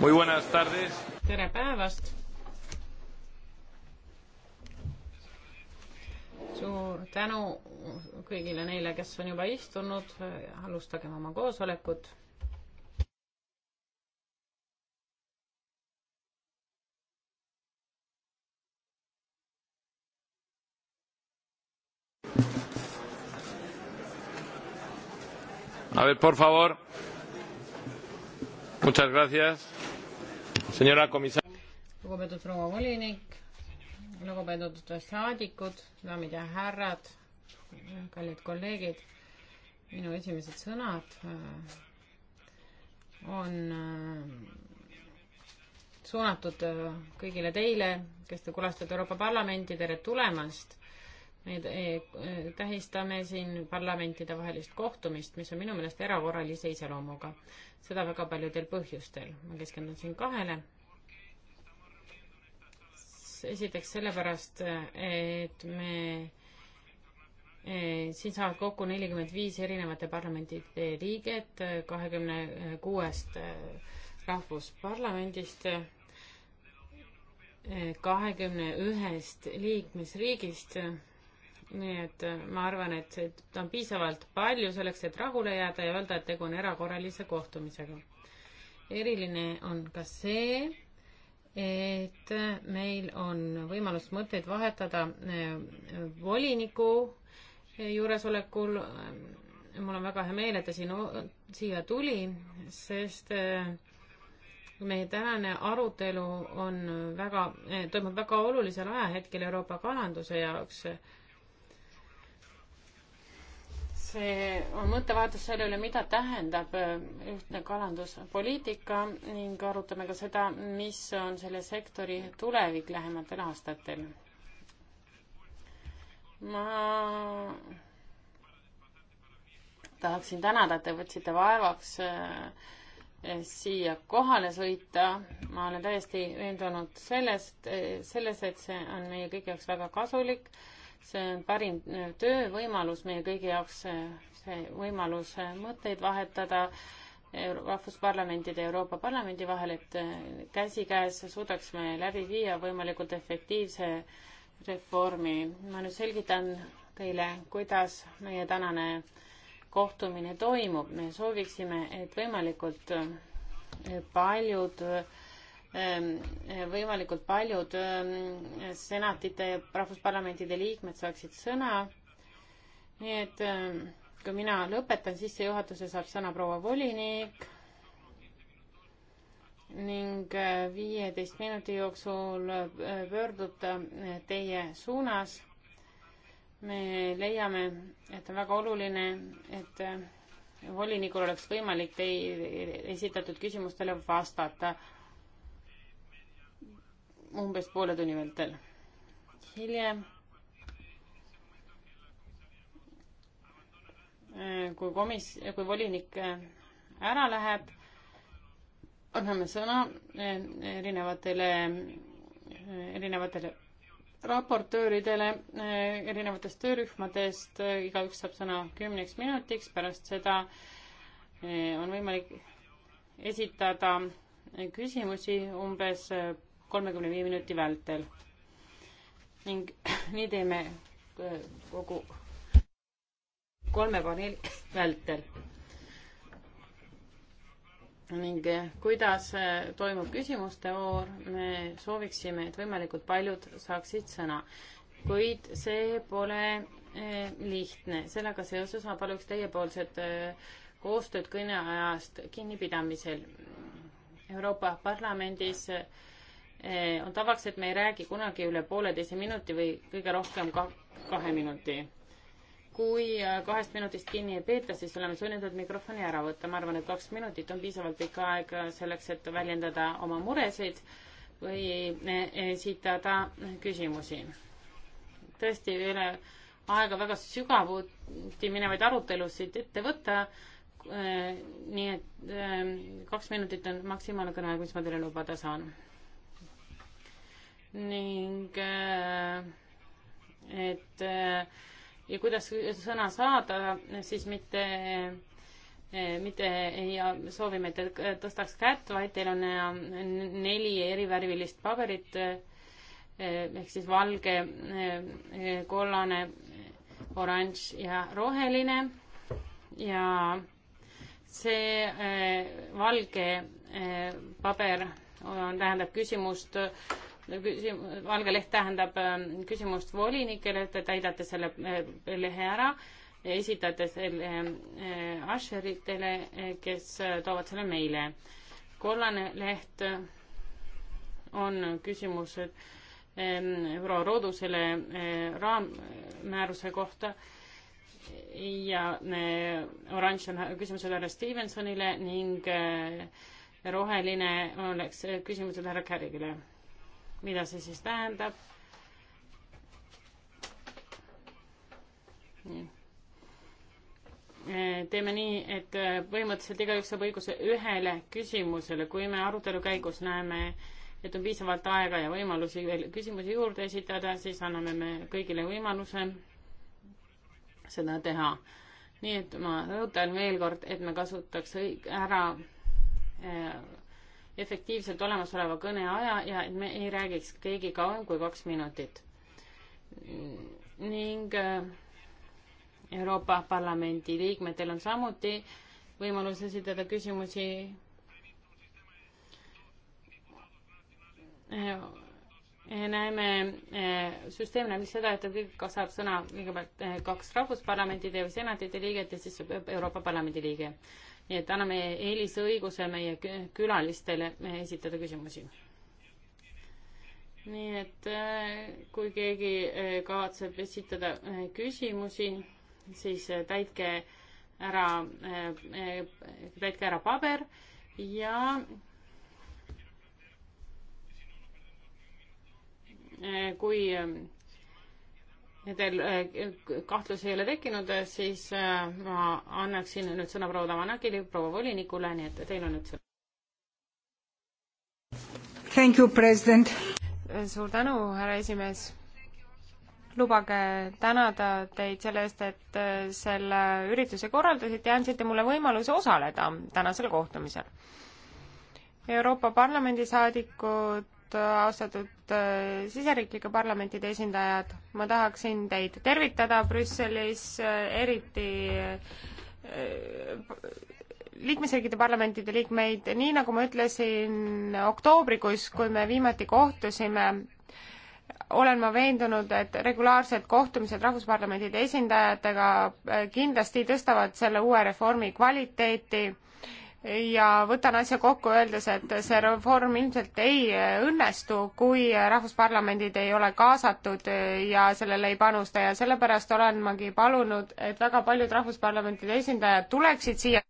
Muy buenas tardes. tere päevast. suur tänu kõigile neile, kes on juba istunud, alustagem oma koosolekut A ver, por favor. Muchas gracias. Señora comisar. lugupeetud proua volinik, lugupeetud saadikud, daamid ja härrad, kallid kolleegid, minu esimesed sõnad äh, on äh, suunatud äh, kõigile teile, kes te kuulasite Euroopa Parlamenti, tere tulemast me eh, tähistame siin parlamentidevahelist kohtumist, mis on minu meelest erakorralise iseloomuga. seda väga paljudel põhjustel. ma keskendun siin kahele. esiteks sellepärast, et me eh, siin saavad kokku nelikümmend viis erinevate parlamentide liiget kahekümne kuuest eh, rahvusparlamendist kahekümne ühest liikmesriigist nii et äh, ma arvan, et see on piisavalt palju selleks, et rahule jääda ja öelda, et tegu on erakorralise kohtumisega. eriline on ka see, et äh, meil on võimalus mõtteid vahetada äh, voliniku juuresolekul. mul on väga hea meel, et ta siin, siia tuli, sest meie tänane arutelu on väga, toimub väga olulisel ajahetkel Euroopa kalanduse jaoks see on mõttevahetus selle üle, mida tähendab äh, ühtne kalanduspoliitika ning arutame ka seda, mis on selle sektori tulevik lähematel aastatel. ma tahaksin tänada, et te võtsite vaevaks äh, siia kohale sõita. ma olen täiesti veendunud sellest, äh, selles, et see on meie kõigi jaoks väga kasulik see on parim äh, töövõimalus meie kõigi jaoks, see võimalus äh, mõtteid vahetada rahvusparlamentide ja Euroopa Parlamendi vahel, et äh, käsikäes suudaksime läbi viia võimalikult efektiivse reformi. ma nüüd selgitan teile, kuidas meie tänane kohtumine toimub. me sooviksime, et võimalikult paljud äh, Ehm, eh, võimalikult paljud ehm, senatite ja rahvusparlamentide liikmed saaksid sõna. nii et ehm, kui mina lõpetan sissejuhatuse, saab sõna proua volinik ning eh, viieteist minuti jooksul eh, pöördub ta teie suunas. me leiame, et on väga oluline, et volinikul oleks võimalik teie esitatud küsimustele vastata umbes poole tunni vältel. hiljem, äh, kui komis-, kui volinik äh, ära läheb, anname sõna äh, erinevatele, erinevatele raportööridele erinevatest töörühmadest, igaüks saab sõna kümneks minutiks, pärast seda on võimalik esitada küsimusi umbes kolmekümne viie minuti vältel. ning nii teeme äh, kogu kolme paneeli vältel. ning äh, kuidas äh, toimub küsimuste voor, me sooviksime, et võimalikult paljud saaksid sõna, kuid see pole lihtne, sellega seoses ma paluks teiepoolset koostööd kõneajast kinnipidamisel. Euroopa Parlamendis äh, Eh, on tavaks, et me ei räägi kunagi üle pooleteise minuti või kõige rohkem ka kahe minuti. kui äh, kahest minutist kinni ei peeta, siis oleme sunnitud mikrofoni ära võtta. ma arvan, et kaks minutit on piisavalt pikk aeg selleks, et väljendada oma muresid või eh, esitada küsimusi. tõesti, üle aega väga sügavuti minevaid arutelusid ette võtta eh, nii et kaks minutit on maksimaalne kõneaeg, mis ma teile lubada saan ning äh, et äh, ja kuidas sõna saada, siis mitte, äh, mitte ei soovime, et te tõstaks kätt, vaid teil on neli erivärvilist paberit ehk siis valge, kollane, oranž ja roheline ja see valge paber on, tähendab küsimust valge leht tähendab ähm, küsimust volinikele, te täidate selle äh, lehe ära, esitate selle äh, asheritele, äh, kes toovad selle meile. kollane leht on küsimused Euroroodusele ähm, raammääruse kohta ja oranž on küsimused härra Stevensonile ning roheline oleks küsimused härra Carrigile mida see siis tähendab. nii äh, teeme nii, et äh, põhimõtteliselt igaüks saab õiguse ühele küsimusele, kui me arutelu käigus näeme, et on piisavalt aega ja võimalusi veel küsimusi juurde esitada, siis anname me kõigile võimaluse seda teha. nii et ma rõhutan veel kord, et me kasutaks ära äh, efektiivselt olemasoleva kõneaja ja et me ei räägiks keegi kauem kui kaks minutit. ning äh, Euroopa Parlamendi liikmetel on samuti võimalus esitada küsimusi. Äh, näeme, äh, süsteem näeb seda, et kõik saab sõna kõigepealt kaks rahvusparlamentide või senatide liiget ja siis Euroopa Parlamendi liige nii et anname eelisõiguse meie külalistele esitada küsimusi. nii et äh, kui keegi äh, kavatseb esitada äh, küsimusi, siis täitke ära, täitke ära paber ja kui nendel äh, kahtlusi ei ole tekkinud, äh, siis äh, ma annaksin nüüd sõna proua Tavanagile, proua volinikule, nii et teil on nüüd sõna. Thank you, president. suur tänu, härra esimees. lubage tänada teid selle eest, et selle ürituse korraldasite ja andsite mulle võimaluse osaleda tänasel kohtumisel Euroopa Parlamendi saadikud õhtut, austatud äh, siseriiklike parlamentide esindajad. ma tahaksin teid tervitada Brüsselis, äh, eriti äh, liikmesriikide parlamentide liikmeid, nii nagu ma ütlesin oktoobrikuis, kui me viimati kohtusime, olen ma veendunud, et regulaarsed kohtumised rahvusparlamendide esindajatega kindlasti tõstavad selle uue reformi kvaliteeti ja võtan asja kokku, öeldes, et see reform ilmselt ei äh, õnnestu, kui äh, rahvusparlamendid ei ole kaasatud äh, ja sellele ei panusta ja sellepärast olen magi palunud, et väga paljud rahvusparlamentide esindajad tuleksid siia.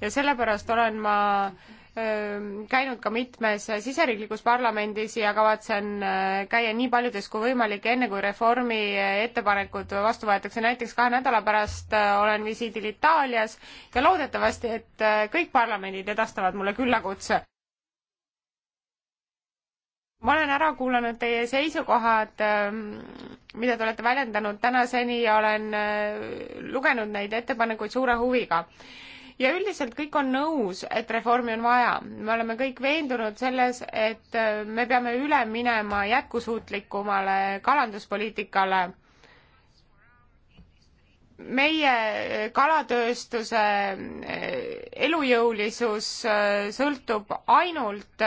ja sellepärast olen ma äh, käinud ka mitmes siseriiklikus parlamendis ja kavatsen käia nii paljudes kui võimalik, enne kui reformi ettepanekud vastu võetakse. näiteks kahe nädala pärast olen visiidil Itaalias ja loodetavasti, et kõik parlamendid edastavad mulle küllakutse. ma olen ära kuulanud teie seisukohad, mida te olete väljendanud tänaseni ja olen lugenud neid ettepanekuid suure huviga ja üldiselt kõik on nõus, et reformi on vaja. me oleme kõik veendunud selles, et äh, me peame üle minema jätkusuutlikumale kalanduspoliitikale. meie äh, kalatööstuse äh, elujõulisus sõltub ainult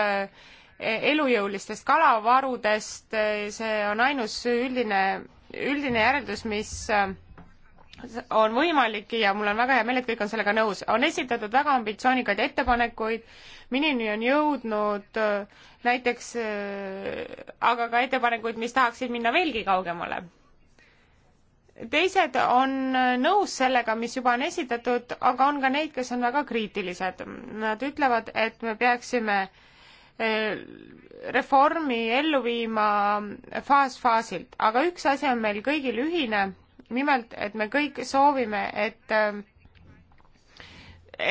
elujõulistest kalavarudest, see on ainus üldine, üldine järeldus, mis on võimalik ja mul on väga hea meel, et kõik on sellega nõus. on esitatud väga ambitsioonikaid ettepanekuid, minuni on jõudnud äh, näiteks äh, aga ka ettepanekuid, mis tahaksid minna veelgi kaugemale. teised on äh, nõus sellega, mis juba on esitatud, aga on ka neid, kes on väga kriitilised. Nad ütlevad, et me peaksime reformi ellu viima faas-faasilt, aga üks asi on meil kõigil ühine nimelt, et me kõik soovime, et ähm,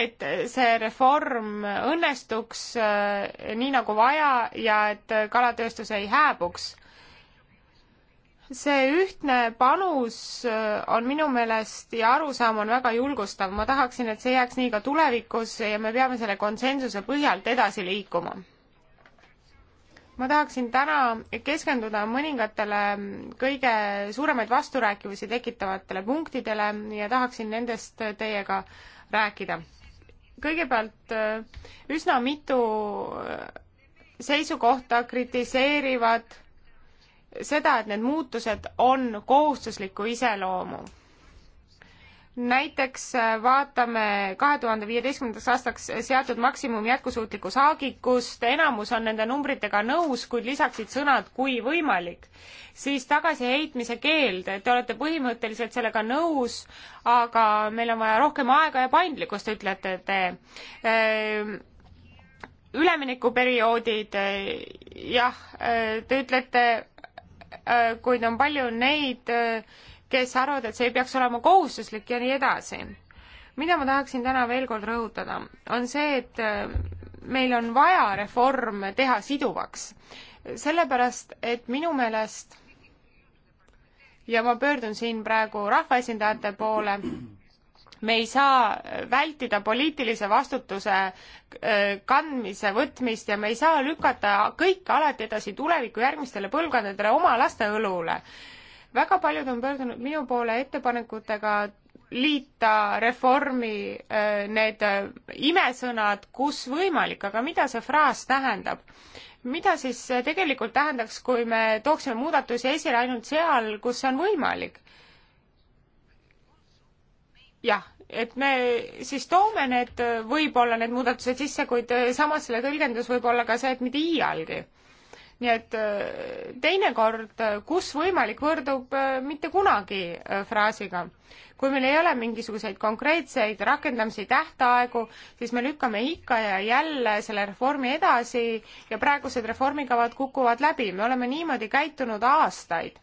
et see reform õnnestuks äh, nii nagu vaja ja et kalatööstus ei hääbuks. see ühtne panus äh, on minu meelest ja arusaam on väga julgustav, ma tahaksin, et see jääks nii ka tulevikus ja me peame selle konsensuse põhjalt edasi liikuma ma tahaksin täna keskenduda mõningatele kõige suuremaid vasturääkivusi tekitavatele punktidele ja tahaksin nendest teiega rääkida. kõigepealt äh, üsna mitu äh, seisukohta kritiseerivad seda, et need muutused on kohustusliku iseloomu näiteks äh, vaatame kahe tuhande viieteistkümnendaks aastaks seatud maksimum jätkusuutlikku saagikust, enamus on nende numbritega nõus, kuid lisaksid sõnad kui võimalik, siis tagasiheitmise keeld, te olete põhimõtteliselt sellega nõus, aga meil on vaja rohkem aega ja paindlikkust, ütlete te ehm, üleminekuperioodid, äh, jah, äh, te ütlete, kuid on palju neid kes arvavad, et see ei peaks olema kohustuslik ja nii edasi. mida ma tahaksin täna veel kord rõhutada, on see, et äh, meil on vaja reform teha siduvaks, sellepärast et minu meelest ja ma pöördun siin praegu rahvaesindajate poole, me ei saa vältida poliitilise vastutuse äh, kandmise võtmist ja me ei saa lükata kõike alati edasi tuleviku järgmistele põlvkondadele oma laste õlule väga paljud on pöördunud minu poole ettepanekutega liita reformi äh, need äh, imesõnad, kus võimalik, aga mida see fraas tähendab? mida siis äh, tegelikult tähendaks, kui me tooksime muudatusi esile ainult seal, kus see on võimalik? jah, et me siis toome need, võib-olla need muudatused sisse, kuid samas selle tõlgendus võib olla ka see, et mitte iialgi nii et äh, teinekord, äh, kus võimalik, võrdub äh, mitte kunagi fraasiga. kui meil ei ole mingisuguseid konkreetseid rakendamise tähtaegu, siis me lükkame ikka ja jälle selle reformi edasi ja praegused reformikavad kukuvad läbi, me oleme niimoodi käitunud aastaid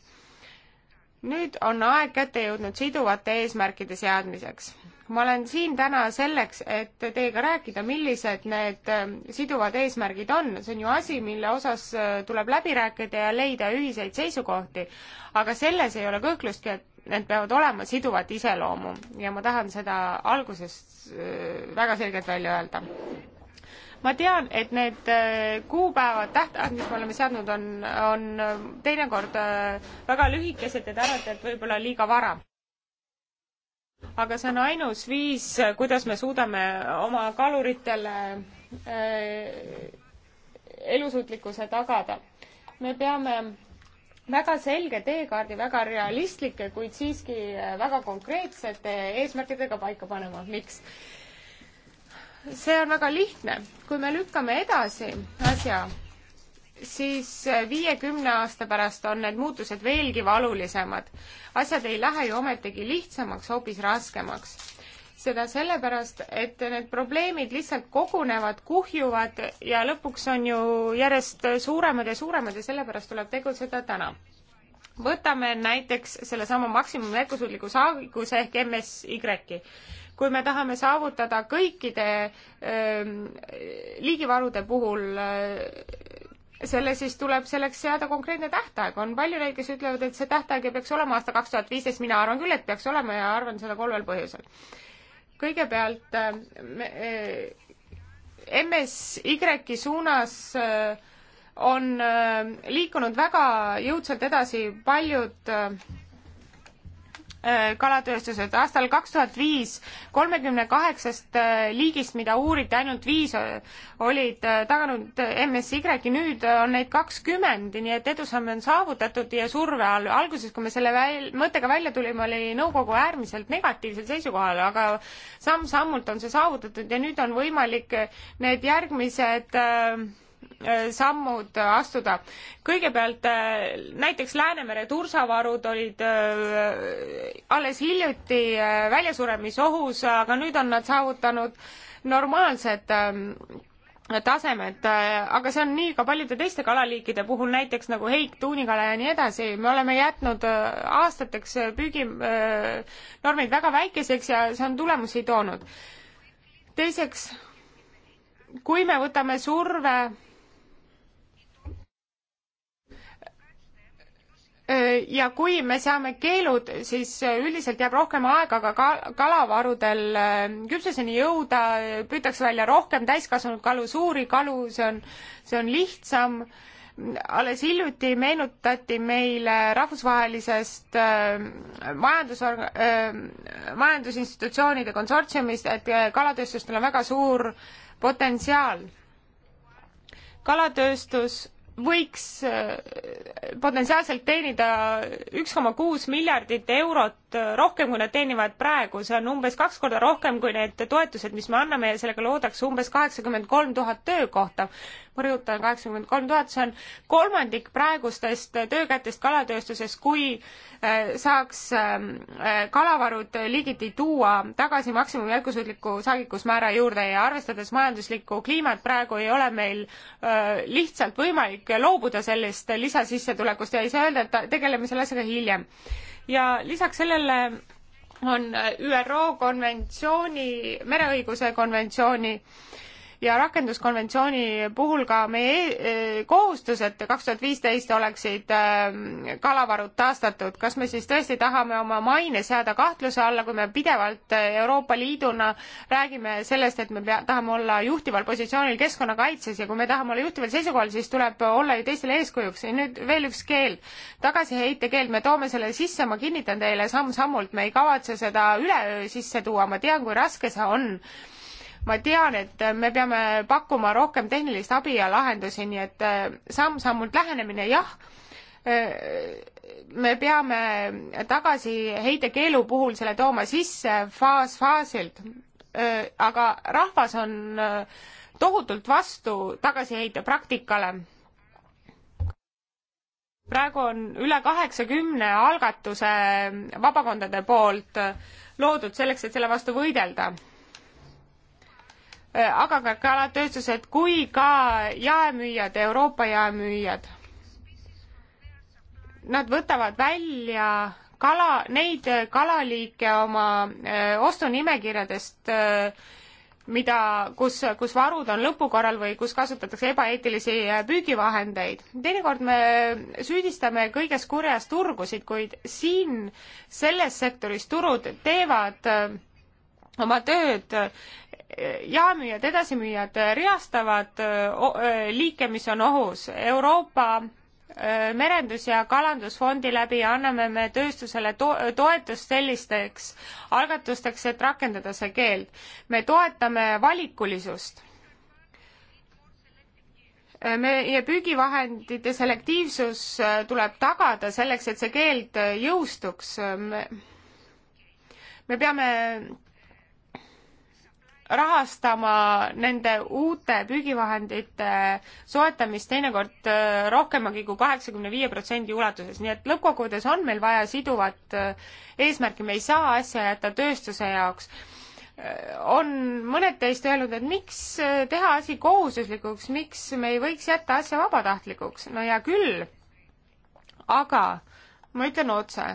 nüüd on aeg kätte jõudnud siduvate eesmärkide seadmiseks ma olen siin täna selleks, et teiega rääkida, millised need ähm, siduvad eesmärgid on. see on ju asi, mille osas äh, tuleb läbi rääkida ja leida ühiseid seisukohti. aga selles ei ole kõhklustki, et need peavad olema siduvat iseloomu ja ma tahan seda algusest äh, väga selgelt välja öelda ma tean, et need äh, kuupäevad, tähtajad, mis me oleme seadnud, on, on teinekord väga lühikesed ja te arvate, et võib-olla liiga vara aga see on ainus viis, kuidas me suudame oma kaluritele äh, elusuutlikkuse tagada. me peame väga selge teekaardi, väga realistlike, kuid siiski äh, väga konkreetsete eesmärkidega paika panema. miks? see on väga lihtne, kui me lükkame edasi asja, siis viiekümne aasta pärast on need muutused veelgi valulisemad. asjad ei lähe ju ometigi lihtsamaks, hoopis raskemaks. seda sellepärast, et need probleemid lihtsalt kogunevad, kuhjuvad ja lõpuks on ju järjest suuremad ja suuremad ja sellepärast tuleb tegutseda täna. võtame näiteks sellesama maksimum jätkusuutliku saagikuse ehk MSY kui me tahame saavutada kõikide öö, ähm, liigivarude puhul öö, äh, selle siis tuleb selleks seada konkreetne tähtaeg. on palju neid, kes ütlevad, et see tähtaeg ei peaks olema aasta kaks tuhat viisteist, mina arvan küll, et peaks olema ja arvan seda kolmel põhjusel. kõigepealt äh, me, äh, MSY suunas äh, on liikunud väga jõudsalt edasi paljud Äh, kalatööstused. aastal kaks tuhat viis kolmekümne kaheksast äh, liigist, mida uuriti, ainult viis äh, olid taganud MSY-i, nüüd on neid kakskümmend, nii et edusamme on saavutatud ja surve all. alguses, kui me selle väl-, mõttega välja tulime, oli nõukogu äärmiselt negatiivsel seisukohal, aga samm-sammult on see saavutatud ja nüüd on võimalik need järgmised äh, Äh, sammud astuda. kõigepealt äh, näiteks Läänemere tursavarud olid äh, alles hiljuti väljasuremisohus, aga nüüd on nad saavutanud normaalsed ähm, tasemed, aga see on nii ka paljude teiste kalaliikide puhul, näiteks nagu heik, tuunikala ja nii edasi, me oleme jätnud aastateks püüginormid väga väikeseks ja see on tulemusi toonud. teiseks, kui me võtame surve ja kui me seame keelud, siis äh, üldiselt jääb rohkem aega ka kalavarudel äh, küpsuseni jõuda, püütakse välja rohkem täiskasvanud kalu, suuri kalu, see on, see on lihtsam. alles hiljuti meenutati meile rahvusvahelisest äh, majandus, majandusinstitutsioonide konsortsiumist, et kalatööstustel on väga suur potentsiaal. kalatööstus võiks äh, potentsiaalselt teenida üks koma kuus miljardit eurot äh, rohkem, kui nad teenivad praegu, see on umbes kaks korda rohkem kui need toetused, mis me anname ja sellega loodaks umbes kaheksakümmend kolm tuhat töökohta ma rõhutan, kaheksakümmend kolm tuhat, see on kolmandik praegustest töökätest kalatööstuses, kui äh, saaks ähm, äh, kalavarud liigiti tuua tagasi maksimum jätkusuutliku saagikusmäära juurde ja arvestades majanduslikku kliimat, praegu ei ole meil äh, lihtsalt võimalik loobuda sellest lisasissetulekust ja ei saa öelda, et tegeleme selle asjaga hiljem. ja lisaks sellele on ÜRO konventsiooni, mereõiguse konventsiooni äh, ja rakenduskonventsiooni puhul ka meie eh, kohustused kaks tuhat viisteist oleksid eh, kalavarud taastatud. kas me siis tõesti tahame oma maine seada kahtluse alla, kui me pidevalt eh, Euroopa Liiduna räägime sellest, et me pea, tahame olla juhtival positsioonil keskkonnakaitses ja kui me tahame olla juhtival seisukohal, siis tuleb olla ju teistele eeskujuks. ja nüüd veel üks keel, tagasiheitekeeld, me toome selle sisse, ma kinnitan teile samm-sammult, me ei kavatse seda üleöö sisse tuua, ma tean, kui raske see on ma tean, et me peame pakkuma rohkem tehnilist abi ja lahendusi, nii et eh, samm-sammult lähenemine, jah, eh, me peame tagasiheite keelu puhul selle tooma sisse faas-faasilt, eh, aga rahvas on tohutult vastu tagasiheite praktikale praegu on üle kaheksakümne algatuse vabakondade poolt loodud selleks, et selle vastu võidelda. Äh, aga ka kalatööstused kui ka jaemüüjad, Euroopa jaemüüjad. Nad võtavad välja kala, neid kalaliike oma äh, ostunimekirjadest, äh, mida, kus, kus varud on lõpukorral või kus kasutatakse ebaeetilisi püügivahendeid. teinekord me süüdistame kõiges kurjas turgusid, kuid siin selles sektoris turud teevad oma tööd jaemüüjad, edasimüüjad reastavad liike, mis on ohus. Euroopa merendus- ja kalandusfondi läbi anname me tööstusele to toetust sellisteks algatusteks, et rakendada see keeld. me toetame valikulisust. meie püügivahendite selektiivsus tuleb tagada selleks, et see keeld jõustuks. me peame rahastama nende uute püügivahendite soetamist teinekord äh, rohkemagi kui kaheksakümne viie protsendi ulatuses, nii et lõppkokkuvõttes on meil vaja siduvat äh, eesmärki, me ei saa asja jätta tööstuse jaoks äh, on mõned teist öelnud, et miks teha asi kohustuslikuks, miks me ei võiks jätta asja vabatahtlikuks, no hea küll, aga ma ütlen otse,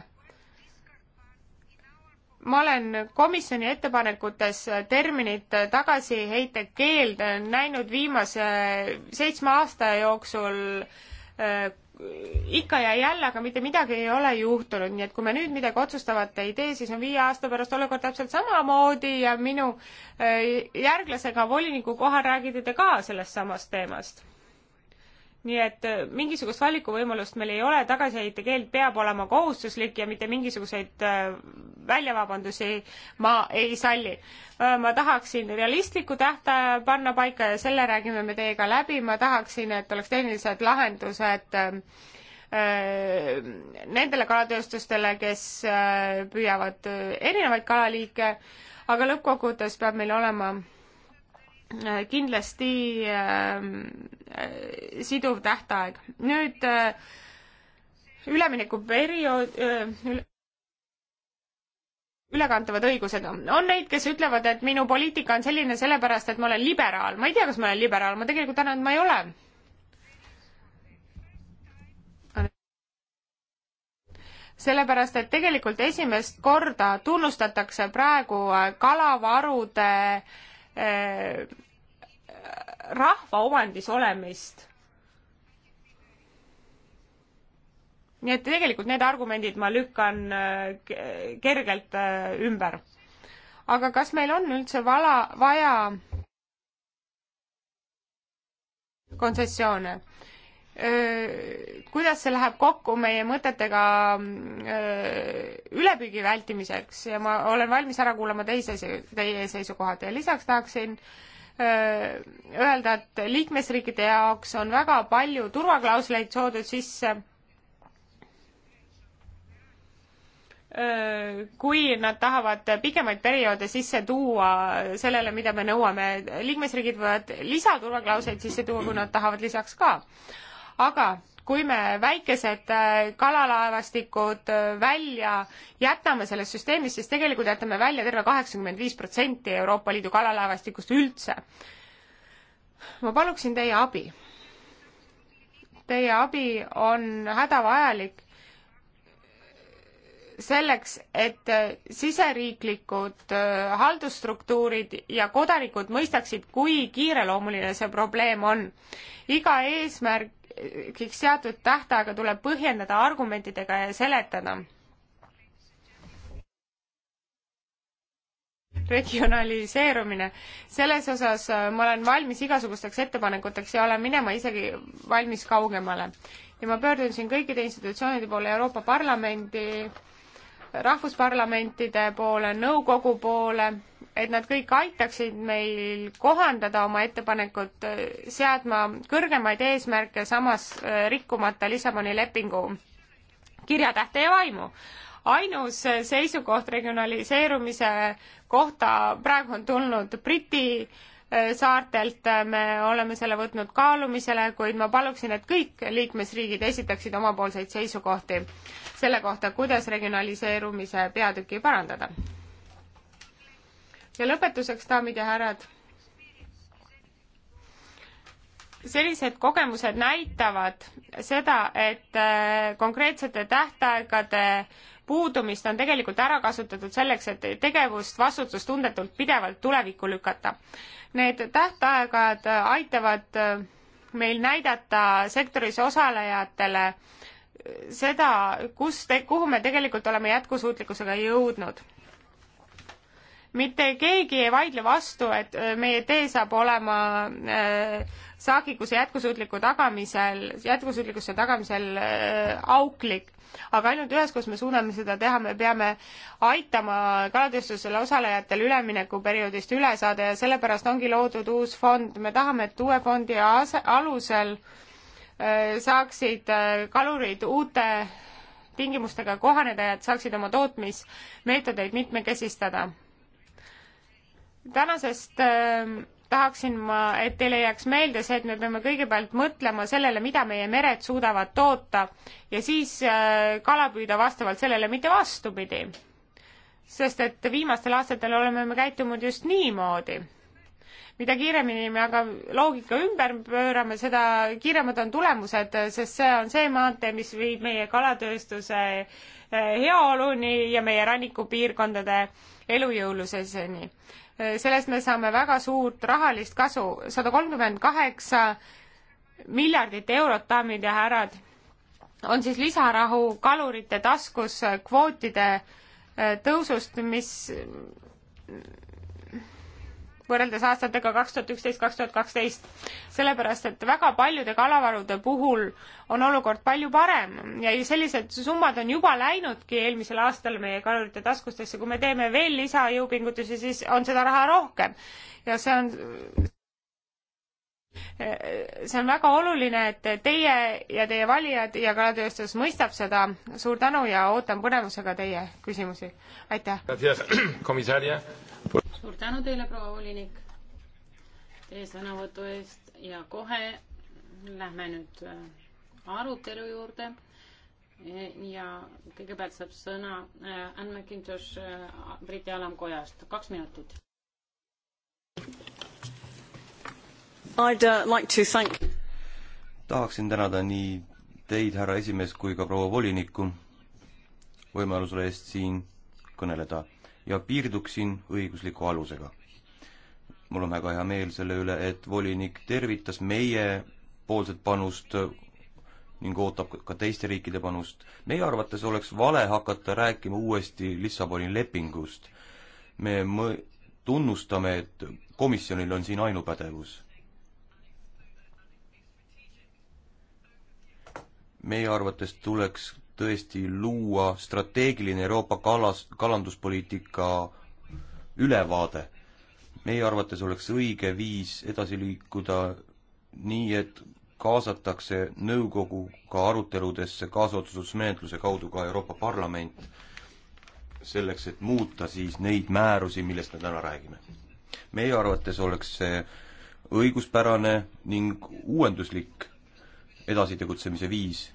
ma olen komisjoni ettepanekutes terminit tagasiheite keeld näinud viimase seitsme aasta jooksul äh, ikka ja jälle, aga mitte midagi ei ole juhtunud, nii et kui me nüüd midagi otsustavat ei tee, siis on viie aasta pärast olukord täpselt samamoodi ja minu äh, järglasega voliniku kohal räägite te ka sellest samast teemast nii et äh, mingisugust valikuvõimalust meil ei ole, tagasiheite keeld peab olema kohustuslik ja mitte mingisuguseid äh, väljavabandusi ma ei salli. Äh, ma tahaksin realistliku tähtaja panna paika ja selle räägime me teiega läbi, ma tahaksin, et oleks tehnilised lahendused nendele kalatööstustele, kes püüavad erinevaid kalaliike, aga lõppkokkuvõttes peab meil olema kindlasti ähm, äh, siduv tähtaeg. nüüd äh, üleminekuperiood äh, üle, ülekantavad õigused. on neid, kes ütlevad, et minu poliitika on selline sellepärast, et ma olen liberaal. ma ei tea, kas ma olen liberaal, ma tegelikult arvan, et ma ei ole. sellepärast, et tegelikult esimest korda tunnustatakse praegu kalavarude äh, Äh, rahva omandis olemist. nii et tegelikult need argumendid ma lükkan äh, kergelt äh, ümber. aga kas meil on üldse vala, vaja kontsessioone? kuidas see läheb kokku meie mõtetega ülepüügi vältimiseks ja ma olen valmis ära kuulama teise, teie seisukohad ja lisaks tahaksin öelda, et liikmesriikide jaoks on väga palju turvaklausleid toodud sisse. kui nad tahavad pikemaid perioode sisse tuua sellele, mida me nõuame, liikmesriigid võivad lisaturvaklauseid sisse tuua, kui nad tahavad lisaks ka aga kui me väikesed äh, kalalaevastikud äh, välja jätame sellest süsteemist, siis tegelikult jätame välja terve kaheksakümmend viis protsenti Euroopa Liidu kalalaevastikust üldse. ma paluksin teie abi. Teie abi on hädavajalik selleks, et äh, siseriiklikud haldusstruktuurid ja kodanikud mõistaksid, kui kiireloomuline see probleem on. iga eesmärk kõik seatud tähtaega tuleb põhjendada argumentidega ja seletada. regionaliseerumine, selles osas äh, ma olen valmis igasugusteks ettepanekuteks ja olen minema isegi valmis kaugemale. ja ma pöördun siin kõikide institutsioonide poole, Euroopa Parlamendi, rahvusparlamentide poole, nõukogu poole et nad kõik aitaksid meil kohandada oma ettepanekut, äh, seadma kõrgemaid eesmärke, samas äh, rikkumata Lissaboni lepingu kirjatähte ja vaimu. ainus äh, seisukoht regionaliseerumise kohta praegu on tulnud Briti saartelt, me oleme selle võtnud kaalumisele, kuid ma paluksin, et kõik liikmesriigid esitaksid omapoolseid seisukohti selle kohta, kuidas regionaliseerumise peatüki parandada ja lõpetuseks, daamid ja härrad sellised kogemused näitavad seda, et äh, konkreetsete tähtaegade puudumist on tegelikult ära kasutatud selleks, et tegevust vastutustundetult pidevalt tulevikku lükata. Need tähtaegad aitavad äh, meil näidata sektoris osalejatele äh, seda, kus, kuhu me tegelikult oleme jätkusuutlikkusega jõudnud mitte keegi ei vaidle vastu, et äh, meie tee saab olema äh, saagikuse jätkusuutliku tagamisel, jätkusuutlikkuse tagamisel äh, auklik, aga ainult üheskoos me suudame seda teha, me peame aitama kalatööstusele osalejatel üleminekuperioodist üle saada ja sellepärast ongi loodud uus fond, me tahame, et uue fondi alusel saaksid kalurid uute tingimustega kohaneda ja et saaksid oma tootmismeetodeid mitmekesistada tänasest äh, tahaksin ma, et teile jääks meelde see, et me peame kõigepealt mõtlema sellele, mida meie mered suudavad toota ja siis äh, kala püüda vastavalt sellele, mitte vastupidi. sest et viimastel aastatel oleme me käitunud just niimoodi. mida kiiremini me aga loogika ümber pöörame, seda kiiremad on tulemused, sest see on see maantee, mis viib meie kalatööstuse äh, heaoluni ja meie rannikupiirkondade elujõulususeni sellest me saame väga suurt rahalist kasu, sada kolmkümmend kaheksa miljardit eurot, daamid ja härrad, on siis lisarahu kalurite taskus kvootide äh, tõusust, mis võrreldes aastatega kaks tuhat üksteist, kaks tuhat kaksteist. sellepärast, et väga paljude kalavarude puhul on olukord palju parem ja sellised summad on juba läinudki eelmisel aastal meie kalurite taskustesse, kui me teeme veel lisajõupingutusi, siis on seda raha rohkem. ja see on see on väga oluline, et teie ja teie valijad ja kalatööstus mõistab seda. suur tänu ja ootan põnevusega teie küsimusi. aitäh! suur tänu teile, proua volinik, teie sõnavõtu eest ja kohe lähme nüüd äh, arutelu juurde. E, ja kõigepealt saab sõna äh, Anne McIntosh äh, Briti alamkojast, kaks minutit I'd uh, like to thank tahaksin tänada nii teid, härra esimees, kui ka proua volinikku võimalusele eest siin kõneleda ja piirduksin õigusliku alusega. mul on väga hea meel selle üle, et volinik tervitas meie poolset panust ning ootab ka teiste riikide panust. meie arvates oleks vale hakata rääkima uuesti Lissaboni lepingust. me mõ-, tunnustame, et komisjonil on siin ainupädevus meie arvates tuleks tõesti luua strateegiline Euroopa kalas, kalanduspoliitika ülevaade. meie arvates oleks õige viis edasi liikuda nii, et kaasatakse nõukogu ka aruteludesse kaasotsustusmenetluse kaudu ka Euroopa Parlament, selleks et muuta siis neid määrusi, millest me täna räägime. meie arvates oleks see õiguspärane ning uuenduslik edasitegutsemise viis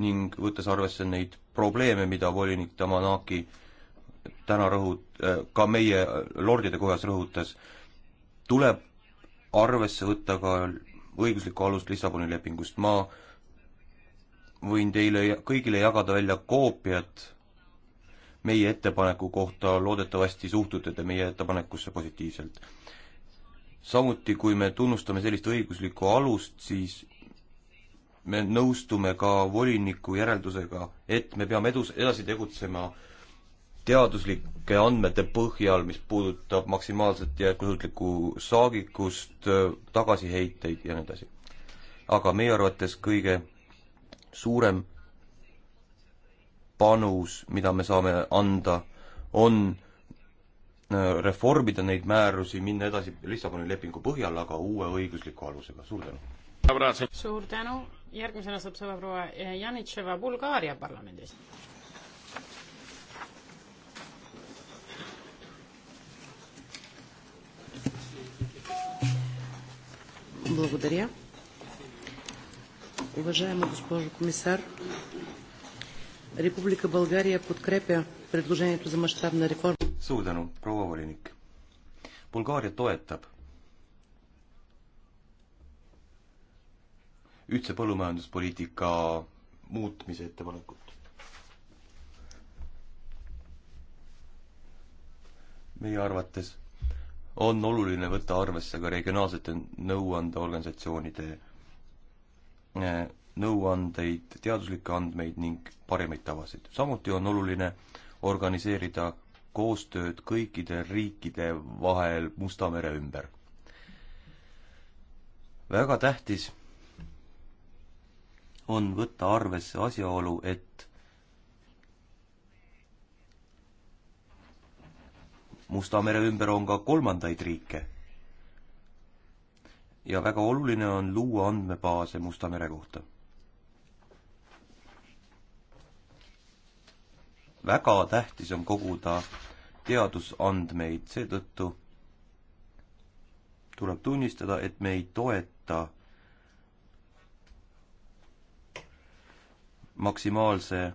ning võttes arvesse neid probleeme, mida volinik Tamanaki täna rõhut-, äh, ka meie lordide kojas rõhutas, tuleb arvesse võtta ka õiguslikku alust Lissaboni lepingust. ma võin teile kõigile jagada välja koopiat meie ettepaneku kohta, loodetavasti suhtute te meie ettepanekusse positiivselt. samuti, kui me tunnustame sellist õiguslikku alust, siis me nõustume ka voliniku järeldusega, et me peame edus, edasi tegutsema teaduslike andmete põhjal, mis puudutab maksimaalset jätkusuutlikku saagikust, tagasiheiteid ja nii edasi. aga meie arvates kõige suurem panus, mida me saame anda, on äh, reformida neid määrusi, minna edasi Lissaboni lepingu põhjal, aga uue õigusliku alusega. suur tänu! suur tänu! järgmisena saab sõna proua eh, Janitševa Bulgaaria parlamendist. Благодаря. Уважаема госпожо комисар, Република България подкрепя предложението за мащабна реформа. Suur tänu, proua volinik. Bulgaaria toetab ühtse põllumajanduspoliitika muutmise ettepanekut. meie arvates on oluline võtta arvesse ka regionaalsete nõuandeorganisatsioonide eh, nõuandeid, teaduslikke andmeid ning parimaid tavasid. samuti on oluline organiseerida koostööd kõikide riikide vahel Musta mere ümber. väga tähtis on võtta arvesse asjaolu, et Musta mere ümber on ka kolmandaid riike. ja väga oluline on luua andmebaase Musta mere kohta. väga tähtis on koguda teadusandmeid, seetõttu tuleb tunnistada, et me ei toeta maksimaalse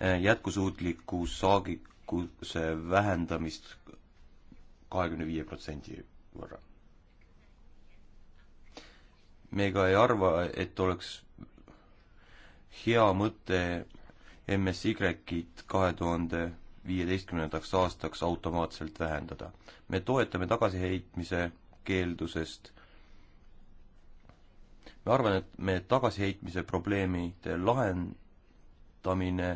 eh, jätkusuutliku saagikuse vähendamist kahekümne viie protsendi võrra. me ka ei arva, et oleks hea mõte MSY-t kahe tuhande viieteistkümnendaks aastaks automaatselt vähendada. me toetame tagasiheitmise keeldusest ma arvan, et me tagasiheitmise probleemide lahendamine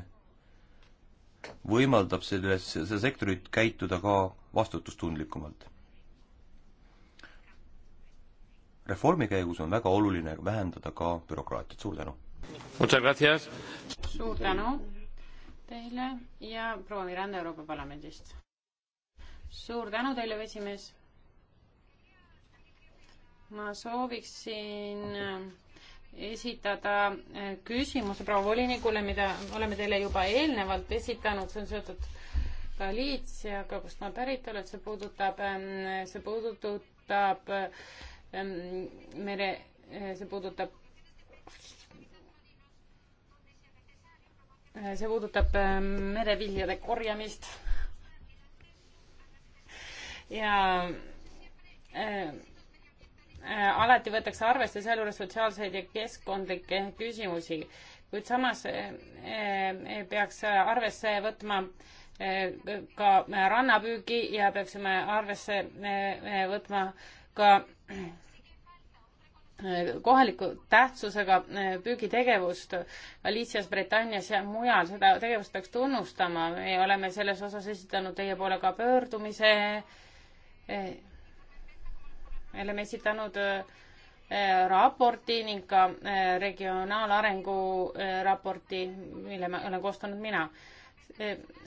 võimaldab selles, seda sektorit käituda ka vastutustundlikumalt. reformi käigus on väga oluline vähendada ka bürokraatiat, suur tänu! suur tänu teile ja proua Miranda Euroopa Parlamendist! suur tänu teile, esimees! ma sooviksin äh, esitada äh, küsimuse proua volinikule, mida oleme teile juba eelnevalt esitanud, see on seotud Galiitsiaga, kust ma pärit olen, see puudutab, ähm, see puudutab ähm, mere, äh, see puudutab see puudutab ähm, mereviljade korjamist ja äh, Äh, alati võetakse arvesse sealjuures sotsiaalseid ja keskkondlikke küsimusi, kuid samas äh, äh, peaks arvesse võtma ka rannapüügi ja peaksime arvesse võtma ka kohaliku tähtsusega püügitegevust Aliisias, Britannias ja mujal, seda tegevust peaks tunnustama, me oleme selles osas esitanud teie poole ka pöördumise me oleme esitanud äh, raporti ning ka äh, regionaalarengu äh, raporti, mille ma olen koostanud mina.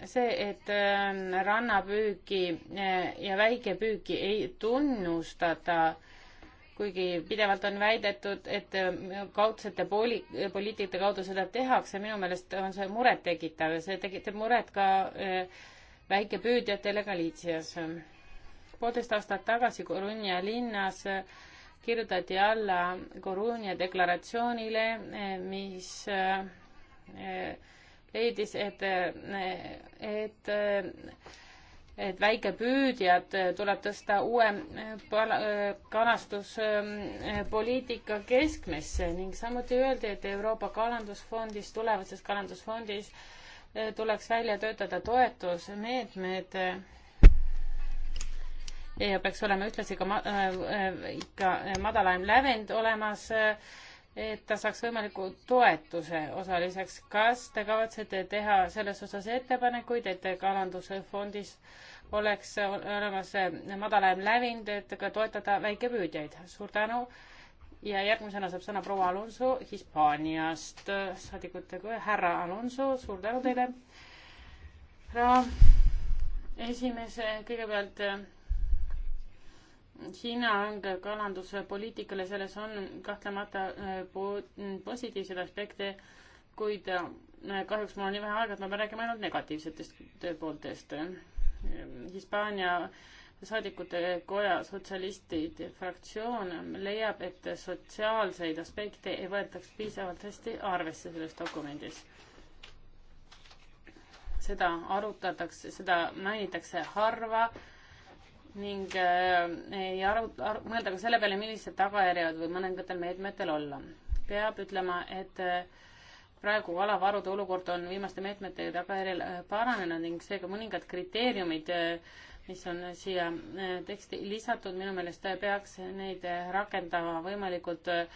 see, et ähm, rannapüüki ja väikepüüki ei tunnustata, kuigi pidevalt on väidetud, et kaudsete pooli, poliitikate kaudu seda tehakse, minu meelest on see murettekitav ja see tekitab muret ka väikepüüdjatele Galiitsias poolteist aastat tagasi Coruña linnas kirjutati alla Coruña deklaratsioonile, mis eh, leidis, et, eh, et, eh, et väikepüüdjad tuleb tõsta uue kalastuspoliitika keskmesse ning samuti öeldi, et Euroopa Kalandusfondis, tulevases kalandusfondis tuleks välja töötada toetusmeetmed meet, ja peaks olema ühtlasi ka ma-, äh, äh, ikka äh, madalaim lävend olemas, et ta saaks võimaliku toetuse osaliseks. kas te kavatsete teha selles osas ettepanekuid, et kalandusfondis oleks olemas madalaim lävind, et ka toetada väikepüüdjaid? suur tänu ja järgmisena saab sõna proua Alonso Hispaaniast. saadikutega härra Alonso, suur tänu teile. härra esimees, kõigepealt Hiina range kalanduse poliitikale, selles on kahtlemata äh, positiivseid aspekte, kuid äh, kahjuks mul on nii vähe aega, et ma pean rääkima ainult negatiivsetest pooltest. Hispaania saadikute koja sotsialistid fraktsioon leiab, et sotsiaalseid aspekte ei võetaks piisavalt hästi arvesse selles dokumendis. seda arutatakse, seda mainitakse harva ning äh, ei aru, aru, mõelda ka selle peale, millised tagajärjed võib mõningatel meetmetel olla. peab ütlema, et äh, praegu kalavarude olukord on viimaste meetmete tagajärjel äh, paranenud ning seega mõningad kriteeriumid, mis on siia teksti lisatud, minu meelest peaks neid rakendama võimalikult äh,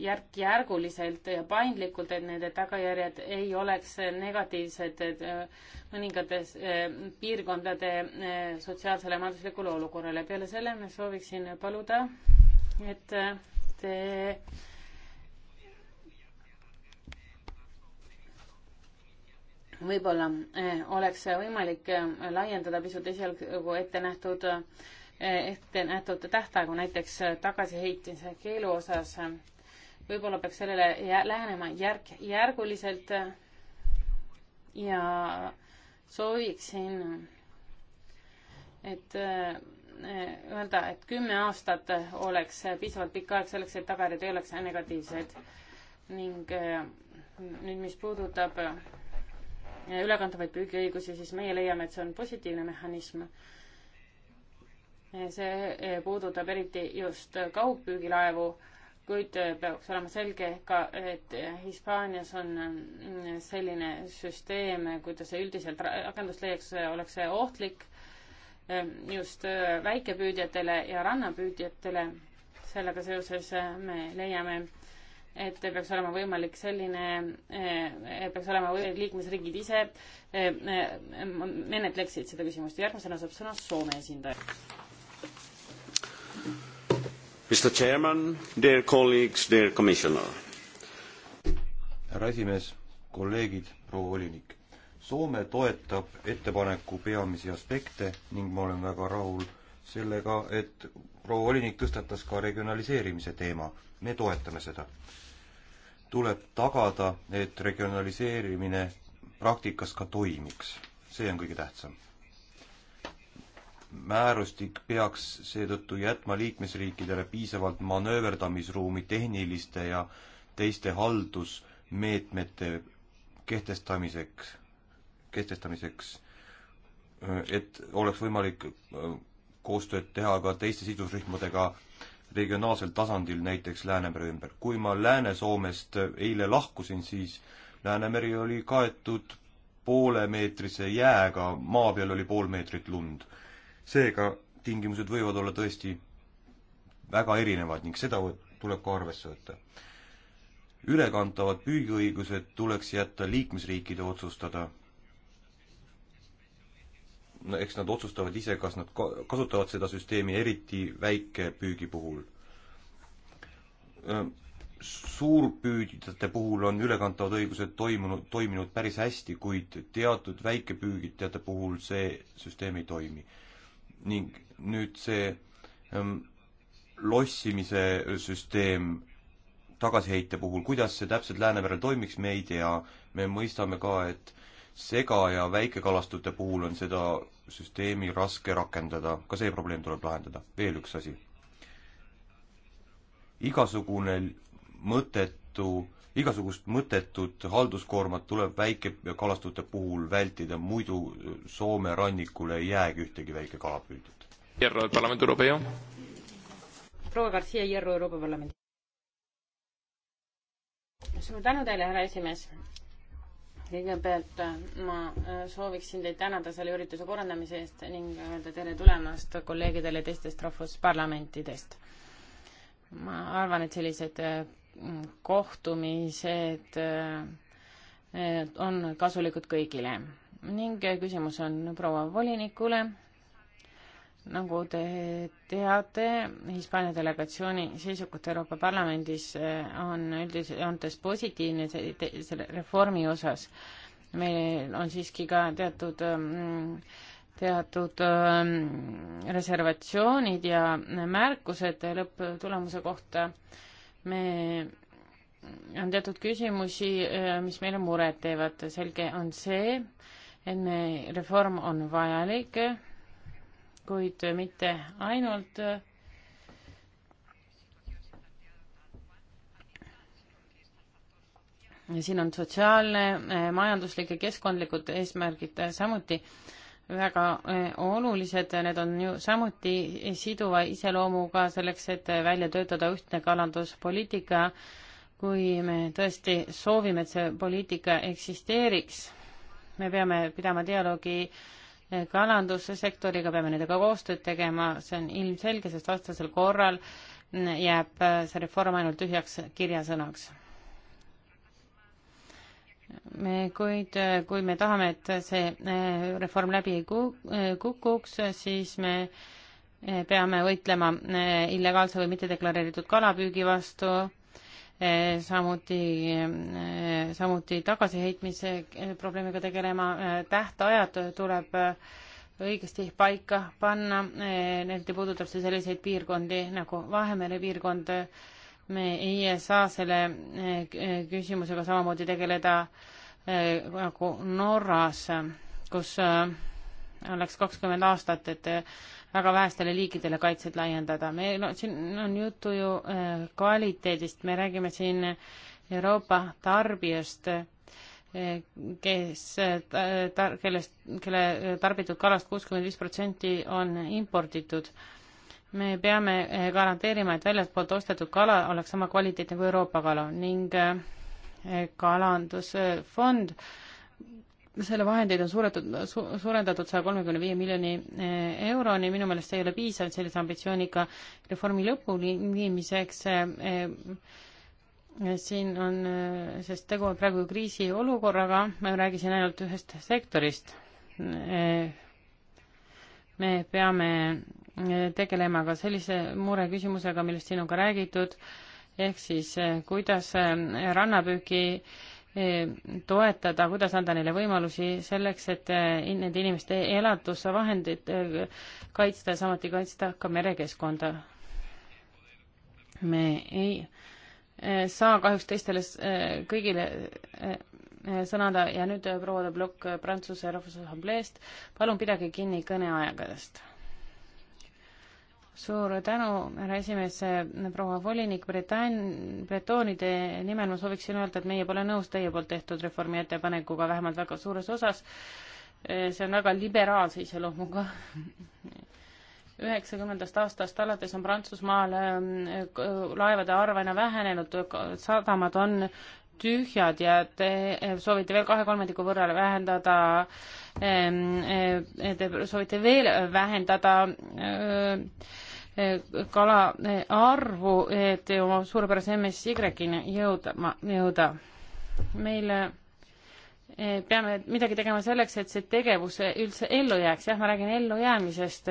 järk-järguliselt ja paindlikult, et nende tagajärjed ei oleks negatiivsed äh, mõningates äh, piirkondade äh, sotsiaalsele ja majanduslikule olukorrale. peale selle ma sooviksin paluda, et te võib-olla oleks võimalik laiendada pisut esialgu ette nähtud äh, ette nähtud tähtaegu näiteks tagasiheitmise keelu osas. võib-olla peaks sellele lähenema järk-järguliselt ja sooviksin, et eh, öelda, et kümme aastat oleks piisavalt pikk aeg selleks, et tagajärjed ei oleks negatiivsed. ning eh, nüüd, mis puudutab eh, ülekantavaid püügiõigusi, siis meie leiame, et see on positiivne mehhanism see eh, puudutab eriti just kaugpüügilaevu, kuid eh, peaks olema selge ka, et eh, Hispaanias on mm, selline süsteem, kuidas see üldiselt rakendust leiaks, oleks see ohtlik just väikepüüdjatele ja rannapüüdjatele. sellega seoses me leiame, et peaks olema võimalik selline, peaks olema liikmesriigid ise menetleksid seda küsimust. järgmisena saab sõna Soome esindaja Mr Chairman, dear colleagues, dear commissioner. härra esimees, kolleegid, proua volinik. Soome toetab ettepaneku peamisi aspekte ning ma olen väga rahul sellega, et proua volinik tõstatas ka regionaliseerimise teema. me toetame seda. tuleb tagada, et regionaliseerimine praktikas ka toimiks. see on kõige tähtsam määrustik peaks seetõttu jätma liikmesriikidele piisavalt manööverdamisruumi tehniliste ja teiste haldusmeetmete kehtestamiseks, kehtestamiseks, et oleks võimalik koostööd teha ka teiste sidusrühmadega regionaalsel tasandil, näiteks Läänemere ümber. kui ma Lääne-Soomest eile lahkusin, siis Läänemeri oli kaetud poolemeetrise jääga, maa peal oli pool meetrit lund seega tingimused võivad olla tõesti väga erinevad ning seda tuleb ka arvesse võtta. ülekantavad püügiõigused tuleks jätta liikmesriikide otsustada. no eks nad otsustavad ise, kas nad ka-, kasutavad seda süsteemi, eriti väikepüügi puhul. suurpüüdjate puhul on ülekantavad õigused toimunud, toiminud päris hästi, kuid teatud väikepüügitajate puhul see süsteem ei toimi ning nüüd see ähm, lossimise süsteem tagasiheite puhul, kuidas see täpselt Läänemerel toimiks, me ei tea. me mõistame ka, et sega- ja väikekalastute puhul on seda süsteemi raske rakendada, ka see probleem tuleb lahendada. veel üks asi. igasugune mõttetu igasugust mõttetut halduskoormat tuleb väikekalastute puhul vältida, muidu Soome rannikule ei jäägi ühtegi väikekalapüüdjat. Hierro del Parlamento Europeo. proua Garcia Hierro Euroopa Parlamendi. suur tänu teile, härra esimees. kõigepealt äh, ma äh, sooviksin teid tänada selle ürituse korraldamise eest ning öelda tere tulemast kolleegidele teistest rahvusparlamentidest ma arvan, et sellised äh, kohtumised on kasulikud kõigile ning küsimus on proua volinikule. nagu te teate, Hispaania delegatsiooni seisukoht Euroopa Parlamendis on üldjoontes positiivne selle reformi osas. meil on siiski ka teatud teatud ähm, reservatsioonid ja märkused lõpptulemuse kohta me, on teatud küsimusi, eh, mis meile muret teevad. selge on see, et me, reform on vajalik, kuid mitte ainult siin on sotsiaalne, eh, majanduslik ja keskkondlikud eesmärgid eh, samuti väga eh, olulised, need on ju samuti siduva iseloomuga selleks, et välja töötada ühtne kalanduspoliitika, kui me tõesti soovime, et see poliitika eksisteeriks. me peame pidama dialoogi eh, kalandussektoriga, peame nendega koostööd tegema, see on ilmselge, sest vastasel korral jääb eh, see reform ainult tühjaks kirjasõnaks me, kuid äh, kui me tahame, et see äh, reform läbi ei äh, kukuks, siis me peame võitlema illegaalse või mittedeklareeritud kalapüügi vastu, samuti, samuti tagasiheitmise probleemiga tegelema, tähtajad tuleb õigesti paika panna, eriti puudutab see selliseid piirkondi nagu Vahemere piirkond, me ei saa selle eh, küsimusega samamoodi tegeleda eh, nagu Norras, kus oleks eh, kakskümmend aastat, et väga vähestele liikidele kaitset laiendada. meil on no,, siin on juttu ju kvaliteedist, me räägime siin Euroopa tarbijast, kes tar-, kellest, kelle tarbitud kalast kuuskümmend viis protsenti on imporditud me peame eh, garanteerima, et väljastpoolt ostetud kala oleks sama kvaliteetne kui Euroopa kala ning eh, eh, kalandusfond, selle vahendeid on suuretud su,, suurendatud saja kolmekümne viie miljoni euroni, minu meelest ei ole piisavalt sellise ambitsiooniga reformi lõpuni viimiseks. siin on, sest tegu on praegu kriisiolukorraga, ma ei räägi siin ainult ühest sektorist. me peame tegelema ka sellise mureküsimusega, millest siin on ka räägitud, ehk siis eh, kuidas eh, rannapüüki eh, toetada, kuidas anda neile võimalusi selleks, et nende inimeste elatusvahendid kaitsta, samuti kaitsta ka merekeskkonda. me ei saa kahjuks teistele kõigile sõna anda ja nüüd proua de Blok Prantsuse Rahvusassambleest, palun pidage kinni kõneaegadest suur tänu, härra esimees, proua volinik, Britann-, Bretoonide nimel ma sooviksin öelda, et meie pole nõus teie poolt tehtud reformi ettepanekuga, vähemalt väga suures osas. see on väga liberaalse iseloomuga. üheksakümnendast aastast alates on Prantsusmaal äh, laevade arv aina vähenenud, sadamad on tühjad ja te äh, soovite veel kahe kolmandiku võrra vähendada ähm, äh, Te soovite veel vähendada öö, kala eh, arvu, et oma suurepärase MSY-ni jõuda, jõuda. meil eh, peame midagi tegema selleks, et see tegevus üldse ellu jääks, jah, ma räägin ellujäämisest,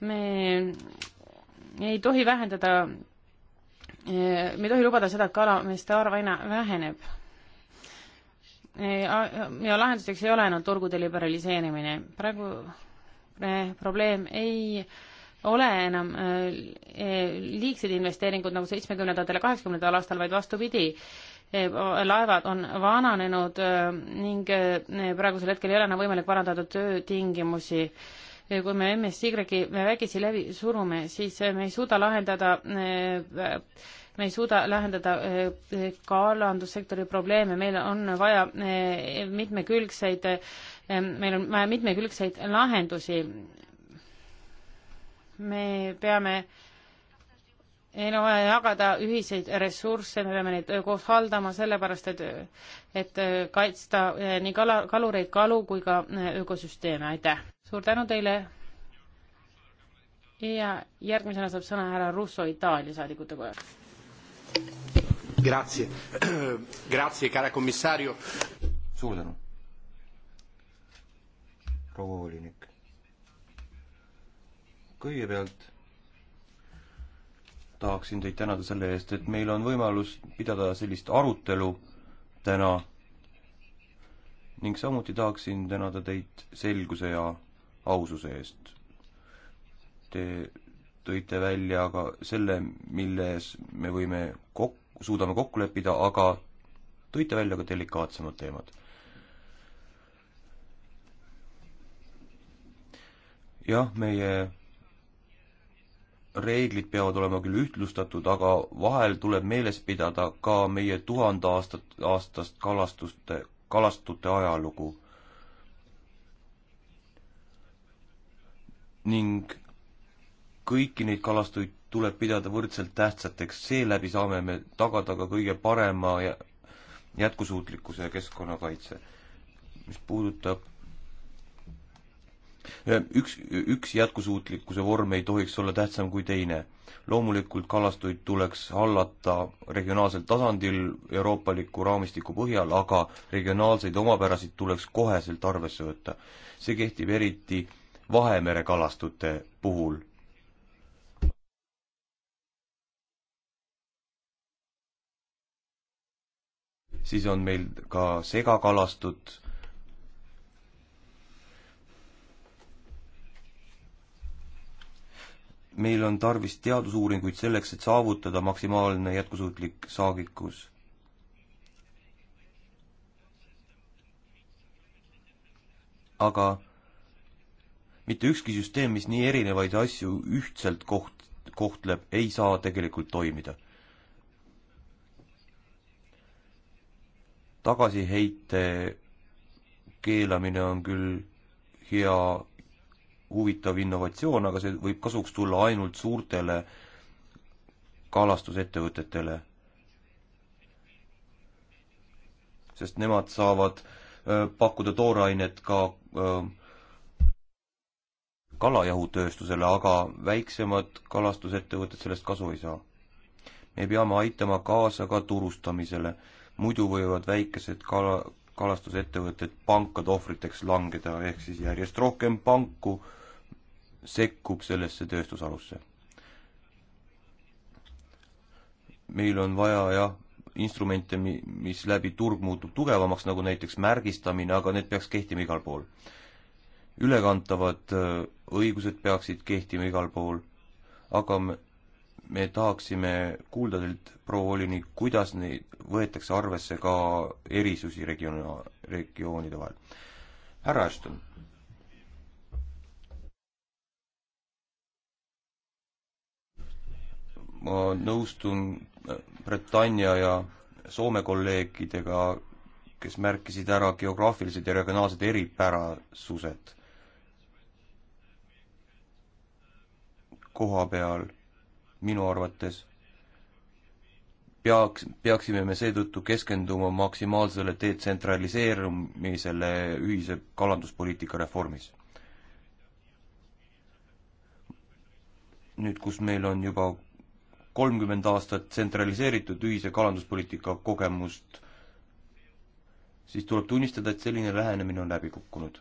me ei tohi vähendada, eh, me ei tohi lubada seda, et kalameeste arv aina väheneb. ja lahenduseks ei ole enam turgude liberaliseerimine, praegu probleem ei äh, ole enam äh, liigsed investeeringud nagu seitsmekümnendatel ja kaheksakümnendal aastal, vaid vastupidi, äh, laevad on vananenud äh, ning praegusel hetkel ei ole enam võimalik parandada töötingimusi. kui me MSY-gi vägisi läbi surume, siis me ei suuda lahendada me ei suuda lahendada kalandussektori probleeme, meil on vaja mitmekülgseid, meil on vaja mitmekülgseid lahendusi me peame, meil on vaja jagada ühiseid ressursse, me peame neid koos haldama, sellepärast et, et kaitsta nii kala, kalureid, kalu kui ka ökosüsteeme, aitäh! suur tänu teile ja järgmisena saab sõna härra Russo Itaalia saadikute kojast. Grazie, grazie, cara commissario. suur tänu, proua volinik kõigepealt tahaksin teid tänada selle eest, et meil on võimalus pidada sellist arutelu täna ning samuti tahaksin tänada teid selguse ja aususe eest. Te tõite välja ka selle, milles me võime kok-, suudame kokku leppida, aga tõite välja ka delikaatsemad teemad. jah, meie reeglid peavad olema küll ühtlustatud, aga vahel tuleb meeles pidada ka meie tuhande aastat, aastast kalastuste, kalastute ajalugu. ning kõiki neid kalastuid tuleb pidada võrdselt tähtsateks, seeläbi saame me tagada ka kõige parema jätkusuutlikkuse ja keskkonnakaitse. mis puudutab üks, üks jätkusuutlikkuse vorm ei tohiks olla tähtsam kui teine. loomulikult kalastuid tuleks hallata regionaalsel tasandil euroopaliku raamistiku põhjal, aga regionaalseid omapärasid tuleks koheselt arvesse võtta. see kehtib eriti Vahemere kalastute puhul. siis on meil ka segakalastud meil on tarvis teadusuuringuid selleks, et saavutada maksimaalne jätkusuutlik saagikus. aga mitte ükski süsteem, mis nii erinevaid asju ühtselt koht-, kohtleb, ei saa tegelikult toimida. tagasiheite keelamine on küll hea huvitav innovatsioon, aga see võib kasuks tulla ainult suurtele kalastusettevõtetele. sest nemad saavad öö, pakkuda toorainet ka öö, kalajahutööstusele, aga väiksemad kalastusettevõtted sellest kasu ei saa. me peame aitama kaasa ka turustamisele, muidu võivad väikesed kala, kalastusettevõtted pankade ohvriteks langeda, ehk siis järjest rohkem panku sekkub sellesse tööstusharusse. meil on vaja jah, instrumente, mi-, mis läbi turg muutub tugevamaks, nagu näiteks märgistamine, aga need peaks kehtima igal pool. ülekantavad äh, õigused peaksid kehtima igal pool, aga me, me tahaksime kuulda teilt, proua volinik, kuidas neid võetakse arvesse ka erisusi regioon, regioonide vahel. härra Ashton ma nõustun äh, Britannia ja Soome kolleegidega, kes märkisid ära geograafilised ja regionaalsed eripärasused koha peal minu arvates peaks, peaksime me seetõttu keskenduma maksimaalsele detsentraliseerumisele ühise kalanduspoliitika reformis. nüüd, kus meil on juba kolmkümmend aastat tsentraliseeritud ühise kalanduspoliitika kogemust, siis tuleb tunnistada, et selline lähenemine on läbi kukkunud.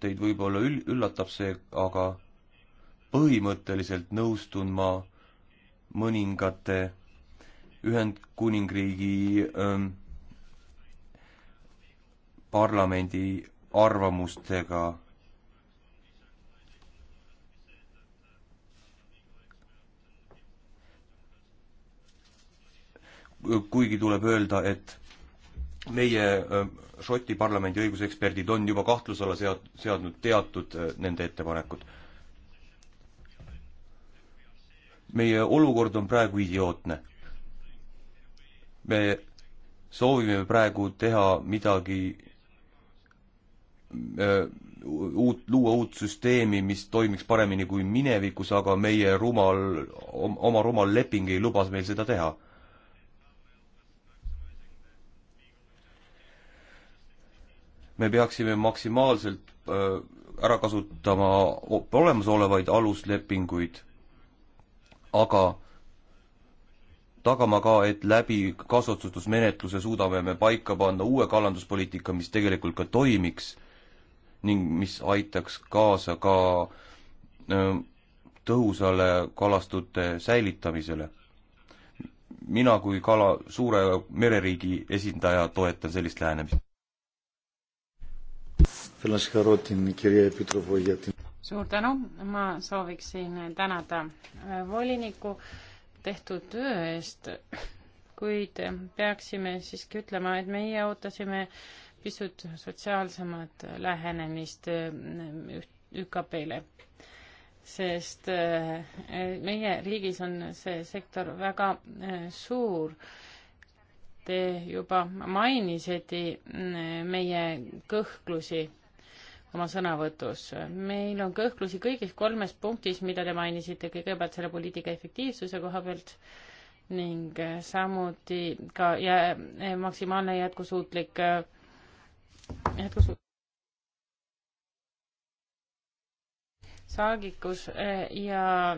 Teid võib-olla üll-, üllatab see, aga põhimõtteliselt nõustun ma mõningate Ühendkuningriigi ähm, parlamendi arvamustega kuigi tuleb öelda, et meie äh, Šoti parlamendi õiguseksperdid on juba kahtluse alla sead-, seadnud teatud äh, nende ettepanekud. meie olukord on praegu idiootne. me soovime praegu teha midagi äh, uut, luua uut süsteemi, mis toimiks paremini kui minevikus, aga meie rumal, oma rumal leping ei luba meil seda teha me peaksime maksimaalselt äh, ära kasutama olemasolevaid aluslepinguid, aga tagama ka, et läbi kaasotsustusmenetluse suudame me paika panna uue kalanduspoliitika, mis tegelikult ka toimiks ning mis aitaks kaasa ka äh, tõhusale kalastute säilitamisele. mina kui kala, suure mereriigi esindaja toetan sellist lähenemist suur tänu, ma sooviksin tänada äh, voliniku tehtud töö eest, kuid peaksime siiski ütlema, et meie ootasime pisut sotsiaalsemat lähenemist äh, ÜKP-le, sest äh, meie riigis on see sektor väga suur. Te juba mainisite meie kõhklusi oma sõnavõtus. meil on kõhklusi kõigis kolmes punktis, mida te mainisite, kõigepealt selle poliitika efektiivsuse koha pealt ning samuti ka jää, maksimaalne jätkusuutlik, jätkusuutlik saagikus ja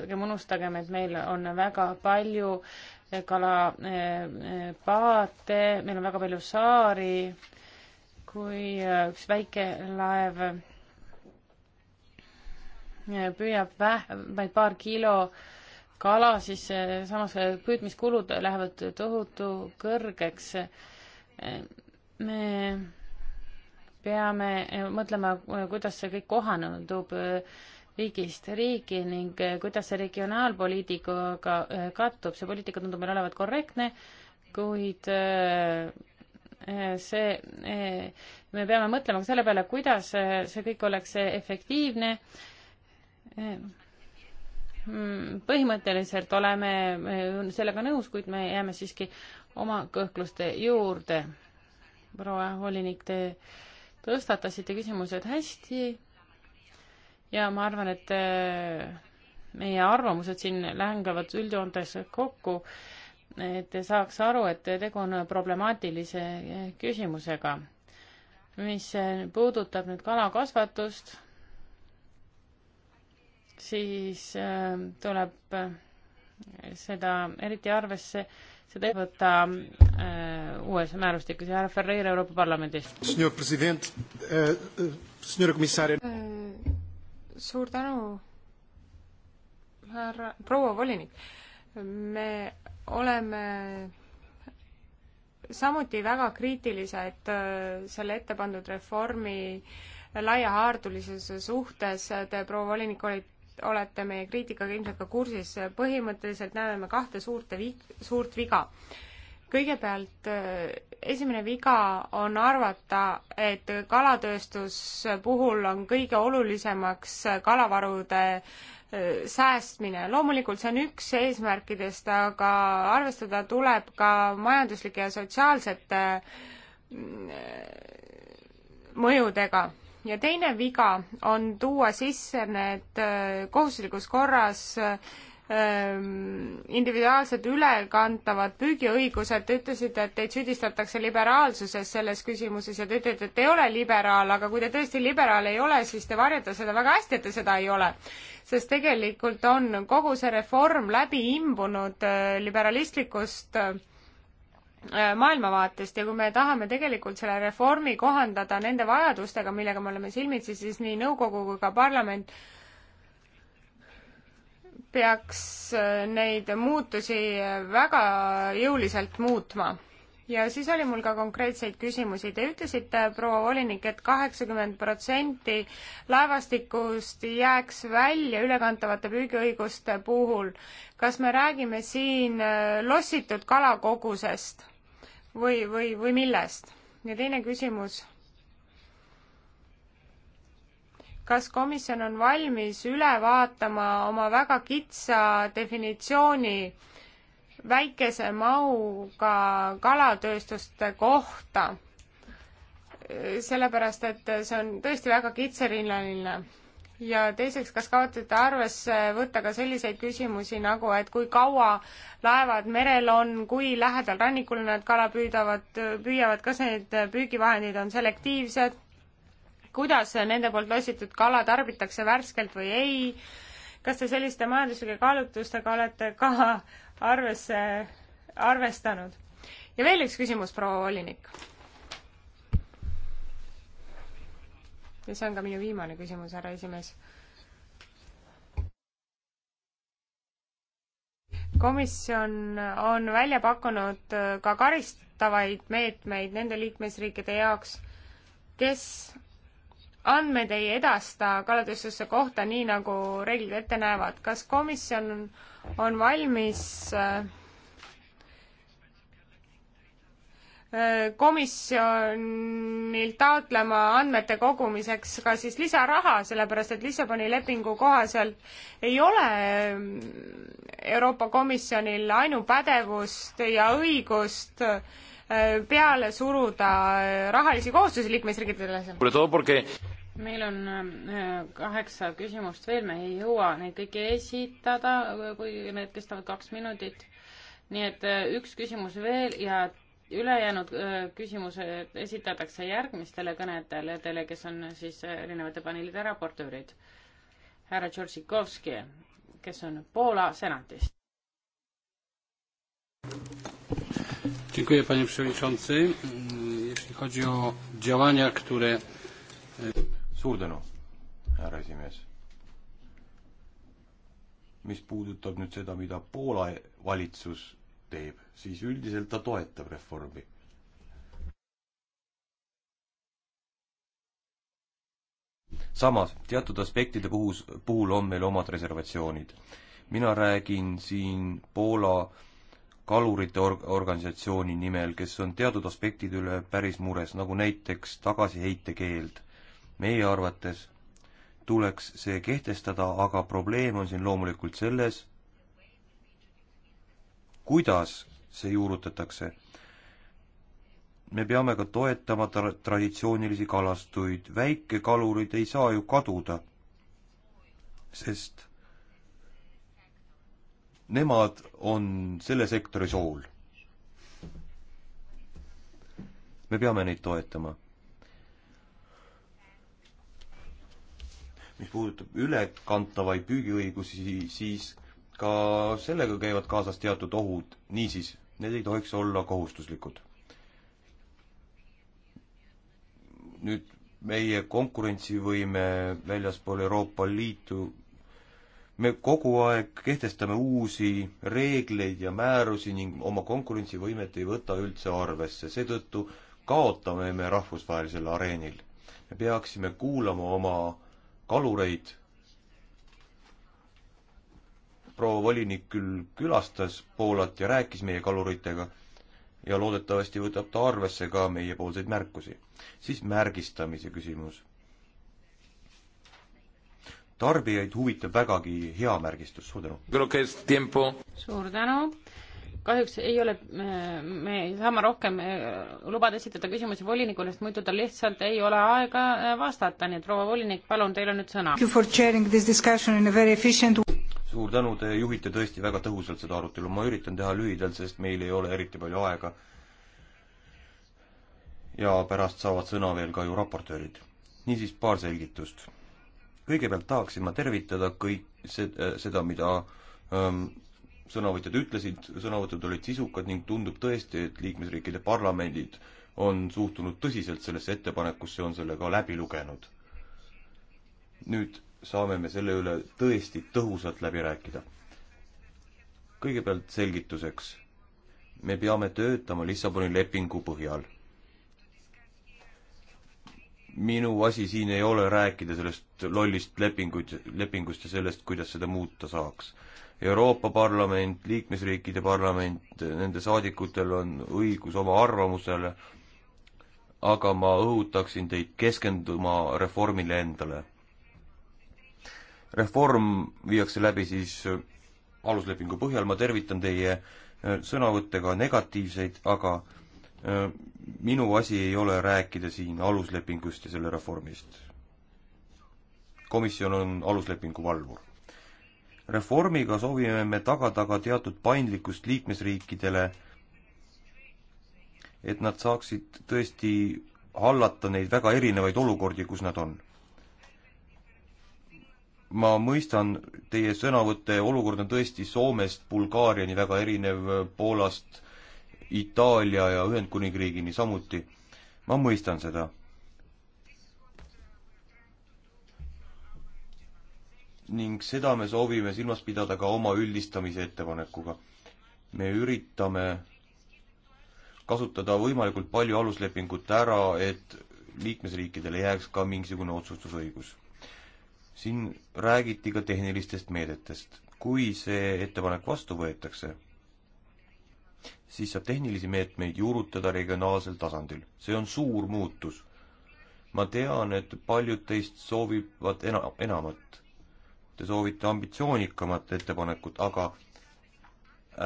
ärgem unustagem, et meil on väga palju kalapaate, meil on väga palju saari, kui äh, üks väike laev äh, püüab vähe, vaid paar kilo kala, siis äh, samas püüdmiskulud lähevad tohutu kõrgeks. me peame mõtlema, kuidas see kõik kohanendub riigist riigi ning kuidas see regionaalpoliitikaga kattub. see poliitika tundub meil olevat korrektne, kuid Eh, see, eh, me peame mõtlema ka selle peale, kuidas eh, see kõik oleks efektiivne. Mm, põhimõtteliselt oleme sellega nõus, kuid me jääme siiski oma kõhkluste juurde. proua volinik, te tõstatasite küsimused hästi ja ma arvan, et meie arvamused siin längevad üldjoontes kokku äh, et saaks aru, et tegu on problemaatilise küsimusega. mis puudutab nüüd kalakasvatust, siis äh, tuleb äh, seda eriti arvesse, seda ei võta äh, uues määrustikus ja härra Ferreira Euroopa Parlamendist. Äh, suur tänu, härra, proua volinik me oleme samuti väga kriitilised äh, selle ette pandud reformi laiahaardulisuse suhtes, te, proua volinik, olete meie kriitikaga ilmselt ka kursis, põhimõtteliselt näeme me kahte suurte vi-, suurt viga. kõigepealt äh, esimene viga on arvata, et kalatööstuse puhul on kõige olulisemaks kalavarude äh, säästmine. loomulikult see on üks eesmärkidest, aga arvestada tuleb ka majanduslike ja sotsiaalsete mm, mõjudega. ja teine viga on tuua sisse need äh, kohustuslikus korras äh, Ehm, individuaalselt ülekantavad püügiõigused, te ütlesite, et teid süüdistatakse liberaalsuses selles küsimuses ja te ütlete, et te ei ole liberaal, aga kui te tõesti liberaal ei ole, siis te varjate seda väga hästi, et te seda ei ole. sest tegelikult on kogu see reform läbi imbunud eh, liberalistlikust eh, maailmavaatest ja kui me tahame tegelikult selle reformi kohandada nende vajadustega, millega me oleme silmitsi, siis nii nõukogu kui ka parlament peaks äh, neid muutusi äh, väga jõuliselt muutma. ja siis oli mul ka konkreetseid küsimusi. Te ütlesite, proua volinik, et kaheksakümmend protsenti laevastikust jääks välja ülekantavate püügiõiguste puhul. kas me räägime siin äh, lossitud kalakogusest või, või, või millest? ja teine küsimus kas komisjon on valmis üle vaatama oma väga kitsa definitsiooni väikese mauga kalatööstuste kohta? sellepärast, et see on tõesti väga kitsarinnaline. ja teiseks, kas kavatsete arvesse võtta ka selliseid küsimusi nagu, et kui kaua laevad merel on, kui lähedal rannikul nad kala püüdavad, püüavad, kas need püügivahendid on selektiivsed, kuidas nende poolt lossitud kala tarbitakse värskelt või ei, kas te selliste majanduslike kaalutlustega olete ka arvesse, arvestanud? ja veel üks küsimus, proua volinik. ja see on ka minu viimane küsimus, härra esimees. komisjon on välja pakkunud ka karistavaid meetmeid nende liikmesriikide jaoks, kes andmeid ei edasta kalatööstuse kohta, nii nagu reeglid ette näevad. kas komisjon on valmis äh, äh, komisjonilt taotlema andmete kogumiseks ka siis lisaraha, sellepärast et Lissaboni lepingu kohaselt ei ole äh, Euroopa Komisjonil ainupädevust ja õigust peale suruda rahalisi kohustusi liikmesriikidele meil on äh, kaheksa küsimust veel, me ei jõua neid kõiki esitada, kui need kestavad kaks minutit. nii et äh, üks küsimus veel ja ülejäänud äh, küsimused esitatakse järgmistele kõnedele, kes on siis erinevate paneelide raportöörid. härra Tšortšikovski, kes on Poola senatist. Dziękuję panie przewodniczący. Mm, jeśli chodzi o działania, które e, suur tänu, härra esimees. mis puudutab nüüd seda, mida Poola valitsus teeb, siis üldiselt ta toetab reformi samas, teatud aspektide puhus, puhul on meil omad reservatsioonid. mina räägin siin Poola kalurite org-, organisatsiooni nimel, kes on teatud aspektide üle päris mures, nagu näiteks tagasiheitekeld meie arvates tuleks see kehtestada, aga probleem on siin loomulikult selles, kuidas see juurutatakse. me peame ka toetama tra-, traditsioonilisi kalastuid, väikekalurid ei saa ju kaduda, sest nemad on selle sektori sool. me peame neid toetama mis puudutab ülekantavaid püügiõigusi, siis ka sellega käivad kaasas teatud ohud, niisiis, need ei tohiks olla kohustuslikud. nüüd meie konkurentsivõime väljaspool Euroopa Liitu, me kogu aeg kehtestame uusi reegleid ja määrusi ning oma konkurentsivõimet ei võta üldse arvesse, seetõttu kaotame me rahvusvahelisel areenil. me peaksime kuulama oma kalureid. proua volinik küll külastas Poolat ja rääkis meie kaluritega ja loodetavasti võtab ta arvesse ka meiepoolseid märkusi. siis märgistamise küsimus. tarbijaid huvitab vägagi hea märgistus, suur tänu. suur tänu kahjuks ei ole, äh, me ei saa rohkem äh, lubada esitada küsimusi volinikule, sest muidu tal lihtsalt ei ole aega äh, vastata, nii et proua volinik, palun, teil on nüüd sõna. suur tänu, te juhite tõesti väga tõhusalt seda arutelu, ma üritan teha lühidalt, sest meil ei ole eriti palju aega. ja pärast saavad sõna veel ka ju raportöörid. niisiis, paar selgitust. kõigepealt tahaksin ma tervitada kõik seda, seda, mida ähm, sõnavõtjad ütlesid, sõnavõtud olid sisukad ning tundub tõesti, et liikmesriikide parlamendid on suhtunud tõsiselt sellesse ettepanekusse, on selle ka läbi lugenud. nüüd saame me selle üle tõesti tõhusalt läbi rääkida. kõigepealt selgituseks. me peame töötama Lissaboni lepingu põhjal. minu asi siin ei ole rääkida sellest lollist lepinguid, lepingust ja sellest, kuidas seda muuta saaks Euroopa Parlament, liikmesriikide parlament, nende saadikutel on õigus oma arvamusele, aga ma õhutaksin teid keskenduma reformile endale. reform viiakse läbi siis aluslepingu põhjal, ma tervitan teie äh, sõnavõtte ka negatiivseid, aga äh, minu asi ei ole rääkida siin aluslepingust ja selle reformist. komisjon on aluslepingu valvur reformiga soovime me tagada ka teatud paindlikkust liikmesriikidele, et nad saaksid tõesti hallata neid väga erinevaid olukordi, kus nad on. ma mõistan teie sõnavõtte, olukord on tõesti Soomest Bulgaariani väga erinev, Poolast Itaalia ja Ühendkuningriigini samuti. ma mõistan seda ning seda me soovime silmas pidada ka oma üldistamise ettepanekuga. me üritame kasutada võimalikult palju aluslepingut ära, et liikmesriikidele jääks ka mingisugune otsustusõigus. siin räägiti ka tehnilistest meedetest. kui see ettepanek vastu võetakse, siis saab tehnilisi meetmeid juurutada regionaalsel tasandil. see on suur muutus. ma tean, et paljud teist soovivad ena-, enamat te soovite ambitsioonikamat ettepanekut, aga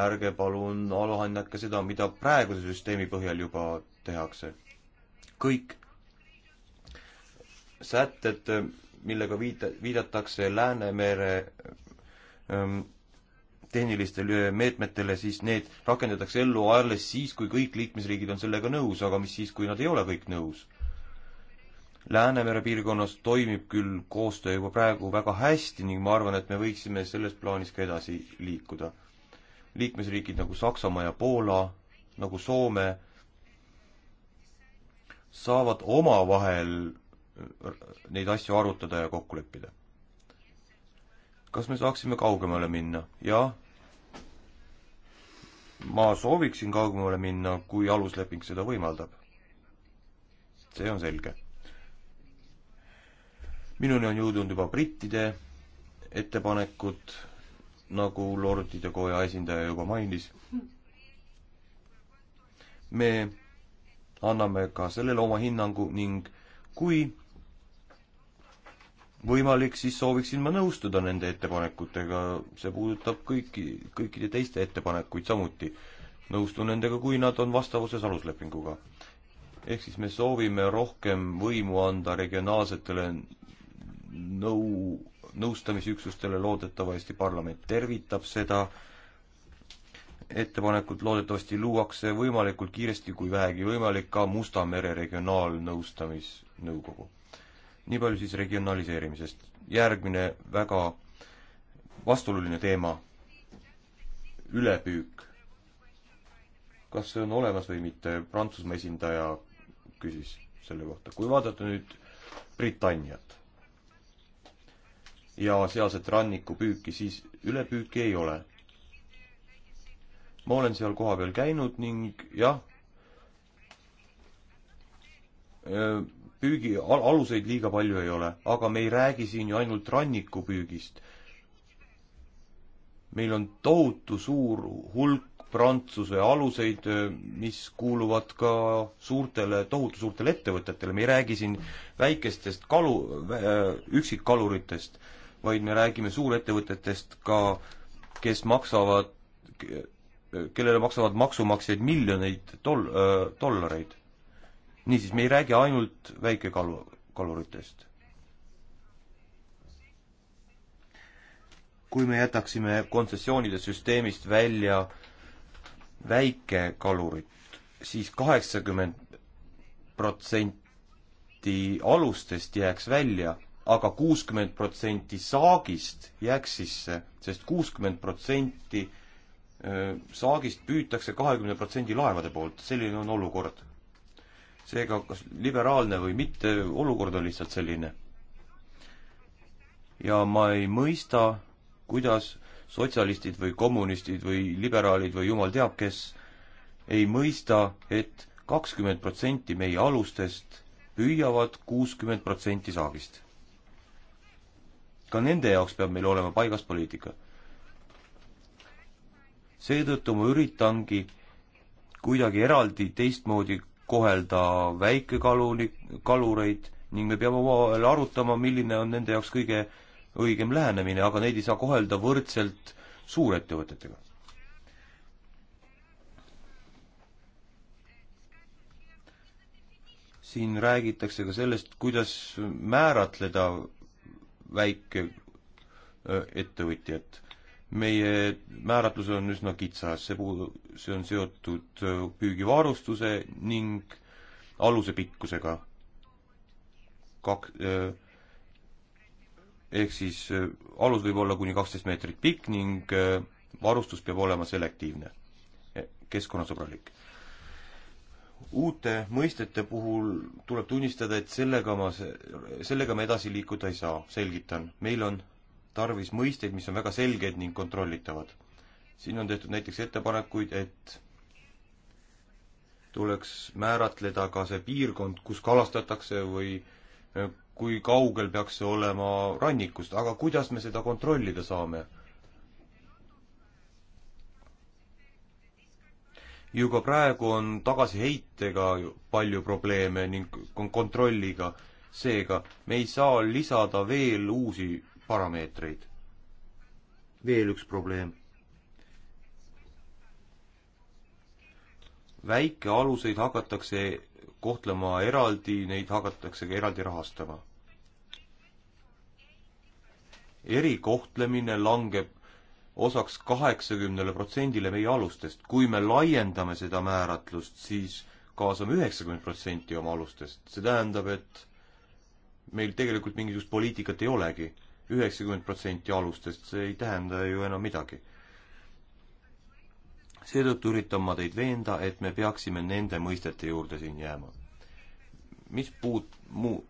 ärge palun alahinnake seda, mida praeguse süsteemi põhjal juba tehakse. kõik sätted, millega viita-, viidatakse Läänemere ähm, tehnilistele meetmetele, siis need rakendatakse ellu alles siis, kui kõik liikmesriigid on sellega nõus, aga mis siis, kui nad ei ole kõik nõus? Läänemere piirkonnas toimib küll koostöö juba praegu väga hästi ning ma arvan, et me võiksime selles plaanis ka edasi liikuda. liikmesriigid nagu Saksamaa ja Poola, nagu Soome, saavad omavahel äh, neid asju arutada ja kokku leppida. kas me saaksime kaugemale minna? jah, ma sooviksin kaugemale minna, kui alusleping seda võimaldab. see on selge minuni on jõudnud juba brittide ettepanekud, nagu Lordide Koja esindaja juba mainis. me anname ka sellele oma hinnangu ning kui võimalik, siis sooviksin ma nõustuda nende ettepanekutega, see puudutab kõiki, kõikide teiste ettepanekuid samuti. nõustun nendega, kui nad on vastavuses aluslepinguga. ehk siis me soovime rohkem võimu anda regionaalsetele nõu, nõustamisüksustele, loodetavasti parlament tervitab seda ettepanekut, loodetavasti luuakse võimalikult kiiresti, kui vähegi võimalik, ka Musta mere regionaalnõustamisnõukogu. nii palju siis regionaliseerimisest. järgmine väga vastuoluline teema, ülepüük. kas see on olemas või mitte, Prantsusmaa esindaja küsis selle kohta. kui vaadata nüüd Britanniat, ja sealset rannikupüüki, siis ülepüüki ei ole. ma olen seal kohapeal käinud ning jah, püügi al aluseid liiga palju ei ole, aga me ei räägi siin ju ainult rannikupüügist. meil on tohutu suur hulk Prantsuse aluseid, mis kuuluvad ka suurtele, tohutu suurtele ettevõtetele, me ei räägi siin väikestest kalu, üksikkaluritest vaid me räägime suurettevõtetest ka, kes maksavad, kellele maksavad maksumaksjaid miljoneid dol-, dollareid. niisiis, me ei räägi ainult väikekalu, kaluritest. kui me jätaksime kontsessioonide süsteemist välja väikekalurit, siis kaheksakümmend protsenti alustest jääks välja aga kuuskümmend protsenti saagist jääks sisse sest, sest kuuskümmend protsenti saagist püütakse kahekümne protsendi laevade poolt, selline on olukord. seega kas liberaalne või mitte, olukord on lihtsalt selline. ja ma ei mõista, kuidas sotsialistid või kommunistid või liberaalid või jumal teab kes ei mõista et, et kakskümmend protsenti meie alustest püüavad kuuskümmend protsenti saagist ka nende jaoks peab meil olema paigas poliitika. seetõttu ma üritangi kuidagi eraldi teistmoodi kohelda väikekaluni, kalureid ning me peame omavahel arutama, milline on nende jaoks kõige õigem lähenemine, aga neid ei saa kohelda võrdselt suurettevõtetega. siin räägitakse ka sellest, kuidas määratleda väikeettevõtjat. meie määratlus on üsna kitsas, see puudu-, see on seotud püügivarustuse ning aluse pikkusega. kak-, ehk siis alus võib olla kuni kaksteist meetrit pikk ning varustus peab olema selektiivne, keskkonnasõbralik uute mõistete puhul tuleb tunnistada, et sellega ma, sellega me edasi liikuda ei saa, selgitan. meil on tarvis mõisteid, mis on väga selged ning kontrollitavad. siin on tehtud näiteks ettepanekuid, et tuleks määratleda ka see piirkond, kus kalastatakse või eh, kui kaugel peaks see olema rannikust, aga kuidas me seda kontrollida saame? ju ka praegu on tagasiheitega palju probleeme ning kontrolliga, seega me ei saa lisada veel uusi parameetreid. veel üks probleem. väikealuseid hakatakse kohtlema eraldi, neid hakatakse ka eraldi rahastama. erikohtlemine langeb osaks kaheksakümnele protsendile meie alustest. kui me laiendame seda määratlust, siis kaasame üheksakümmend protsenti oma alustest. see tähendab, et meil tegelikult mingisugust poliitikat ei olegi. üheksakümmend protsenti alustest, see ei tähenda ju enam midagi. seetõttu üritan ma teid veenda, et me peaksime nende mõistete juurde siin jääma. mis puut-, muu,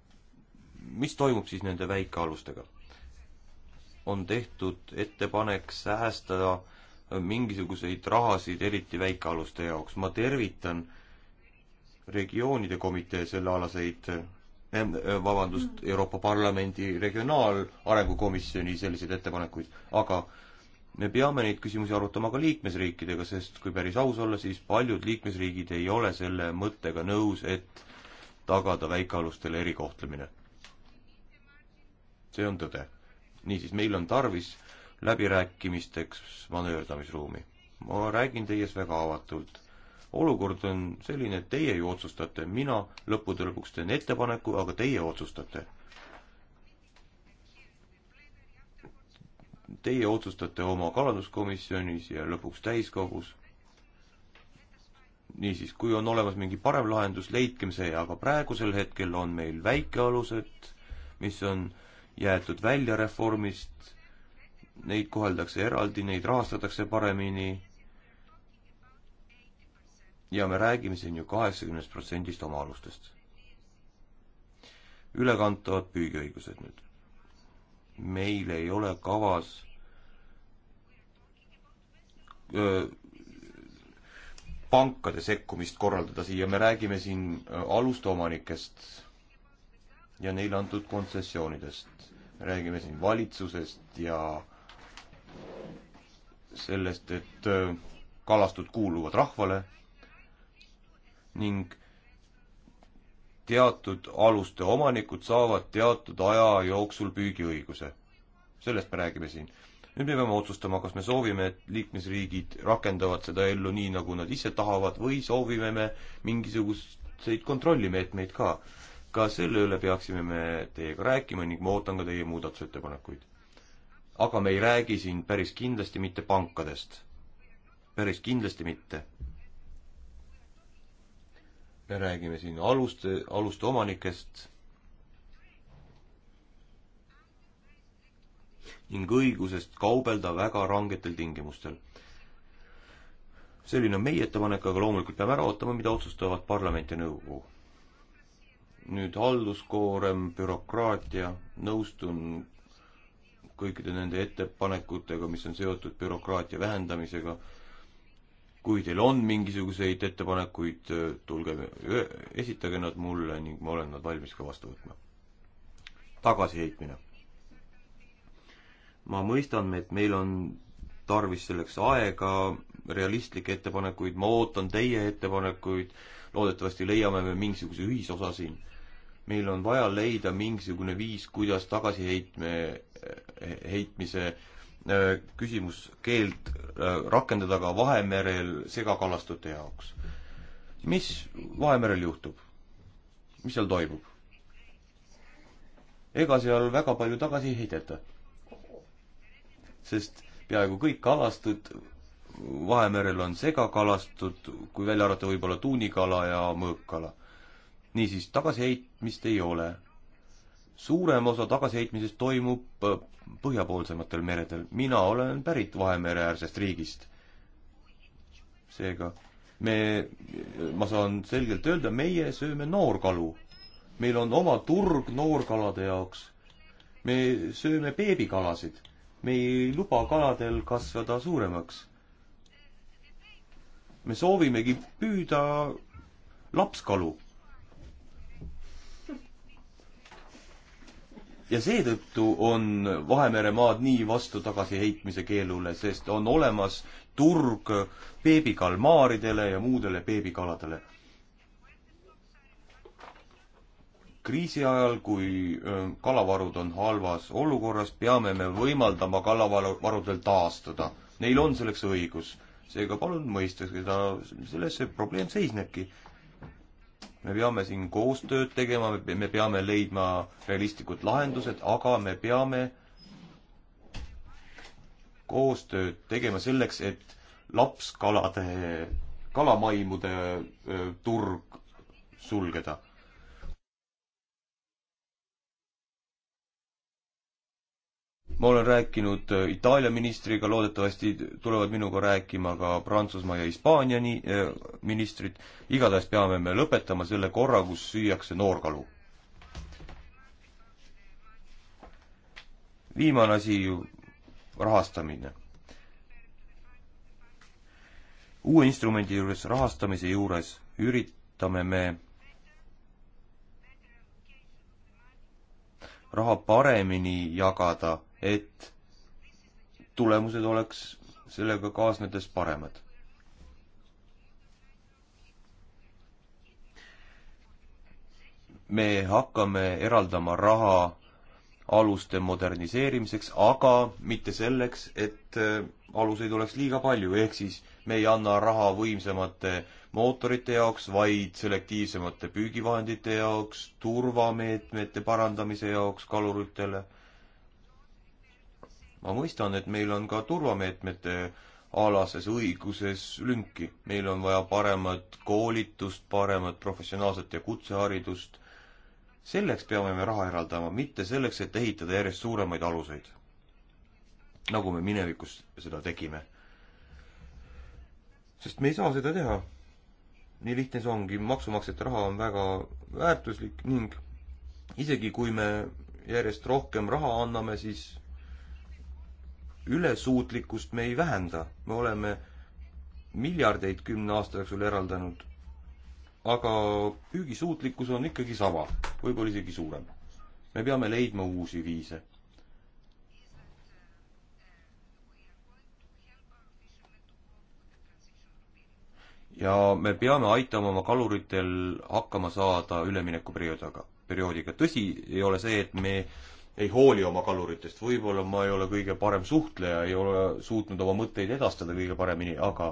mis toimub siis nende väikealustega? on tehtud ettepanek säästada mingisuguseid rahasid, eriti väikealuste jaoks. ma tervitan regioonide komitee sellealaseid eh, vabandust, mm. Euroopa Parlamendi Regionaalarengu Komisjoni selliseid ettepanekuid, aga me peame neid küsimusi arutama ka liikmesriikidega, sest kui päris aus olla, siis paljud liikmesriigid ei ole selle mõttega nõus, et tagada väikealustele erikohtlemine. see on tõde niisiis, meil on tarvis läbirääkimisteks manööverdamisruumi. ma räägin teies väga avatult. olukord on selline, et teie ju otsustate, mina lõppude lõpuks teen ettepaneku, aga teie otsustate. Teie otsustate oma kalanduskomisjonis ja lõpuks täiskogus. niisiis, kui on olemas mingi parem lahendus, leidkem see, aga praegusel hetkel on meil väikealused, mis on äh, jäetud välja reformist, neid koheldakse eraldi, neid rahastatakse paremini ja me räägime siin ju kaheksakümnest protsendist omaalustest. ülekantavad püügiõigused nüüd. meil ei ole kavas öö, pankade sekkumist korraldada siia, me räägime siin aluste omanikest ja neile antud kontsessioonidest räägime siin valitsusest ja sellest, et äh, kalastud kuuluvad rahvale ning teatud aluste omanikud saavad teatud aja jooksul püügiõiguse. sellest me räägime siin. nüüd me peame otsustama, kas me soovime, et liikmesriigid rakendavad seda ellu nii, nagu nad ise tahavad või soovime me mingisuguseid kontrollimeetmeid ka ka selle üle peaksime me teiega rääkima ning ma ootan ka teie muudatusettepanekuid. aga me ei räägi siin päris kindlasti mitte pankadest. päris kindlasti mitte. me räägime siin aluste, aluste omanikest ning õigusest kaubelda väga rangetel tingimustel. selline on meie ettepanek, aga loomulikult peame ära ootama, mida otsustavad parlament ja nõukogu nüüd halduskoorem, bürokraatia, nõustun kõikide nende ettepanekutega, mis on seotud bürokraatia vähendamisega. kui teil on mingisuguseid ettepanekuid, tulge, esitage nad mulle ning ma olen nad valmis ka vastu võtma. tagasiheitmine. ma mõistan, et meil on tarvis selleks aega, realistlikke ettepanekuid, ma ootan teie ettepanekuid, loodetavasti leiame me mingisuguse ühisosa siin meil on vaja leida mingisugune viis, kuidas tagasiheitme, heitmise äh, küsimus, keeld äh, rakendada ka Vahemerel segakalastute jaoks. mis Vahemerel juhtub? mis seal toimub? ega seal väga palju tagasi ei heideta. sest peaaegu kõik kalastud Vahemerel on segakalastud, kui välja arvata võib-olla tuunikala ja mõõkkala niisiis, tagasiheitmist ei ole. suurem osa tagasiheitmisest toimub äh, põhjapoolsematel meredel. mina olen pärit Vahemereäärsest riigist. seega me, ma saan selgelt öelda, meie sööme noorkalu. meil on oma turg noorkalade jaoks. me sööme beebikalasid. me ei luba kaladel kasvada suuremaks. me soovimegi püüda lapskalu ja seetõttu on Vahemeremaad nii vastu tagasiheitmise keelule, sest on olemas turg beebikalmaaridele ja muudele beebikaladele. kriisi ajal, kui kalavarud on halvas olukorras, peame me võimaldama kalavarudel taastuda. Neil on selleks õigus. seega palun mõista seda, selles see probleem seisnebki me peame siin koostööd tegema, me peame leidma realistlikud lahendused, aga me peame koostööd tegema selleks, et lapskalade, kalamaimude äh, turg sulgeda ma olen rääkinud äh, Itaalia ministriga, loodetavasti tulevad minuga rääkima ka Prantsusmaa ja Hispaania nii, äh, ministrid. igatahes peame me lõpetama selle korra, kus süüakse noorkalu. viimane asi ju rahastamine. uue instrumendi juures, rahastamise juures üritame me raha paremini jagada et tulemused oleks sellega kaasnedes paremad. me hakkame eraldama raha aluste moderniseerimiseks, aga mitte selleks, et äh, aluseid oleks liiga palju, ehk siis me ei anna raha võimsamate mootorite jaoks, vaid selektiivsemate püügivahendite jaoks, turvameetmete parandamise jaoks kaluritele ma mõistan, et meil on ka turvameetmete alases õiguses lünki. meil on vaja paremat koolitust, paremat professionaalset ja kutseharidust. selleks peame me raha eraldama, mitte selleks, et ehitada järjest suuremaid aluseid. nagu me minevikus seda tegime. sest me ei saa seda teha. nii lihtne see ongi, maksumaksjate raha on väga väärtuslik ning isegi kui me järjest rohkem raha anname, siis ülesuutlikkust me ei vähenda, me oleme miljardeid kümne aasta jooksul eraldanud, aga püügisuutlikkus on ikkagi sama, võib-olla isegi suurem. me peame leidma uusi viise. ja me peame aitama oma kaluritel hakkama saada üleminekuperioodiga, perioodiga. tõsi ei ole see, et me ei hooli oma kaluritest, võib-olla ma ei ole kõige parem suhtleja, ei ole suutnud oma mõtteid edastada kõige paremini, aga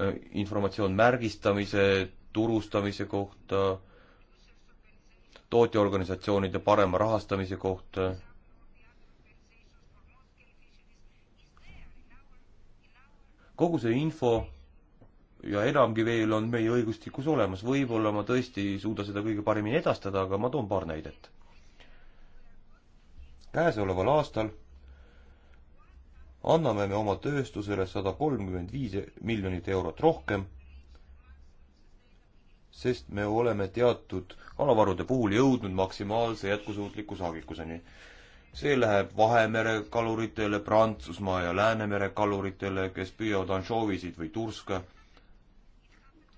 äh, informatsioon märgistamise, turustamise kohta, tootjaorganisatsioonide parema rahastamise kohta. kogu see info ja enamgi veel on meie õigustikus olemas, võib-olla ma tõesti ei suuda seda kõige paremini edastada, aga ma toon paar näidet käesoleval aastal anname me oma tööstusele sada kolmkümmend viis miljonit eurot rohkem, sest me oleme teatud kalavarude puhul jõudnud maksimaalse jätkusuutliku saagikuseni. see läheb Vahemere kaluritele, Prantsusmaa ja Läänemere kaluritele, kes püüavad anšoovisid või turska.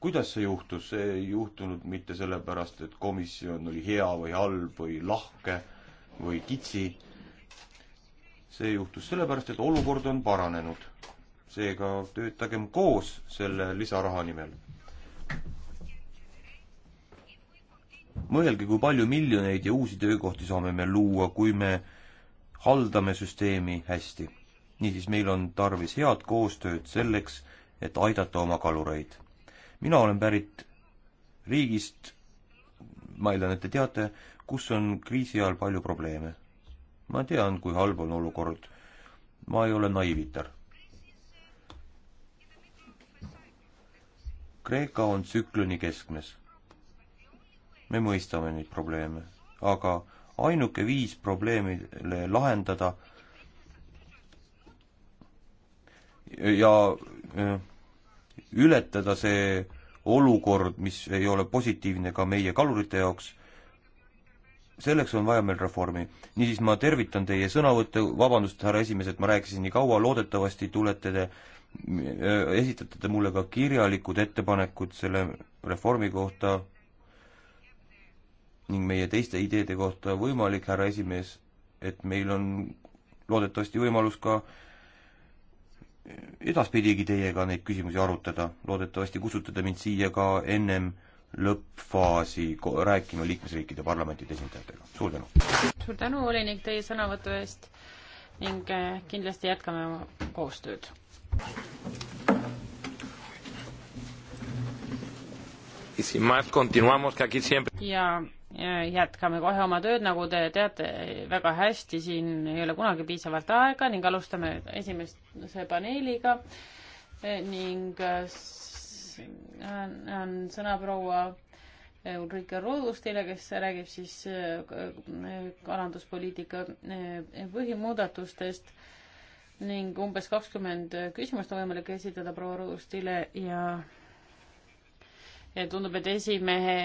kuidas see juhtus, see ei juhtunud mitte sellepärast, et komisjon oli hea või halb või lahke või kitsi see juhtus sellepärast, et olukord on paranenud. seega töötagem koos selle lisaraha nimel. mõelge, kui palju miljoneid ja uusi töökohti saame me luua, kui me haldame süsteemi hästi. niisiis, meil on tarvis head koostööd selleks, et aidata oma kalureid. mina olen pärit riigist, ma eeldan, et te teate, kus on kriisi ajal palju probleeme ma tean, kui halb on olukord. ma ei ole naiivitar. Kreeka on tsükloni keskmes. me mõistame neid probleeme, aga ainuke viis probleemile lahendada ja äh, ületada see olukord, mis ei ole positiivne ka meie kalurite jaoks selleks on vaja meil reformi. niisiis, ma tervitan teie sõnavõtte, vabandust, härra esimees, et ma rääkisin nii kaua, loodetavasti tulete te, äh, esitate te mulle ka kirjalikud ettepanekud selle reformi kohta ning meie teiste ideede kohta võimalik, härra esimees, et meil on loodetavasti võimalus ka edaspidigi teiega neid küsimusi arutada, loodetavasti kutsute te mind siia ka ennem lõppfaasi rääkima liikmesriikide parlamentide esindajatega. suur tänu! suur tänu, volinik, teie sõnavõtu eest ning eh, kindlasti jätkame oma koostööd. ja jätkame kohe oma tööd, nagu te teate eh, väga hästi, siin ei ole kunagi piisavalt aega ning alustame esimese paneeliga eh, ning on sõna proua Ulrike Roodustile, kes räägib siis äh, kalanduspoliitika äh, põhimuudatustest ning umbes kakskümmend küsimust on võimalik esitada proua Roodustile ja ja tundub, et esimehe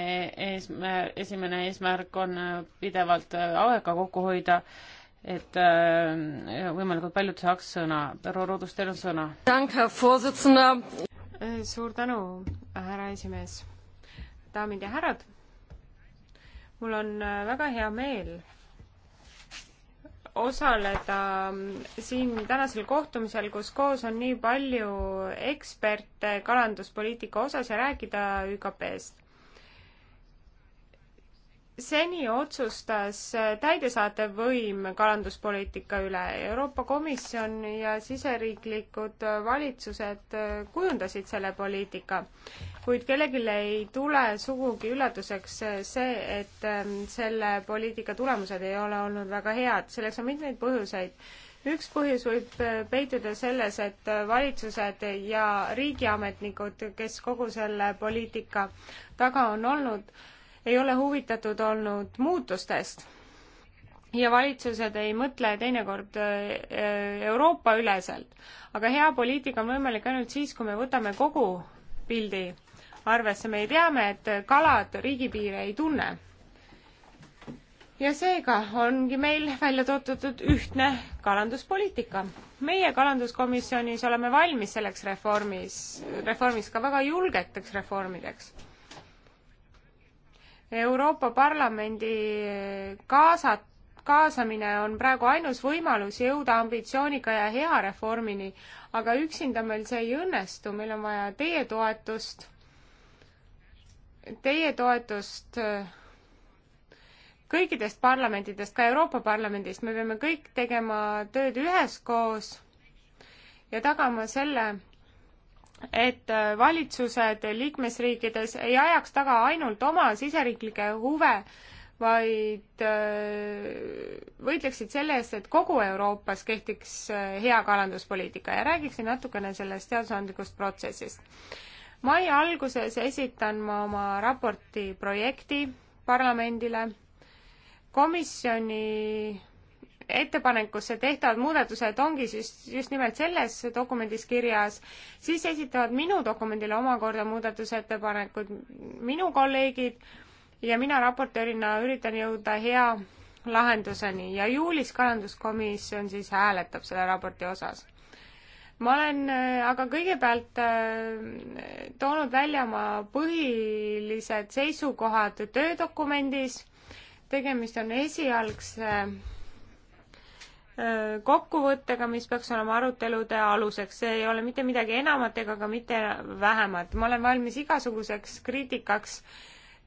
eesmär-, esimene eesmärk on pidevalt aega kokku hoida, et äh, võimalikult paljud saaks sõna. proua Roodus, teil on sõna suur tänu, härra esimees. daamid ja härrad, mul on äh, väga hea meel osaleda mm, siin tänasel kohtumisel, kus koos on nii palju eksperte kalanduspoliitika osas ja rääkida ÜKP-st seni otsustas täidesaatev võim kalanduspoliitika üle. Euroopa Komisjon ja siseriiklikud valitsused kujundasid selle poliitika, kuid kellelegi ei tule sugugi üllatuseks see, et ähm, selle poliitika tulemused ei ole olnud väga head, selleks on mitmeid põhjuseid. üks põhjus võib äh, peituda selles, et valitsused ja riigiametnikud, kes kogu selle poliitika taga on olnud, ei ole huvitatud olnud muutustest ja valitsused ei mõtle teinekord äh, Euroopa üleselt. aga hea poliitika on võimalik ainult siis, kui me võtame kogu pildi arvesse, me teame, et kalad riigipiire ei tunne. ja seega ongi meil välja töötatud ühtne kalanduspoliitika. meie kalanduskomisjonis oleme valmis selleks reformis, reformiks ka väga julgeteks reformideks Euroopa Parlamendi kaasat-, kaasamine on praegu ainus võimalus jõuda ambitsioonika ja hea reformini, aga üksinda meil see ei õnnestu, meil on vaja teie toetust, teie toetust äh, kõikidest parlamentidest, ka Euroopa Parlamendist, me peame kõik tegema tööd üheskoos ja tagama selle, et äh, valitsused liikmesriikides ei ajaks taga ainult oma siseriiklikke huve, vaid äh, võitleksid selle eest, et kogu Euroopas kehtiks äh, hea kalanduspoliitika ja räägiksin natukene sellest seadusandlikust protsessist. mai alguses esitan ma oma raporti projekti parlamendile. komisjoni ettepanekusse tehtavad muudatused ongi siis just nimelt selles dokumendis kirjas, siis esitavad minu dokumendile omakorda muudatusettepanekud minu kolleegid ja mina raportöörina üritan jõuda hea lahenduseni ja juulis kalanduskomisjon siis hääletab selle raporti osas. ma olen äh, aga kõigepealt äh, toonud välja oma põhilised seisukohad töödokumendis, tegemist on esialgse kokkuvõttega, mis peaks olema arutelude aluseks, see ei ole mitte midagi enamat ega ka mitte vähemat. ma olen valmis igasuguseks kriitikaks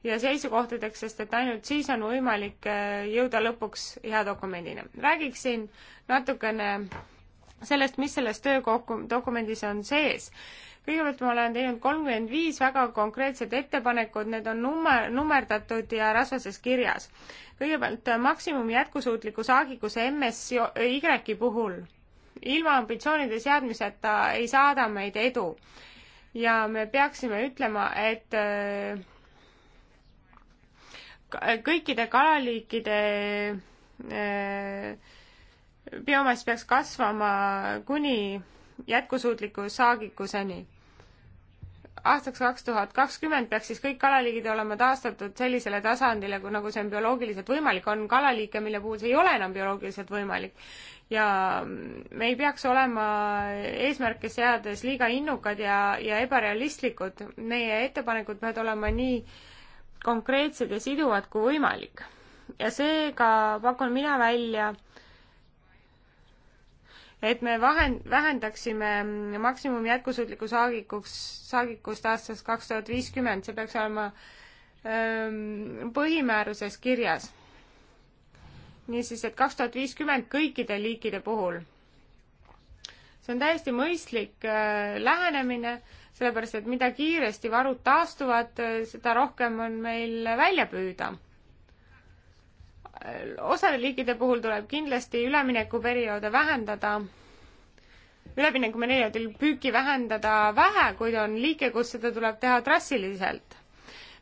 ja seisukohtadeks, sest et ainult siis on võimalik äh, jõuda lõpuks hea dokumendini. räägiksin natukene sellest, mis selles töödokumendis on sees kõigepealt ma olen teinud kolmkümmend viis väga konkreetset ettepanekut, need on nummer, nummerdatud ja rasvases kirjas kõigepealt äh, maksimum jätkusuutliku saagikuse MSY puhul. ilma ambitsioonide seadmiseta ei saada meid edu ja me peaksime ütlema, et äh, kõikide kalaliikide äh, biomass peaks kasvama kuni jätkusuutliku saagikuseni aastaks kaks tuhat kakskümmend peaks siis kõik kalaliigid olema taastatud sellisele tasandile, nagu see on bioloogiliselt võimalik, on kalaliike, mille puhul see ei ole enam bioloogiliselt võimalik. ja me ei peaks olema eesmärke seades liiga innukad ja, ja ebarealistlikud. meie ettepanekud peavad olema nii konkreetsed ja siduvad kui võimalik. ja seega pakun mina välja et me vahend-, vähendaksime maksimum jätkusuutliku saagikuks, saagikust aastast kaks tuhat viiskümmend, see peaks olema öö, ähm, põhimääruses kirjas. niisiis, et kaks tuhat viiskümmend kõikide liikide puhul. see on täiesti mõistlik öö, äh, lähenemine, sellepärast et mida kiiresti varud taastuvad, äh, seda rohkem on meil välja püüda osade liikide puhul tuleb kindlasti üleminekuperioode vähendada, üleminekuperioodil püüki vähendada vähe, kuid on liike, kus seda tuleb teha trassiliselt.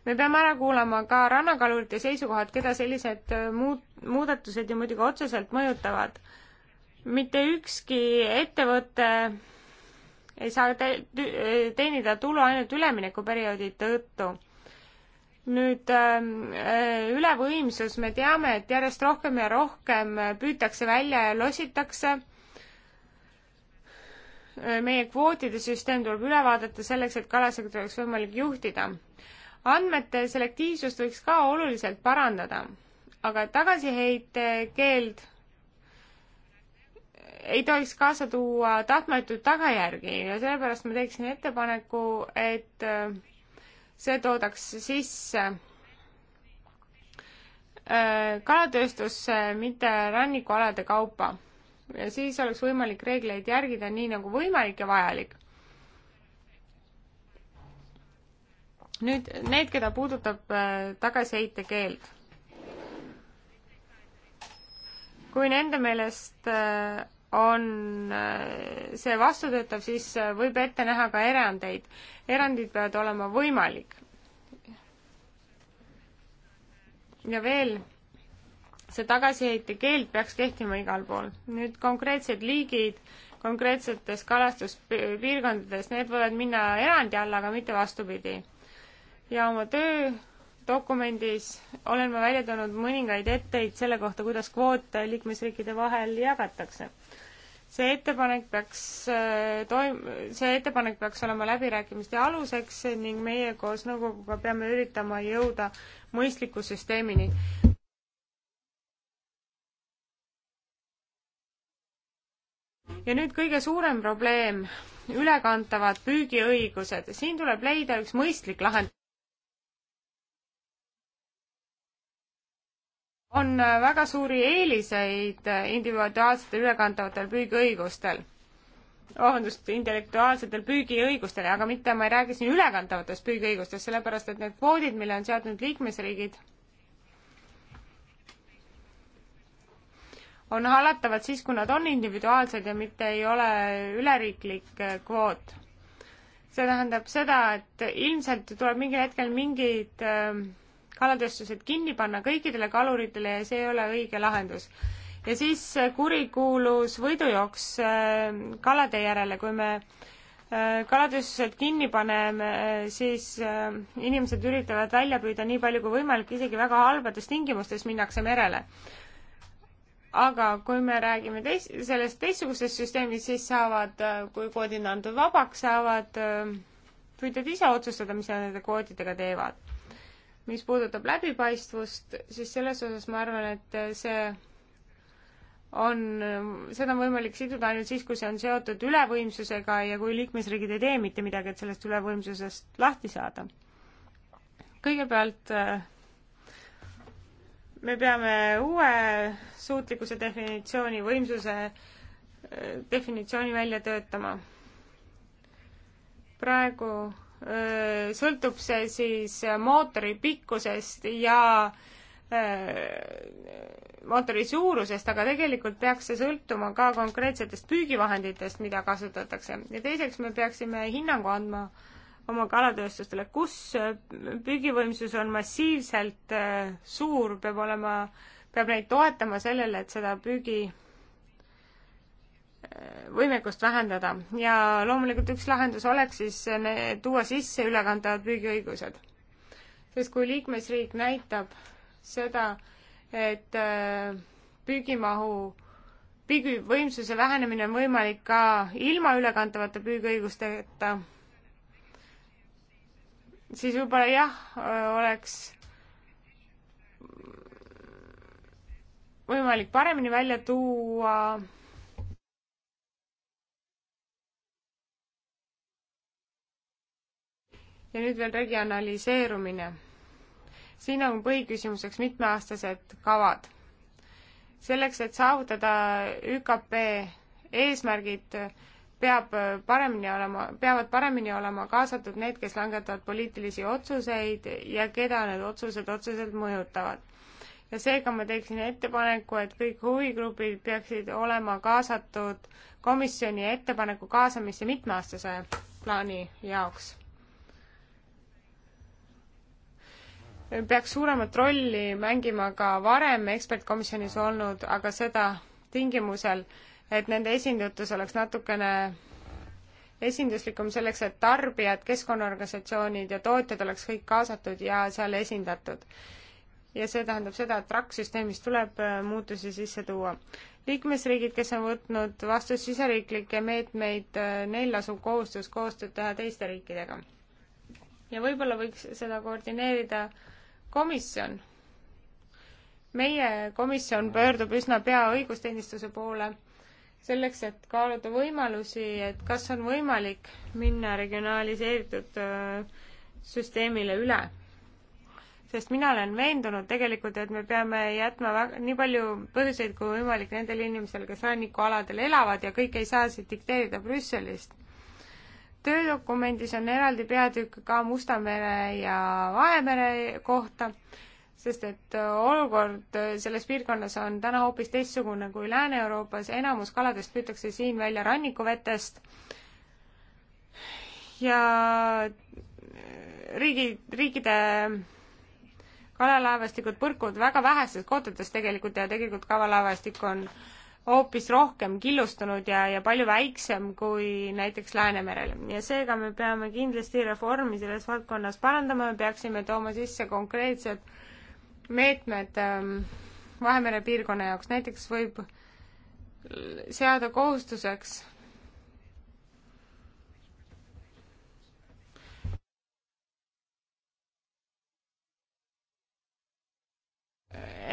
me peame ära kuulama ka rannakalurite seisukohad, keda sellised muud, muudatused ju muidugi otseselt mõjutavad. mitte ükski ettevõte ei saa te, teenida tulu ainult üleminekuperioodi tõttu nüüd ähm, äh, ülevõimsus, me teame, et järjest rohkem ja rohkem püütakse välja ja lositakse. Äh, meie kvootide süsteem tuleb üle vaadata selleks, et kalasektorit oleks võimalik juhtida. andmete selektiivsust võiks ka oluliselt parandada, aga tagasiheite keeld ei tohiks kaasa tuua tahtmatuid tagajärgi ja sellepärast ma teeksin ettepaneku, et äh, see toodaks sisse äh, kalatööstusse, mitte rannikualade kaupa. ja siis oleks võimalik reegleid järgida nii nagu võimalik ja vajalik. nüüd need, keda puudutab äh, tagasiheite keeld. kui nende meelest äh, on äh, see vastutöötav, siis äh, võib ette näha ka erandeid. erandid peavad olema võimalik. ja veel, see tagasiheite keeld peaks kehtima igal pool. nüüd konkreetsed liigid konkreetsetes kalastuspiirkondades, need võivad minna erandi alla, aga mitte vastupidi. ja oma töödokumendis olen ma välja toonud mõningaid etteid selle kohta, kuidas kvoote liikmesriikide vahel jagatakse see ettepanek peaks äh, toim-, see ettepanek peaks olema läbirääkimiste aluseks ning meie koos nõukoguga peame üritama jõuda mõistliku süsteemini. ja nüüd kõige suurem probleem, ülekantavad püügiõigused. siin tuleb leida üks mõistlik lahend-. on väga suuri eeliseid individuaalsetel ülekantavatel püügiõigustel, vabandust, intellektuaalsetel püügiõigustel, aga mitte ma ei räägi siin ülekantavatest püügiõigustest, sellepärast et need kvoodid, mille on seadnud liikmesriigid, on hallatavad siis, kui nad on individuaalsed ja mitte ei ole üleriiklik kvoot. see tähendab seda, et ilmselt tuleb mingil hetkel mingid äh, kalatööstused kinni panna kõikidele kaluritele ja see ei ole õige lahendus. ja siis äh, kurikuulus võidujooks äh, kalade järele, kui me äh, kalatööstused kinni paneme, siis inimesed üritavad välja püüda nii palju kui võimalik, isegi väga halbades tingimustes minnakse merele. aga kui me räägime teis-, sellest teistsugusest süsteemist, siis saavad, kui kvoodid on antud vabaks, saavad püüdjad ise otsustada, mis nad nende kvootidega teevad mis puudutab läbipaistvust, siis selles osas ma arvan, et see on, seda on võimalik siduda ainult siis, kui see on seotud ülevõimsusega ja kui liikmesriigid ei tee mitte midagi, et sellest ülevõimsusest lahti saada. kõigepealt me peame uue suutlikkuse definitsiooni, võimsuse eh, definitsiooni välja töötama. praegu sõltub see siis mootori pikkusest ja mootori suurusest, aga tegelikult peaks see sõltuma ka konkreetsetest püügivahenditest, mida kasutatakse. ja teiseks me peaksime hinnangu andma oma kalatööstustele, kus püügivõimsus on massiivselt suur, peab olema, peab neid toetama sellele, et seda püügi võimekust vähendada ja loomulikult üks lahendus oleks siis tuua sisse ülekantavad püügiõigused. sest kui liikmesriik näitab seda, et äh, püügimahu, püügivõimsuse vähenemine on võimalik ka ilma ülekantavate püügiõigusteta, siis võib-olla jah, äh, oleks võimalik paremini välja tuua ja nüüd veel regionaliseerumine. siin on põhiküsimuseks mitmeaastased kavad. selleks, et saavutada ÜKP eesmärgid, peab paremini olema, peavad paremini olema kaasatud need, kes langetavad poliitilisi otsuseid ja keda need otsused otseselt mõjutavad. ja seega ma teeksin ettepaneku, et kõik huvigrupid peaksid olema kaasatud komisjoni ettepaneku kaasamisse mitmeaastase plaani jaoks peaks suuremat rolli mängima ka varem ekspertkomisjonis olnud, aga seda tingimusel, et nende esindatus oleks natukene esinduslikum selleks, et tarbijad, keskkonnaorganisatsioonid ja tootjad oleks kõik kaasatud ja seal esindatud. ja see tähendab seda, et RAK-süsteemis tuleb äh, muutusi sisse tuua. liikmesriigid, kes on võtnud vastu siseriiklikke meetmeid, äh, neil lasub kohustus koostööd teha teiste riikidega. ja võib-olla võiks seda koordineerida äh, komisjon. meie komisjon pöördub üsna pea õigusteenistuse poole selleks, et kaaluda võimalusi, et kas on võimalik minna regionaliseeritud äh, süsteemile üle. sest mina olen veendunud tegelikult, et me peame jätma väga, nii palju põhjuseid kui võimalik nendele inimestele, kes rannikualadel elavad ja kõike ei saa siit dikteerida Brüsselist töödokumendis on eraldi peatükk ka Musta mere ja Vahemere kohta, sest et äh, olukord äh, selles piirkonnas on täna hoopis teistsugune kui Lääne-Euroopas, enamus kaladest püütakse siin välja rannikuvetest ja äh, riigi, riikide kalalaevastikud põrkuvad väga vähestes kohtades tegelikult ja tegelikult kalalaevastik on äh, hoopis rohkem killustunud ja, ja palju väiksem kui näiteks Läänemerel. ja seega me peame kindlasti reformi selles valdkonnas parandama, me peaksime tooma sisse konkreetsed meetmed ähm, Vahemere piirkonna jaoks, näiteks võib seada kohustuseks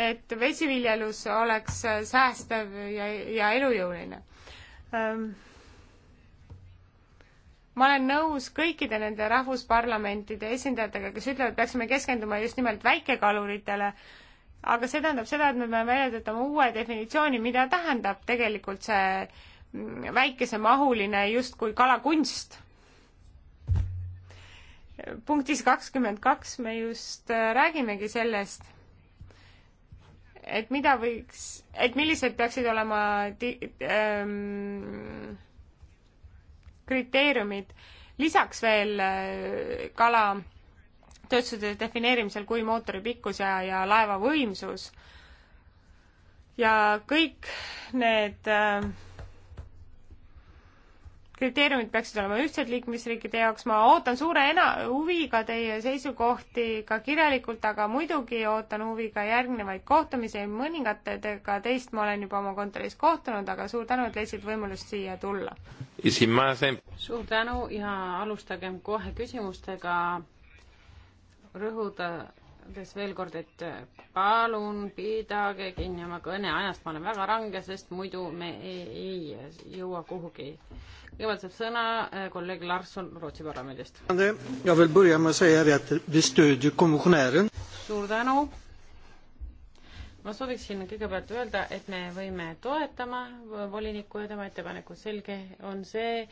et vesiviljelus oleks säästev ja, ja elujõuline. Ehm, ma olen nõus kõikide nende rahvusparlamentide esindajatega, kes ütlevad, peaksime keskenduma just nimelt väikekaluritele, aga see tähendab seda, et me peame välja töötama uue definitsiooni, mida tähendab tegelikult see mm, väikesemahuline justkui kalakunst punktis kakskümmend kaks me just äh, räägimegi sellest et mida võiks, et millised peaksid olema ti-, ähm, kriteeriumid lisaks veel äh, kala töötuse defineerimisel kui mootori pikkus ja, ja laeva võimsus ja kõik need äh, kriteeriumid peaksid olema ühtsed liikmesriikide jaoks, ma ootan suure ena-, huviga teie seisukohti ka kirjalikult, aga muidugi ootan huviga järgnevaid kohtumisi, mõningatega teist ma olen juba oma kontoris kohtunud, aga suur tänu, et leidsid võimalust siia tulla. suur tänu ja alustagem kohe küsimustega rõhuda ütles veel kord, et äh, palun pidage kinni oma kõneajast, ma olen väga range, sest muidu me ei, ei jõua kuhugi. kõigepealt saab sõna äh, kolleeg Larsson Rootsi parlamendist. suur tänu. ma sooviksin kõigepealt öelda, et me võime toetama volinikku ja tema ettepanekut, selge on see,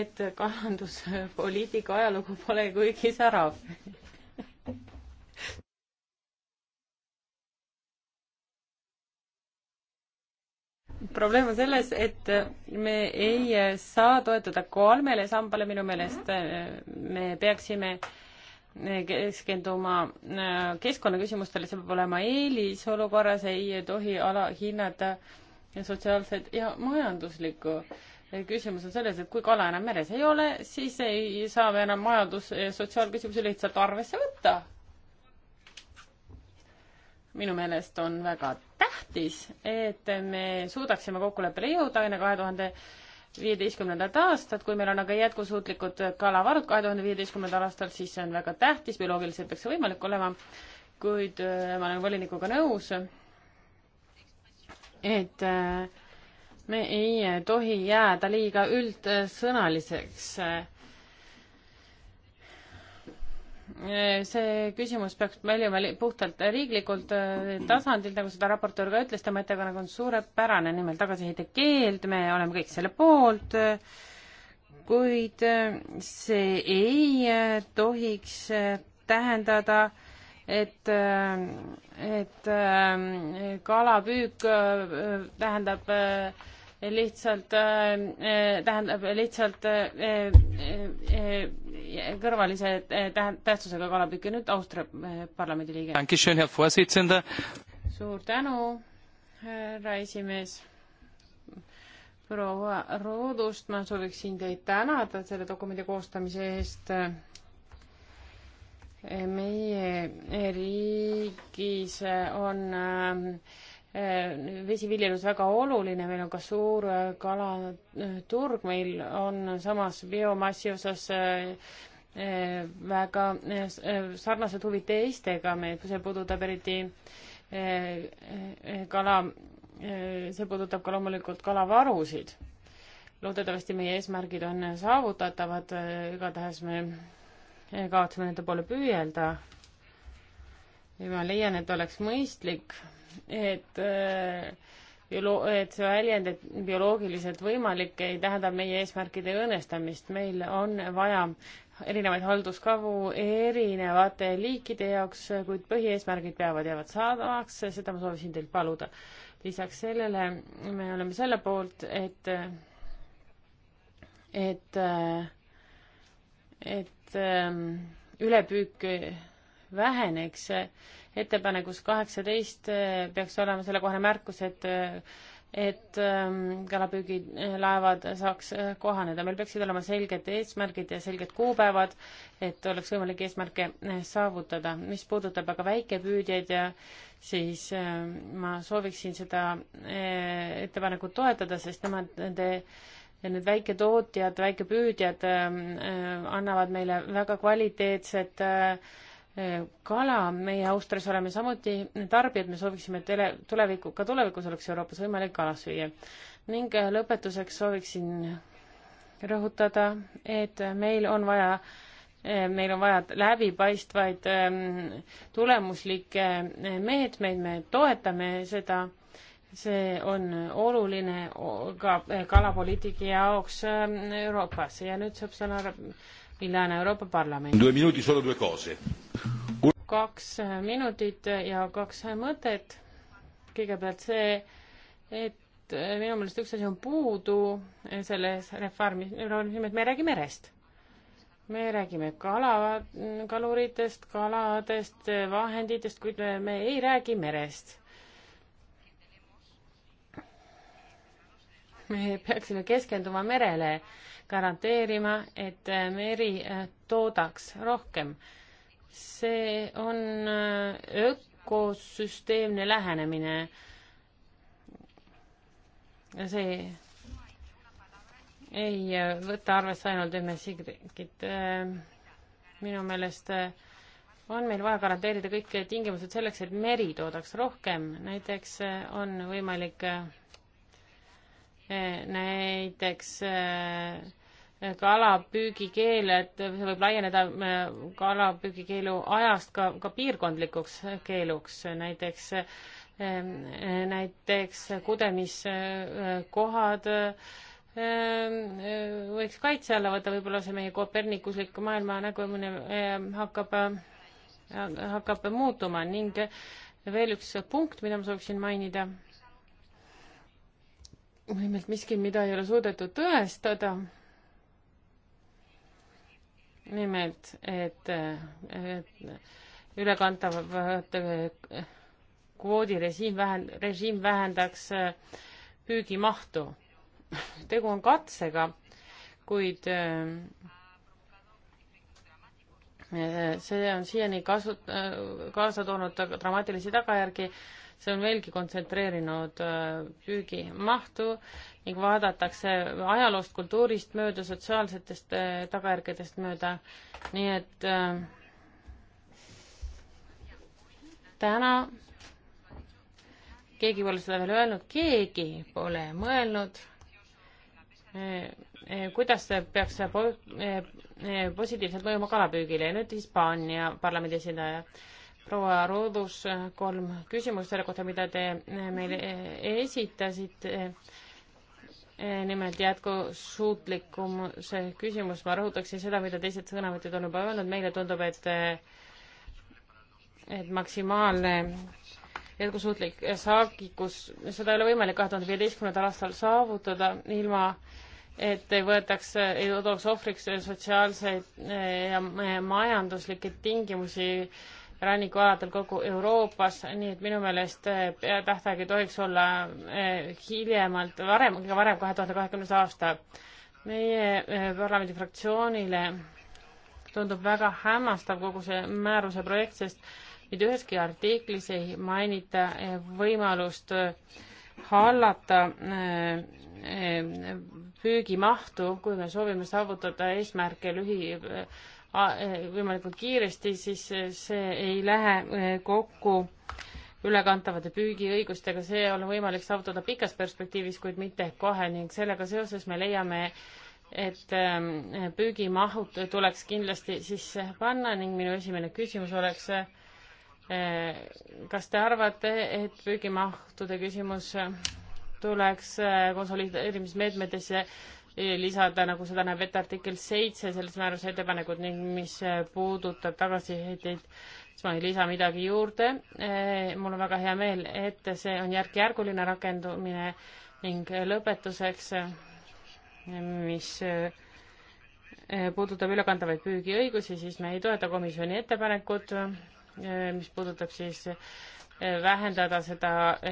et kalanduspoliitika ajalugu pole kuigi särav probleem on selles, et me ei saa toetuda kolmele sambale, minu meelest äh, me peaksime äh, keskenduma äh, keskkonnaküsimustele, see peab olema eelis olukorras, ei tohi alahinnata sotsiaalset ja majanduslikku. küsimus on selles, et kui kala enam meres ei ole, siis ei saa me enam majandus- ja sotsiaalküsimusi lihtsalt arvesse võtta minu meelest on väga tähtis, et me suudaksime kokkuleppele jõuda enne kahe tuhande viieteistkümnendat aastat, kui meil on aga jätkusuutlikud kalavarud kahe tuhande viieteistkümnendal aastal, siis see on väga tähtis, bioloogiliselt peaks see võimalik olema, kuid äh, ma olen volinikuga nõus, et äh, me ei tohi jääda liiga üldsõnaliseks äh, Eh, see küsimus peaks väljuma puhtalt riiklikult eh, tasandilt, nagu seda raportöör ka ütles, tema ettekanne on suurepärane, nimelt tagasiheite keeld, me oleme kõik selle poolt, kuid eh, see ei tohiks tähendada, et, et kalapüük tähendab äh, lihtsalt äh, äh,, tähendab lihtsalt äh, äh, äh kõrvalise äh, tähend-, tähtsusega kalapükk ja nüüd Austria parlamendi liige. suur tänu, härra esimees. proua Roodust, ma sooviksin teid tänada selle dokumendi koostamise eest meie riigis on äh, Äh, vesiviljelus väga oluline, meil on ka suur äh, kalaturg, meil on samas biomassi osas äh, väga sarnased huvid teistega, see puudutab eriti kala, see puudutab ka loomulikult kalavarusid. loodetavasti meie eesmärgid on saavutatavad, igatahes me kavatseme nende poole püüelda. ja ma leian, et oleks mõistlik et äh, biolo-, et see väljend, et bioloogiliselt võimalik, ei tähenda meie eesmärkide õõnestamist, meil on vaja erinevaid halduskavu erinevate liikide jaoks, kuid põhieesmärgid peavad, jäävad saadavaks, seda ma soovisin teilt paluda. lisaks sellele me oleme selle poolt, et, et, et ähm, ülepüük väheneks ettepanekus kaheksateist eh, peaks olema sellekohane märkus, et eh, et ehm, kalapüügilaevad saaks eh, kohaneda. meil peaksid olema selged eesmärgid ja selged kuupäevad, et oleks võimalik eesmärke saavutada. mis puudutab aga väikepüüdjaid ja siis ma sooviksin seda ettepanekut toetada, sest nemad, nende need väiketootjad, väikepüüdjad ehm, annavad meile väga kvaliteetset äh, kala, meie Austrias oleme samuti tarbijad, me sooviksime, et tele, tuleviku, ka tulevikus oleks Euroopas võimalik kala süüa. ning äh, lõpetuseks sooviksin rõhutada, et meil on vaja äh, meil on vaja läbipaistvaid ähm, tulemuslikke äh, meetmeid, me toetame seda, see on oluline ka kalapoliitika jaoks ähm, Euroopas ja nüüd saab sõna Milano Euroopa Parlamendi. kaks äh, minutit ja kaks äh, mõtet. kõigepealt see, et äh, minu meelest üks asi on puudu selles reformis, et me räägime merest me räägime kala, kaluritest, kaladest, vahenditest, kuid me, me ei räägi merest. me peaksime keskenduma merele garanteerima, et äh, meri äh, toodaks rohkem. see on äh, ökosüsteemne lähenemine. see ei võta arvesse ainult MSI-d. minu meelest on meil vaja garanteerida kõik tingimused selleks, et meri toodaks rohkem, näiteks on võimalik näiteks äh, kalapüügikeel, et see võib laieneda äh, kalapüügikeelu ajast ka, ka piirkondlikuks keeluks, näiteks ähm, näiteks kudemiskohad ähm, äh, võiks kaitse alla võtta, võib-olla see meie kopernikuslik maailma nägemine ähm, hakkab, äh, hakkab muutuma ning veel üks punkt, mida ma sooviksin mainida. nimelt miski, mida ei ole suudetud tõestada nimelt, et, et ülekantav kvoodirežiim vähend-, režiim vähendaks püügimahtu. tegu on katsega, kuid eh, see on siiani kasut-, kaasa toonud dramaatilisi tagajärgi see on veelgi kontsentreerinud äh, püügimahtu ning vaadatakse ajaloost, kultuurist mööda, sotsiaalsetest äh, tagajärgedest mööda, nii et äh, täna keegi pole seda veel öelnud, keegi pole mõelnud kuidas see peaks positiivselt mõjuma kalapüügile ja nüüd Hispaania parlamendi esindaja proua Roodus, kolm küsimust selle kohta, mida te eh, meile eh, esitasite. Eh, nimelt jätkusuutlikum see küsimus, ma rõhutaksin seda, mida teised sõnavõtjad on juba öelnud, meile tundub, et et maksimaalne jätkusuutlik saagikus, seda ei ole võimalik kahe tuhande viieteistkümnendal aastal saavutada ilma et ei võetaks, ei tooks ohvriks sotsiaalseid ja majanduslikke tingimusi, rannikualadel kogu Euroopas, nii et minu meelest eh, tähtaeg ei tohiks olla eh, hiljemalt varem, kõige varem kahe tuhande kahekümnes aasta. meie eh, parlamendi fraktsioonile tundub väga hämmastav kogu see määruse projekt, sest mitte üheski artiklis ei mainita võimalust hallata püügimahtu, kui me soovime saavutada eesmärke lühi Eh, võimalikult kiiresti, siis eh, see ei lähe eh, kokku ülekantavate püügiõigustega, see on võimalik saavutada pikas perspektiivis, kuid mitte kohe ning sellega seoses me leiame, et ehm, püügimahud tuleks kindlasti sisse panna ning minu esimene küsimus oleks, kas te arvate, et püügimahtude küsimus tuleks konsolideerimismeetmetesse lisada, nagu seda näeb ette artikkel seitse selles määruse ettepanekud ning mis äh, puudutab tagasiheiteid, siis ma ei lisa midagi juurde. Äh, mul on väga hea meel, et see on järk-järguline rakendumine ning lõpetuseks, äh, mis puudutab ülekantavaid püügiõigusi, siis me ei toeta komisjoni ettepanekut, mis puudutab siis vähendada seda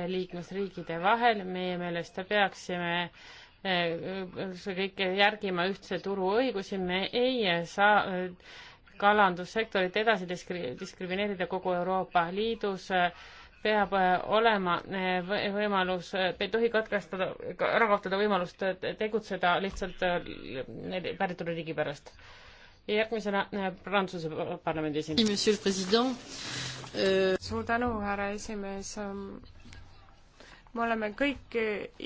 liikmesriikide vahel, meie meelest peaksime Eh, eh, see kõik järgima ühtse turu õigusi, me ei saa eh, kalandussektorit edasi diskri-, diskrimineerida kogu Euroopa Liidus, peab olema võimalus, ei tohi katkestada, ära kaotada võimalust tegutseda lihtsalt päritoluriigi pärast. järgmisena Prantsuse parlamendi esindaja. Euh, suur tänu, härra esimees me oleme kõik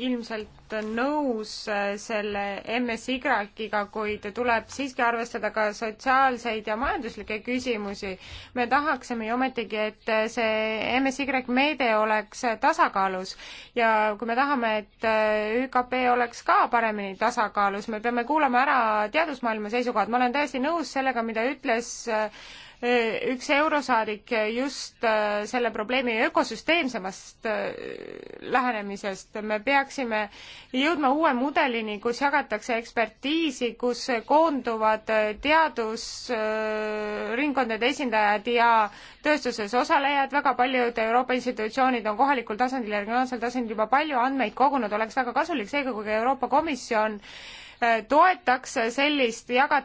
ilmselt nõus äh, selle MS-igrakiga, kuid tuleb siiski arvestada ka sotsiaalseid ja majanduslikke küsimusi. me tahaksime ju ometigi, et äh, see MS-igrak meede oleks äh, tasakaalus ja kui me tahame, et ÜKP oleks ka paremini tasakaalus, me peame kuulama ära teadusmaailma seisukohad. ma olen täiesti nõus sellega, mida ütles Eh, üks eurosaadik just eh, selle probleemi ökosüsteemsemast eh, lähenemisest. me peaksime jõudma uue mudelini, kus jagatakse ekspertiisi, kus koonduvad teadusringkondade esindajad ja tööstuses osalejad, väga paljud Euroopa institutsioonid on kohalikul tasandil ja regionaalsel tasandil juba palju andmeid kogunud, oleks väga kasulik seega, kui ka Euroopa Komisjon äh, Äh, toetaks sellist jaga-,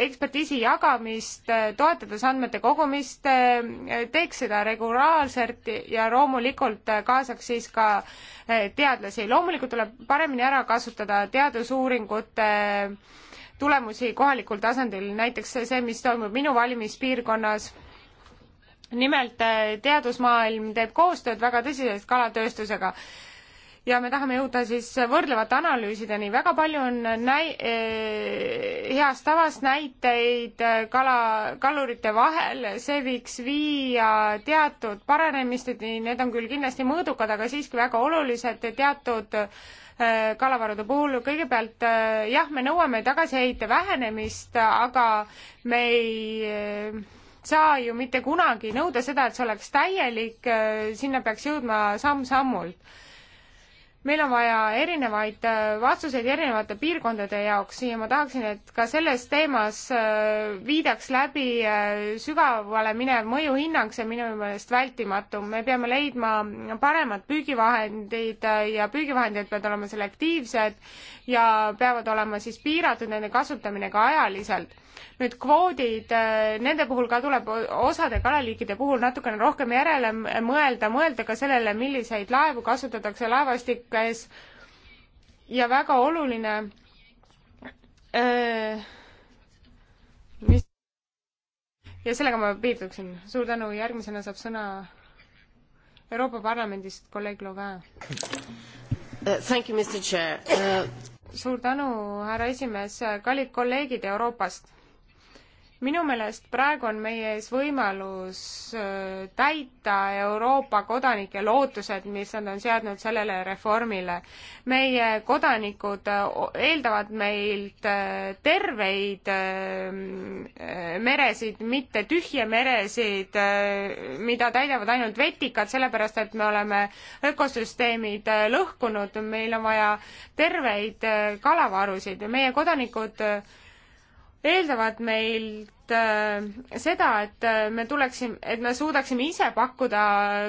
ekspertiisi jagamist, äh, toetades andmete kogumist, äh, teeks seda regulaarselt ja loomulikult kaasaks siis ka teadlasi. loomulikult tuleb paremini ära kasutada teadusuuringute tulemusi kohalikul tasandil, näiteks see, mis toimub minu valimispiirkonnas nimelt teadusmaailm teeb koostööd väga tõsiselt kalatööstusega ja me tahame jõuda siis võrdlevate analüüsideni. väga palju on näi- eh,, heast tavast näiteid eh, kala, kalurite vahel, see võiks viia teatud paranemisteni, need on küll kindlasti mõõdukad, aga siiski väga olulised teatud eh, kalavarude puhul. kõigepealt eh, jah, me nõuame tagasiheite vähenemist, aga me ei eh, saa ju mitte kunagi nõuda seda, et see oleks täielik, eh, sinna peaks jõudma samm-sammult meil on vaja erinevaid äh, vastuseid erinevate piirkondade jaoks ja ma tahaksin, et ka selles teemas äh, viidaks läbi äh, sügavale minev mõjuhinnang, see on minu meelest vältimatu. me peame leidma paremad püügivahendid ja püügivahendid peavad olema selektiivsed ja peavad olema siis piiratud nende kasutamine ka ajaliselt nüüd kvoodid, äh, nende puhul ka tuleb osade kalaliikide puhul natukene rohkem järele mõelda, mõelda ka sellele, milliseid laevu kasutatakse laevastikes ja väga oluline äh, mis ja sellega ma piirduksin. suur tänu, järgmisena saab sõna Euroopa Parlamendist kolleeg Loga. Uh, thank you, Mr Chair uh.... suur tänu, härra esimees, kallid kolleegid Euroopast minu meelest praegu on meie ees võimalus äh, täita Euroopa kodanike lootused, mis nad on seadnud sellele reformile. meie kodanikud äh, eeldavad meilt äh, terveid meresid, mitte tühje meresid, mida täidavad ainult vetikad, sellepärast et me oleme ökosüsteemid lõhkunud, meil on vaja terveid kalavarusid ja meie kodanikud eeldavad meilt äh, seda, et äh, me tuleksime, et me suudaksime ise pakkuda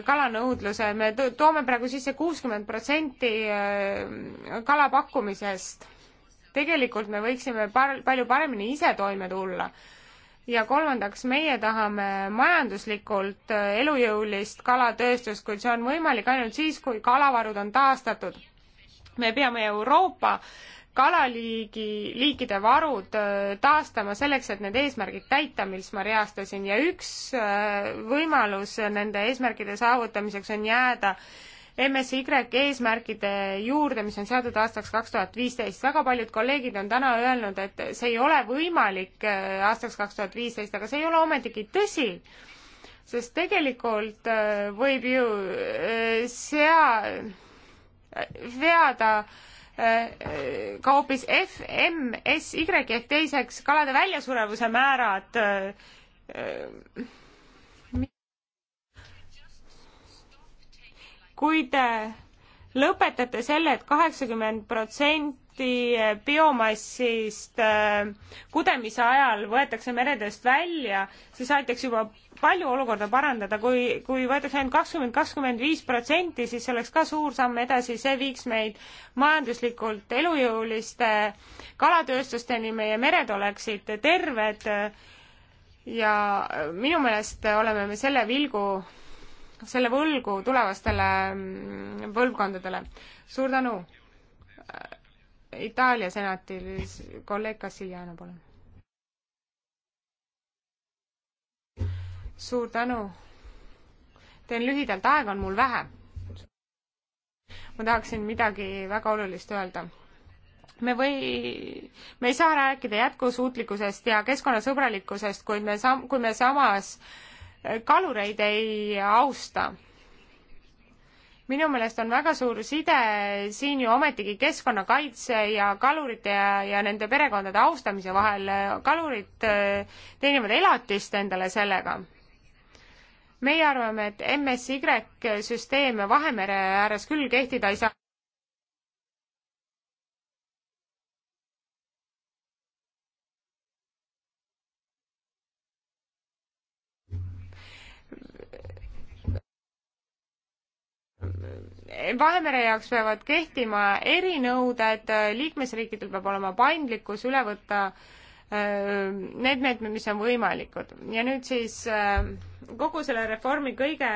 kalanõudluse me, me toome praegu sisse kuuskümmend protsenti äh, kala pakkumisest. tegelikult me võiksime par-, palju paremini ise toime tulla. ja kolmandaks, meie tahame majanduslikult äh, elujõulist kalatööstust, kuid see on võimalik ainult siis, kui kalavarud on taastatud. me peame Euroopa äh, kalaliigi, liikide varud äh, taastama selleks, et need eesmärgid täita, mis ma reastasin ja üks äh, võimalus nende eesmärkide saavutamiseks on jääda MSY eesmärkide juurde, mis on seatud aastaks kaks tuhat viisteist. väga paljud kolleegid on täna öelnud, et see ei ole võimalik äh, aastaks kaks tuhat viisteist, aga see ei ole ometigi tõsi sest tegelikult võib ju sea-, veada Äh, ka hoopis FMSY ehk teiseks kalade väljasurevuse määrad. Äh, äh, kui te lõpetate selle et, et kaheksakümmend protsenti eriti biomassist äh, kudemise ajal võetakse meredest välja, siis aitaks juba palju olukorda parandada, kui, kui võetakse ainult kakskümmend, kakskümmend viis protsenti, siis see oleks ka suur samm edasi, see viiks meid majanduslikult elujõuliste kalatööstusteni, meie mered oleksid terved ja minu meelest oleme me selle vilgu selle võlgu tulevastele põlvkondadele. Mm, suur tänu! Itaalia senatis kolleeg Cassigliano, palun. suur tänu. teen lühidalt, aega on mul vähe. ma tahaksin midagi väga olulist öelda me või, me ei saa rääkida jätkusuutlikkusest ja keskkonnasõbralikkusest, kuid me sam-, kui me samas kalureid ei austa minu meelest on väga suur side siin ju ometigi keskkonnakaitse ja kalurite ja, ja nende perekondade austamise vahel. kalurid äh, teenivad elatist endale sellega. meie arvame, et MSY süsteem Vahemere ääres küll kehtida ei saa. Vahemere jaoks peavad kehtima erinõuded, liikmesriikidel peab olema paindlikkus üle võtta need meetmed, mis on võimalikud. ja nüüd siis kogu selle reformi kõige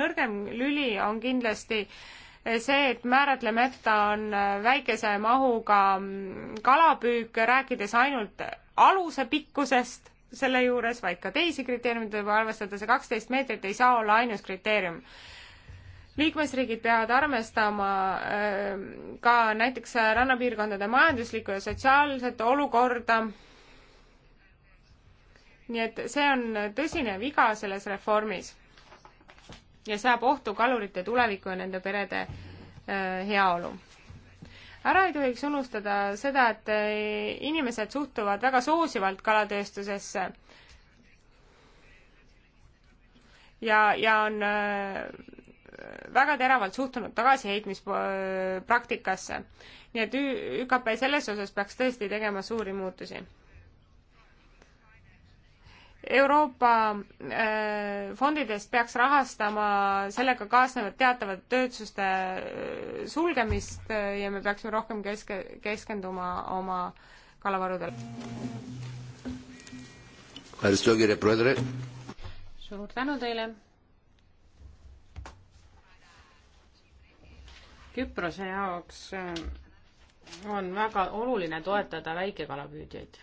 nõrgem lüli on kindlasti see, et määratlemata on väikese mahuga mm, kalapüük, rääkides ainult aluse pikkusest selle juures, vaid ka teisi kriteeriumeid võib arvestada, see kaksteist meetrit ei saa olla ainus kriteerium liikmesriigid peavad arvestama äh, ka näiteks rannapiirkondade majanduslikku ja sotsiaalset olukorda. nii et see on tõsine viga selles reformis ja seab ohtu kalurite tuleviku ja nende perede äh, heaolu ära ei tohiks unustada seda, et äh, inimesed suhtuvad väga soosivalt kalatööstusesse. ja, ja on väga teravalt suhtunud tagasiheitmispraktikasse. nii et ÜKP selles osas peaks tõesti tegema suuri muutusi. Euroopa äh, fondidest peaks rahastama sellega kaasnevat teatavat töötsuste äh, sulgemist äh, ja me peaksime rohkem keske, keskenduma oma kalavarudele. suur tänu teile! Küprose jaoks äh, on väga oluline toetada väikekalapüüdjaid.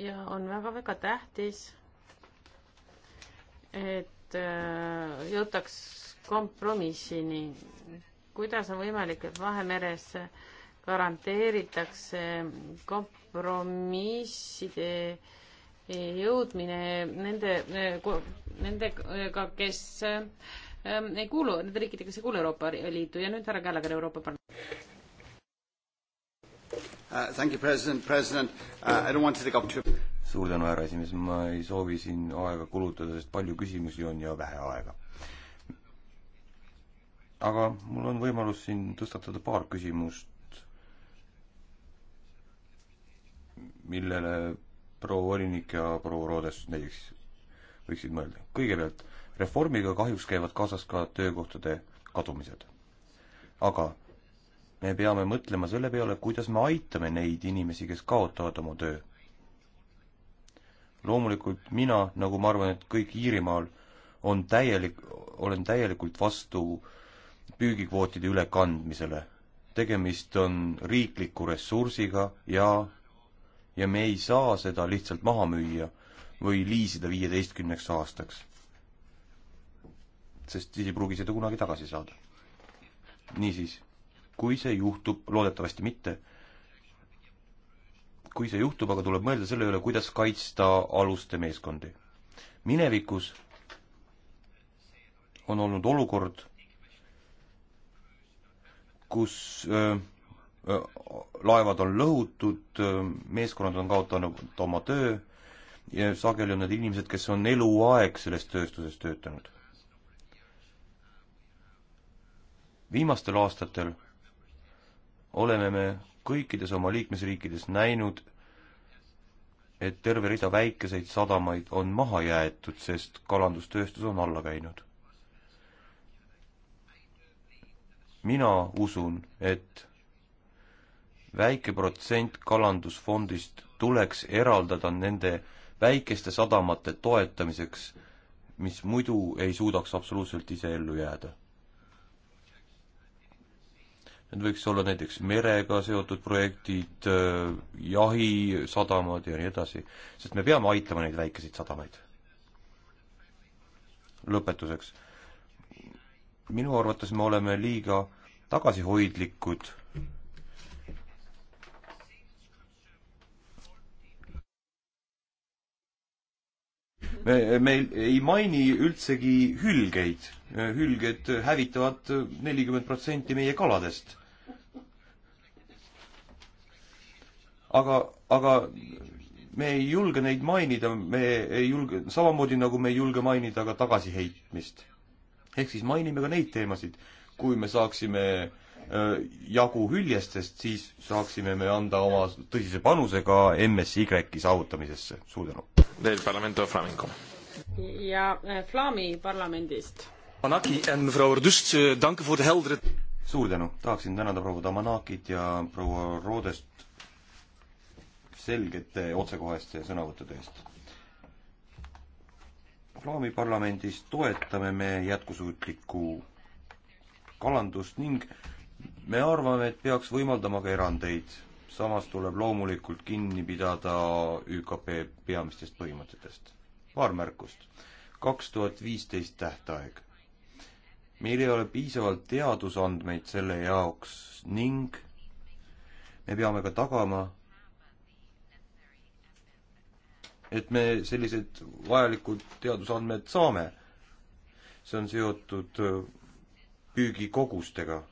ja on väga-väga tähtis, et äh, jõutaks kompromissini, kuidas on võimalik, et Vahemeres garanteeritakse kompromisside äh, jõudmine nende, nendega, kes ähm, ei kuulu, nende riikidega, kes ei kuulu Euroopa Liitu ja nüüd härra Gallagher Euroopa Parlamendi. Uh, thank you, president, president uh,, I don't want to take up too suur tänu, härra esimees, ma ei soovi siin aega kulutada, sest palju küsimusi on ja vähe aega. aga mul on võimalus siin tõstatada paar küsimust, millele proua volinik ja proua Roodes näiteks võiksid mõelda. kõigepealt, reformiga kahjuks käivad kaasas ka töökohtade kadumised. aga me peame mõtlema selle peale, kuidas me aitame neid inimesi, kes kaotavad oma töö. loomulikult mina, nagu ma arvan, et kõik Iirimaal, on täielik, olen täielikult vastu püügikvootide ülekandmisele. tegemist on riikliku ressursiga ja ja me ei saa seda lihtsalt maha müüa või liisida viieteistkümneks aastaks. sest siis ei pruugi seda kunagi tagasi saada. niisiis, kui see juhtub, loodetavasti mitte, kui see juhtub, aga tuleb mõelda selle üle, kuidas kaitsta aluste meeskondi. minevikus on olnud olukord, kus öö, äh, laevad on lõhutud, meeskonnad on kaotanud oma töö ja sageli on need inimesed, kes on eluaeg selles tööstuses töötanud. viimastel aastatel oleme me kõikides oma liikmesriikides näinud, et terve rida väikeseid sadamaid on maha jäetud, sest kalandustööstus on alla käinud. mina usun, et väike protsent kalandusfondist tuleks eraldada nende väikeste sadamate toetamiseks, mis muidu ei suudaks absoluutselt ise ellu jääda. Need võiks olla näiteks merega seotud projektid, jahisadamad ja nii edasi, sest me peame aitama neid väikeseid sadamaid. lõpetuseks. minu arvates me oleme liiga tagasihoidlikud me, me ei maini üldsegi hülgeid. hülged hävitavad nelikümmend protsenti meie kaladest. aga, aga me ei julge neid mainida, me ei julge, samamoodi nagu me ei julge mainida ka tagasiheitmist. ehk siis mainime ka neid teemasid, kui me saaksime Äh, jagu hüljestest, siis saaksime me anda oma tõsise panuse ka MSY-i saavutamisesse. suur tänu! Del Parlamento Flamenco. ja äh, Flami parlamendist. Manaki en mevrouw Rodust, eh, danke voor de heldere suur tänu, tahaksin tänada proua Damanakit ja proua Roodest selgete otsekoheste sõnavõttude eest. Flaami parlamendis toetame me jätkusuutlikku kalandust ning me arvame, et peaks võimaldama ka erandeid, samas tuleb loomulikult kinni pidada ÜKP peamistest põhimõtetest. paar märkust. kaks tuhat viisteist tähtaeg. meil ei ole piisavalt teadusandmeid selle jaoks ning me peame ka tagama, et me sellised vajalikud teadusandmed saame. see on seotud püügikogustega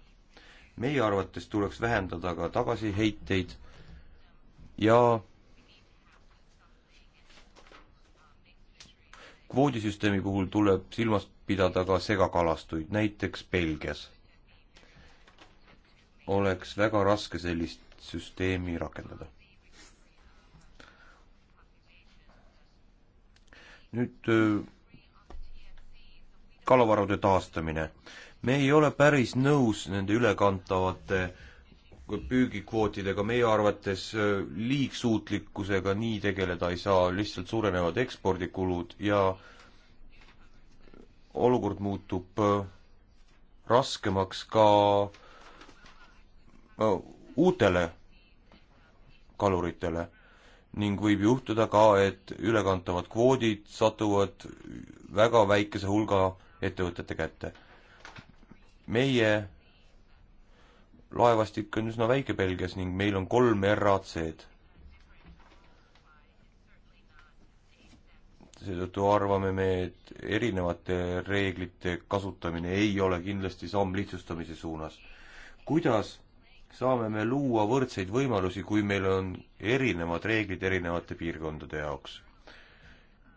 meie arvates tuleks vähendada ka tagasiheiteid ja kvoodisüsteemi puhul tuleb silmas pidada ka segakalastuid, näiteks Belgias oleks väga raske sellist süsteemi rakendada. nüüd äh, kalavarude taastamine me ei ole päris nõus nende ülekantavate püügikvootidega, meie arvates äh, liigsuutlikkusega nii tegeleda ei saa, lihtsalt suurenevad ekspordikulud ja olukord muutub äh, raskemaks ka äh, uutele kaluritele ning võib juhtuda ka, et ülekantavad kvoodid satuvad väga väikese hulga ettevõtete kätte meie laevastik on üsna väike Belgias ning meil on kolm RAC-d. seetõttu arvame me, et erinevate reeglite kasutamine ei ole kindlasti samm lihtsustamise suunas. kuidas saame me luua võrdseid võimalusi, kui meil on erinevad reeglid erinevate piirkondade jaoks?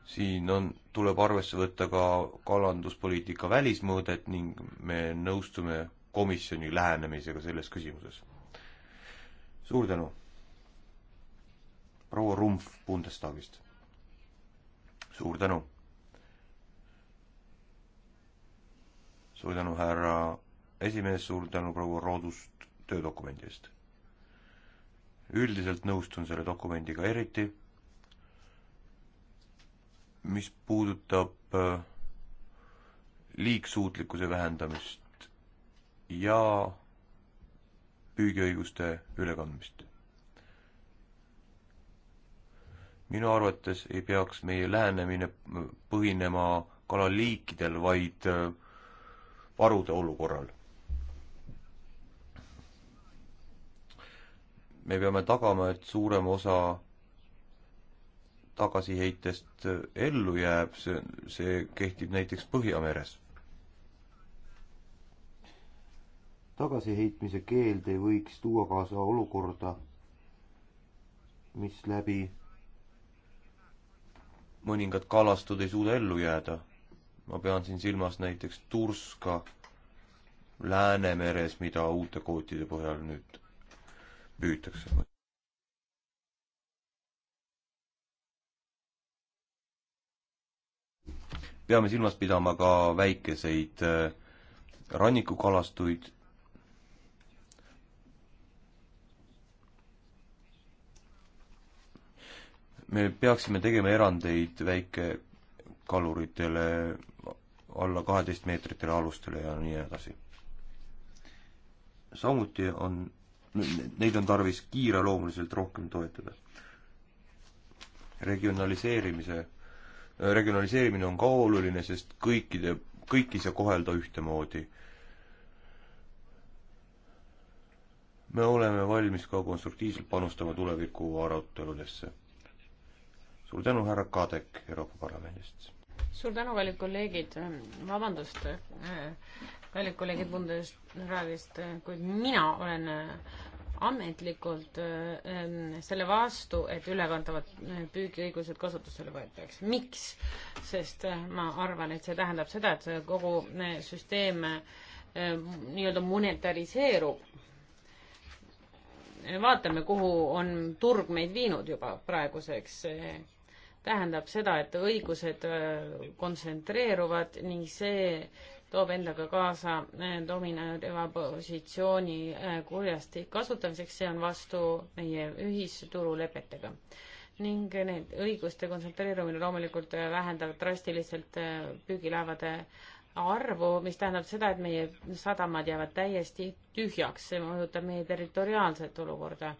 siin on tuleb arvesse võtta ka kalanduspoliitika välismõõdet ning me nõustume komisjoni lähenemisega selles küsimuses. suur tänu. proua Rumpf Bundestagist. suur tänu. suur tänu, härra esimees, suur tänu proua Roodust töödokumendi eest. üldiselt nõustun selle dokumendiga eriti mis puudutab äh, liigsuutlikkuse vähendamist ja püügiõiguste ülekandmist. minu arvates ei peaks meie lähenemine äh, põhinema kalaliikidel, vaid äh, varude olukorral. me peame tagama, et suurem osa tagasiheitest ellu jääb, see, see kehtib näiteks Põhjameres. tagasiheitmise keeld ei võiks tuua kaasa olukorda, mis läbi mõningad kalastud ei suuda ellu jääda. ma pean siin silmas näiteks turska Läänemeres, mida uute kvootide põhjal nüüd püütakse. peame silmas pidama ka väikeseid äh, rannikukalastuid. me peaksime tegema erandeid väikekaluritele, alla kaheteist meetritele alustele ja nii edasi. samuti on, neid on tarvis kiireloomuliselt rohkem toetada. regionaliseerimise regionaliseerimine on ka oluline, sest kõikide, kõiki ei saa kohelda ühtemoodi. me oleme valmis ka konstruktiivselt panustama tuleviku aruteludesse. suur tänu, härra Kadek Euroopa Parlamendist! suur tänu, kallid kolleegid, vabandust, äh, kallid kolleegid Bundesraadist, äh, kuid mina olen äh, ametlikult selle vastu, et ülekantavad püügiõigused kasutusele võetakse. miks? sest ma arvan, et see tähendab seda, et see kogu süsteem nii-öelda monetariseerub. vaatame, kuhu on turg meid viinud juba praeguseks. tähendab seda, et õigused kontsentreeruvad ning see toob endaga kaasa eh, domineeriva positsiooni eh, kurjasti kasutamiseks, see on vastu meie ühisturulepetega. ning eh, need õiguste kontsentreerumine loomulikult vähendab drastiliselt püügilaevade arvu, mis tähendab seda, et meie sadamad jäävad täiesti tühjaks, see mõjutab meie territoriaalset olukorda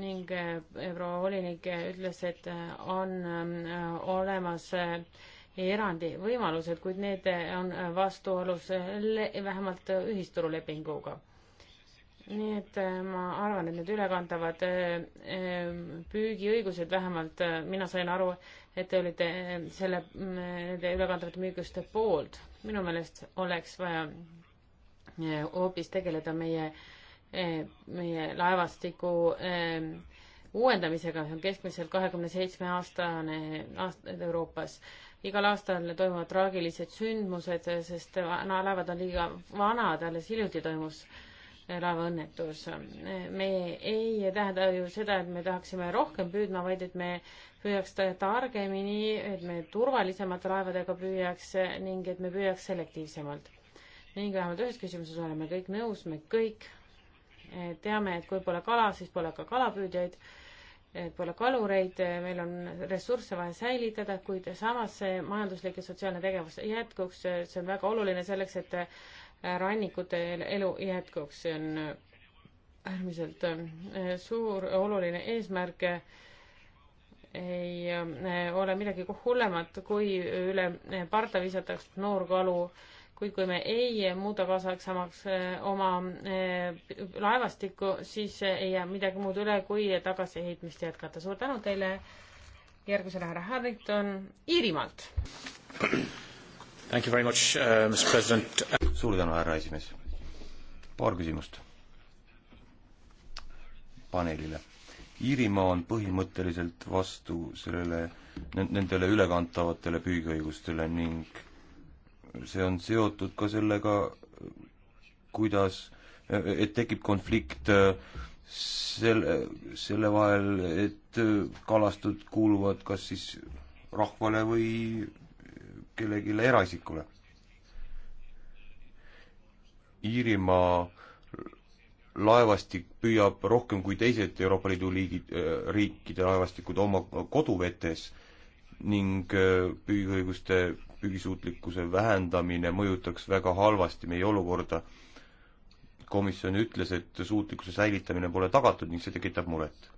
ning proua volinik ütles, et on olemas erandi võimalused, kuid need on vastuolus vähemalt ühisturulepinguga. nii et äh, ma arvan, et need ülekandavad äh, äh, püügiõigused vähemalt, mina sain aru, et te olite selle, mm, nende ülekandavate müügiõiguste poolt. minu meelest oleks vaja hoopis tegeleda meie, meie laevastiku uuendamisega, see on keskmiselt kahekümne seitsme aastane aast-, Euroopas igal aastal toimuvad traagilised sündmused, sest laevad on liiga vanad, alles hiljuti toimus laevaõnnetus. me ei tähenda ju seda, et me tahaksime rohkem püüdma, vaid et me püüaks targemini, et me turvalisemate laevadega püüaks ning et me püüaks selektiivsemalt. ning vähemalt ühes küsimuses oleme kõik nõus, me kõik eh, teame, et kui pole kala, siis pole ka kalapüüdjaid pole kalureid, meil on ressursse vaja säilitada, kuid samas see majanduslik ja sotsiaalne tegevus jätkuks, see on väga oluline selleks, et rannikute elu jätkuks, see on äärmiselt äh, suur oluline eesmärk. ei äh, ole midagi hullemat, kui üle parda visataks noor kalu kuid kui me ei muuda kaasaegsemaks eh, oma eh, laevastikku, siis ei jää midagi muud üle, kui tagasiehitmist jätkata. suur tänu teile, järgmisele härra Harrington Iirimaalt. Thank you very much uh,, Mr President. suur tänu, härra esimees. paar küsimust paneelile. Iirimaa on põhimõtteliselt vastu sellele, nendele ülekantavatele püügiõigustele ning see on seotud ka sellega, kuidas, et tekib konflikt äh, selle, selle vahel, et äh, kalastud kuuluvad kas siis rahvale või kellelegi eraisikule. Iirimaa laevastik püüab rohkem kui teised Euroopa Liidu liigid, äh, riikide laevastikud oma koduvetes ning püügiõiguste pügisuutlikkuse vähendamine mõjutaks väga halvasti meie olukorda. komisjon ütles, et suutlikkuse säilitamine pole tagatud ning see tekitab muret.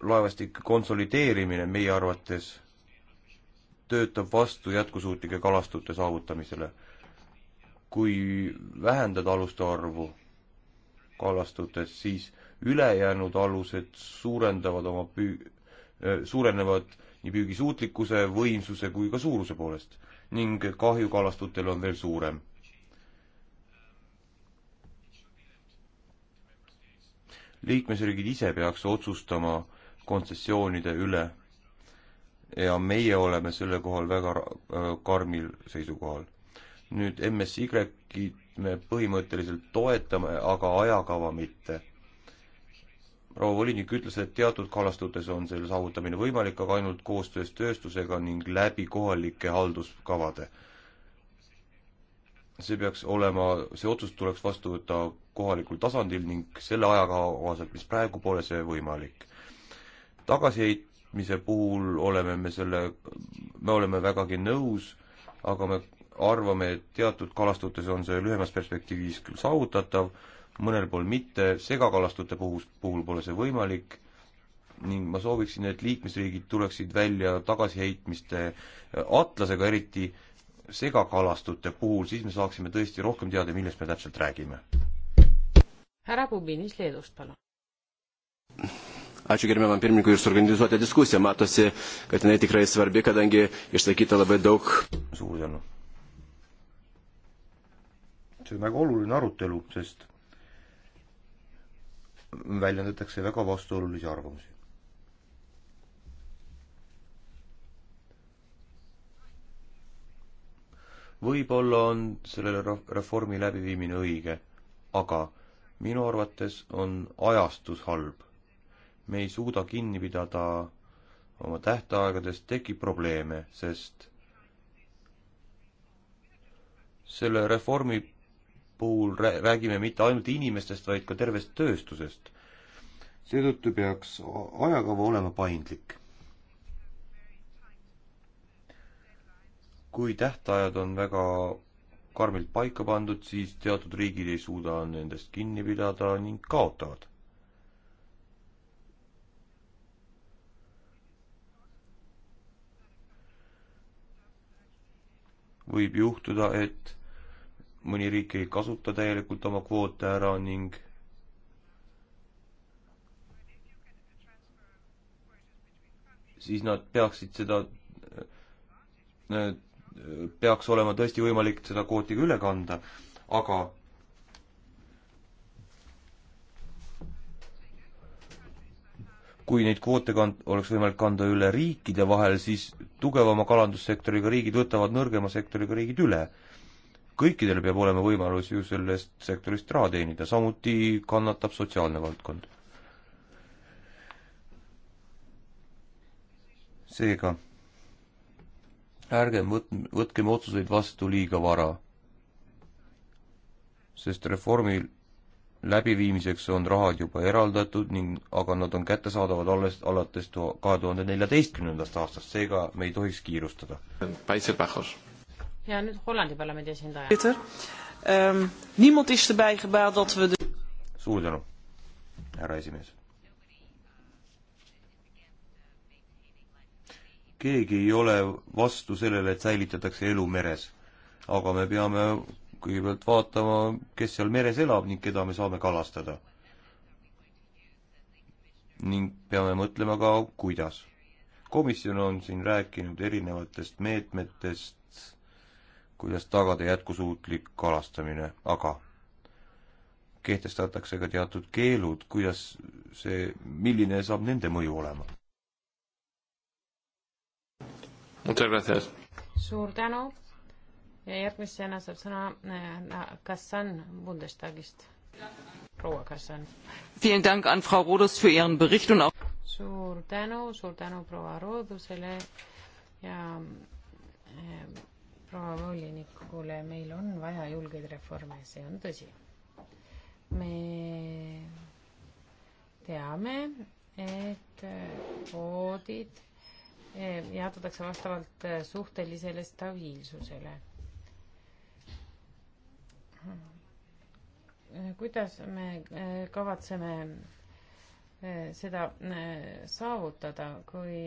laevastike konsolideerimine meie arvates töötab vastu jätkusuutlike kalastute saavutamisele. kui vähendada aluste arvu kalastutes, siis ülejäänud alused suurendavad oma püü-, suurenevad nii püügisuutlikkuse, võimsuse kui ka suuruse poolest ning kahju kalastutel on veel suurem. liikmesriigid ise peaks otsustama kontsessioonide üle ja meie oleme selle kohal väga äh, karmil seisukohal. nüüd MSY-d me põhimõtteliselt toetame, aga ajakava mitte proua volinik ütles, et teatud kalastutes on selle saavutamine võimalik, aga ainult koostöös tööstusega ning läbi kohalike halduskavade. see peaks olema, see otsus tuleks vastu võtta kohalikul tasandil ning selle ajakava kohaselt, mis praegu pole see võimalik. tagasiheitmise puhul oleme me selle, me oleme vägagi nõus, aga me arvame, et teatud kalastutes on see lühemas perspektiivis küll saavutatav mõnel pool mitte, segakalastute puhul, puhul pole see võimalik ning ma sooviksin, et liikmesriigid tuleksid välja tagasiheitmiste äh, atlasega, eriti segakalastute puhul, siis me saaksime tõesti rohkem teada, millest me täpselt räägime. härra Pubinis Leedust, palun. Ačiū gerbiamam pirmininkui ir suorganizuotą diskusiją. Matosi, kad jinai tikrai svarbi, kadangi išsakyta labai daug. Suur tänu. see on väga oluline arutelu, sest väljendatakse väga vastuolulisi arvamusi. võib-olla on selle reformi läbiviimine õige, aga minu arvates on ajastus halb. me ei suuda kinni pidada oma tähtaegadest, tekib probleeme, sest selle reformi puhul räägime mitte ainult inimestest, vaid ka tervest tööstusest. seetõttu peaks ajakava olema paindlik. kui tähtajad on väga karmilt paika pandud, siis teatud riigid ei suuda nendest kinni pidada ning kaotavad võib juhtuda, et mõni riik ei kasuta täielikult oma kvoote ära ning siis nad peaksid seda, äh, peaks olema tõesti võimalik seda kvooti ka üle kanda, aga kui neid kvoote kand-, oleks võimalik kanda üle riikide vahel, siis tugevama kalandussektoriga riigid võtavad nõrgema sektoriga riigid üle kõikidel peab olema võimalus ju sellest sektorist raha teenida, samuti kannatab sotsiaalne valdkond. seega, ärgem võt-, võtkem otsuseid vastu liiga vara, sest reformi läbiviimiseks on rahad juba eraldatud ning, aga nad on kättesaadavad alles alates kahe tuhande neljateistkümnendast aastast, seega me ei tohiks kiirustada. Päitse Pähhos ja nüüd Hollandi parlamendi esindaja. Um, niemand is erbij gebaat dat we de... Suur tänu, härra esimees. keegi ei ole vastu sellele, et säilitatakse elu meres. aga me peame kõigepealt vaatama, kes seal meres elab ning keda me saame kalastada. ning peame mõtlema ka, kuidas. komisjon on siin rääkinud erinevatest meetmetest, kuidas tagada jätkusuutlik kalastamine, aga kehtestatakse ka teatud keelud, kuidas see, milline saab nende mõju olema? suur tänu ja järgmisena saab sõna äh, Kassan Bundestagist, proua Kassan. suur tänu, suur tänu proua Roodusele ja äh, proua volinikule, meil on vaja julgeid reforme, see on tõsi. me teame, et koodid eh, jaotatakse vastavalt eh, suhtelisele stabiilsusele. Eh, kuidas me kavatseme seda saavutada, kui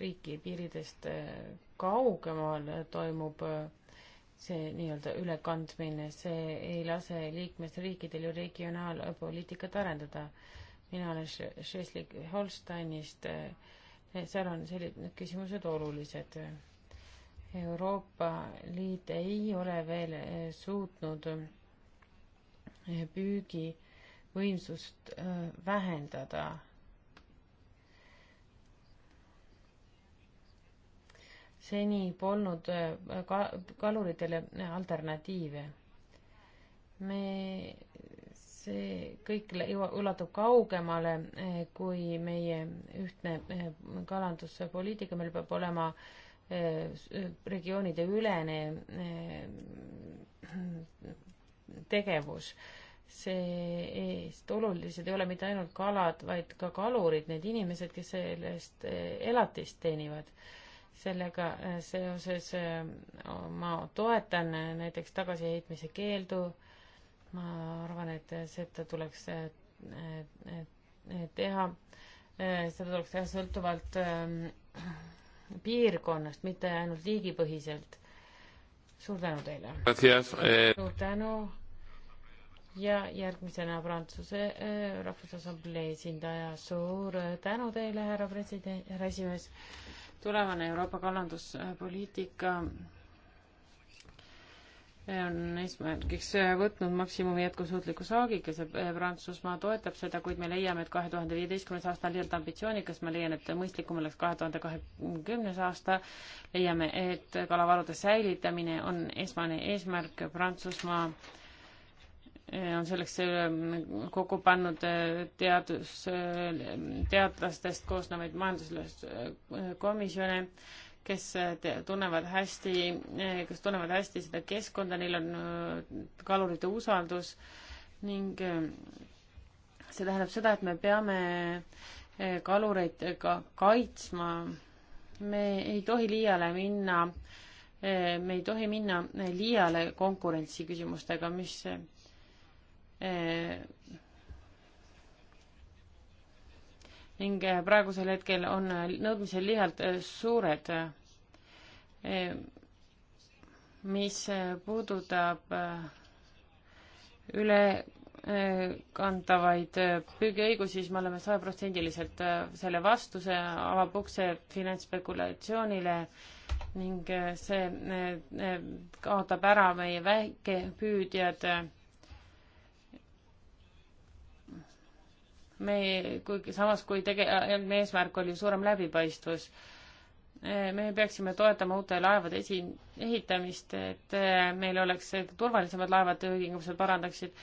riiki piiridest eh, kaugemal eh, toimub eh, see nii-öelda ülekandmine, see ei lase liikmesriikidel ju regionaalpoliitikat arendada. mina olen Schleswig-Holsteinist, seal on sellised küsimused olulised. Euroopa Liit ei ole veel suutnud püügivõimsust vähendada seni polnud äh, ka kaluritele alternatiive. me, see kõik ulatub kaugemale äh, kui meie ühtne äh, kalanduspoliitika, meil peab olema regioonide ülene tegevus. see-eest olulised ei ole mitte ainult kalad, vaid ka kalurid, need inimesed, kes sellest elatist teenivad sellega äh, seoses äh, ma toetan äh, näiteks tagasiheitmise keeldu. ma arvan, et seda tuleks teha, seda tuleks teha sõltuvalt ähm, piirkonnast, mitte ainult liigipõhiselt. suur tänu teile. Eh. suur tänu. ja järgmisena Prantsuse Rahvusassamblee esindaja, suur tänu teile, härra president, härra esimees tulevane Euroopa kalanduspoliitika on eesmärgiks võtnud maksimumi jätkusuutliku saagikese, Prantsusmaa toetab seda, kuid me leiame, et kahe tuhande viieteistkümnes aasta on liialt ambitsioonikas, ma leian, et mõistlikum oleks kahe tuhande kahekümnes aasta, leiame, et kalavarude säilitamine on esmane eesmärk, Prantsusmaa äh, on selleks ähm, kokku pannud äh, teadus, äh, teadlastest koosnevaid majanduskomisjone, äh, kes te, tunnevad hästi, kes tunnevad hästi seda keskkonda, neil on kalurite usaldus ning see tähendab seda, et me peame kalureid ka kaitsma. me ei tohi liiale minna, me ei tohi minna liiale konkurentsi küsimustega, mis Eh, ning eh, praegusel hetkel on eh, nõudmised liialt suured. mis puudutab ülekantavaid püügiõigusi, siis me oleme sajaprotsendiliselt selle vastu, see avab ukse finantsspekulatsioonile ning see kaotab ära meie väikepüüdjad me, kuigi samas kui tege-, meie eesmärk oli suurem läbipaistvus. Eh, me peaksime toetama uute laevade esi-, ehitamist, et eh, meil oleks turvalisemad laevad, töötingimused parandaksid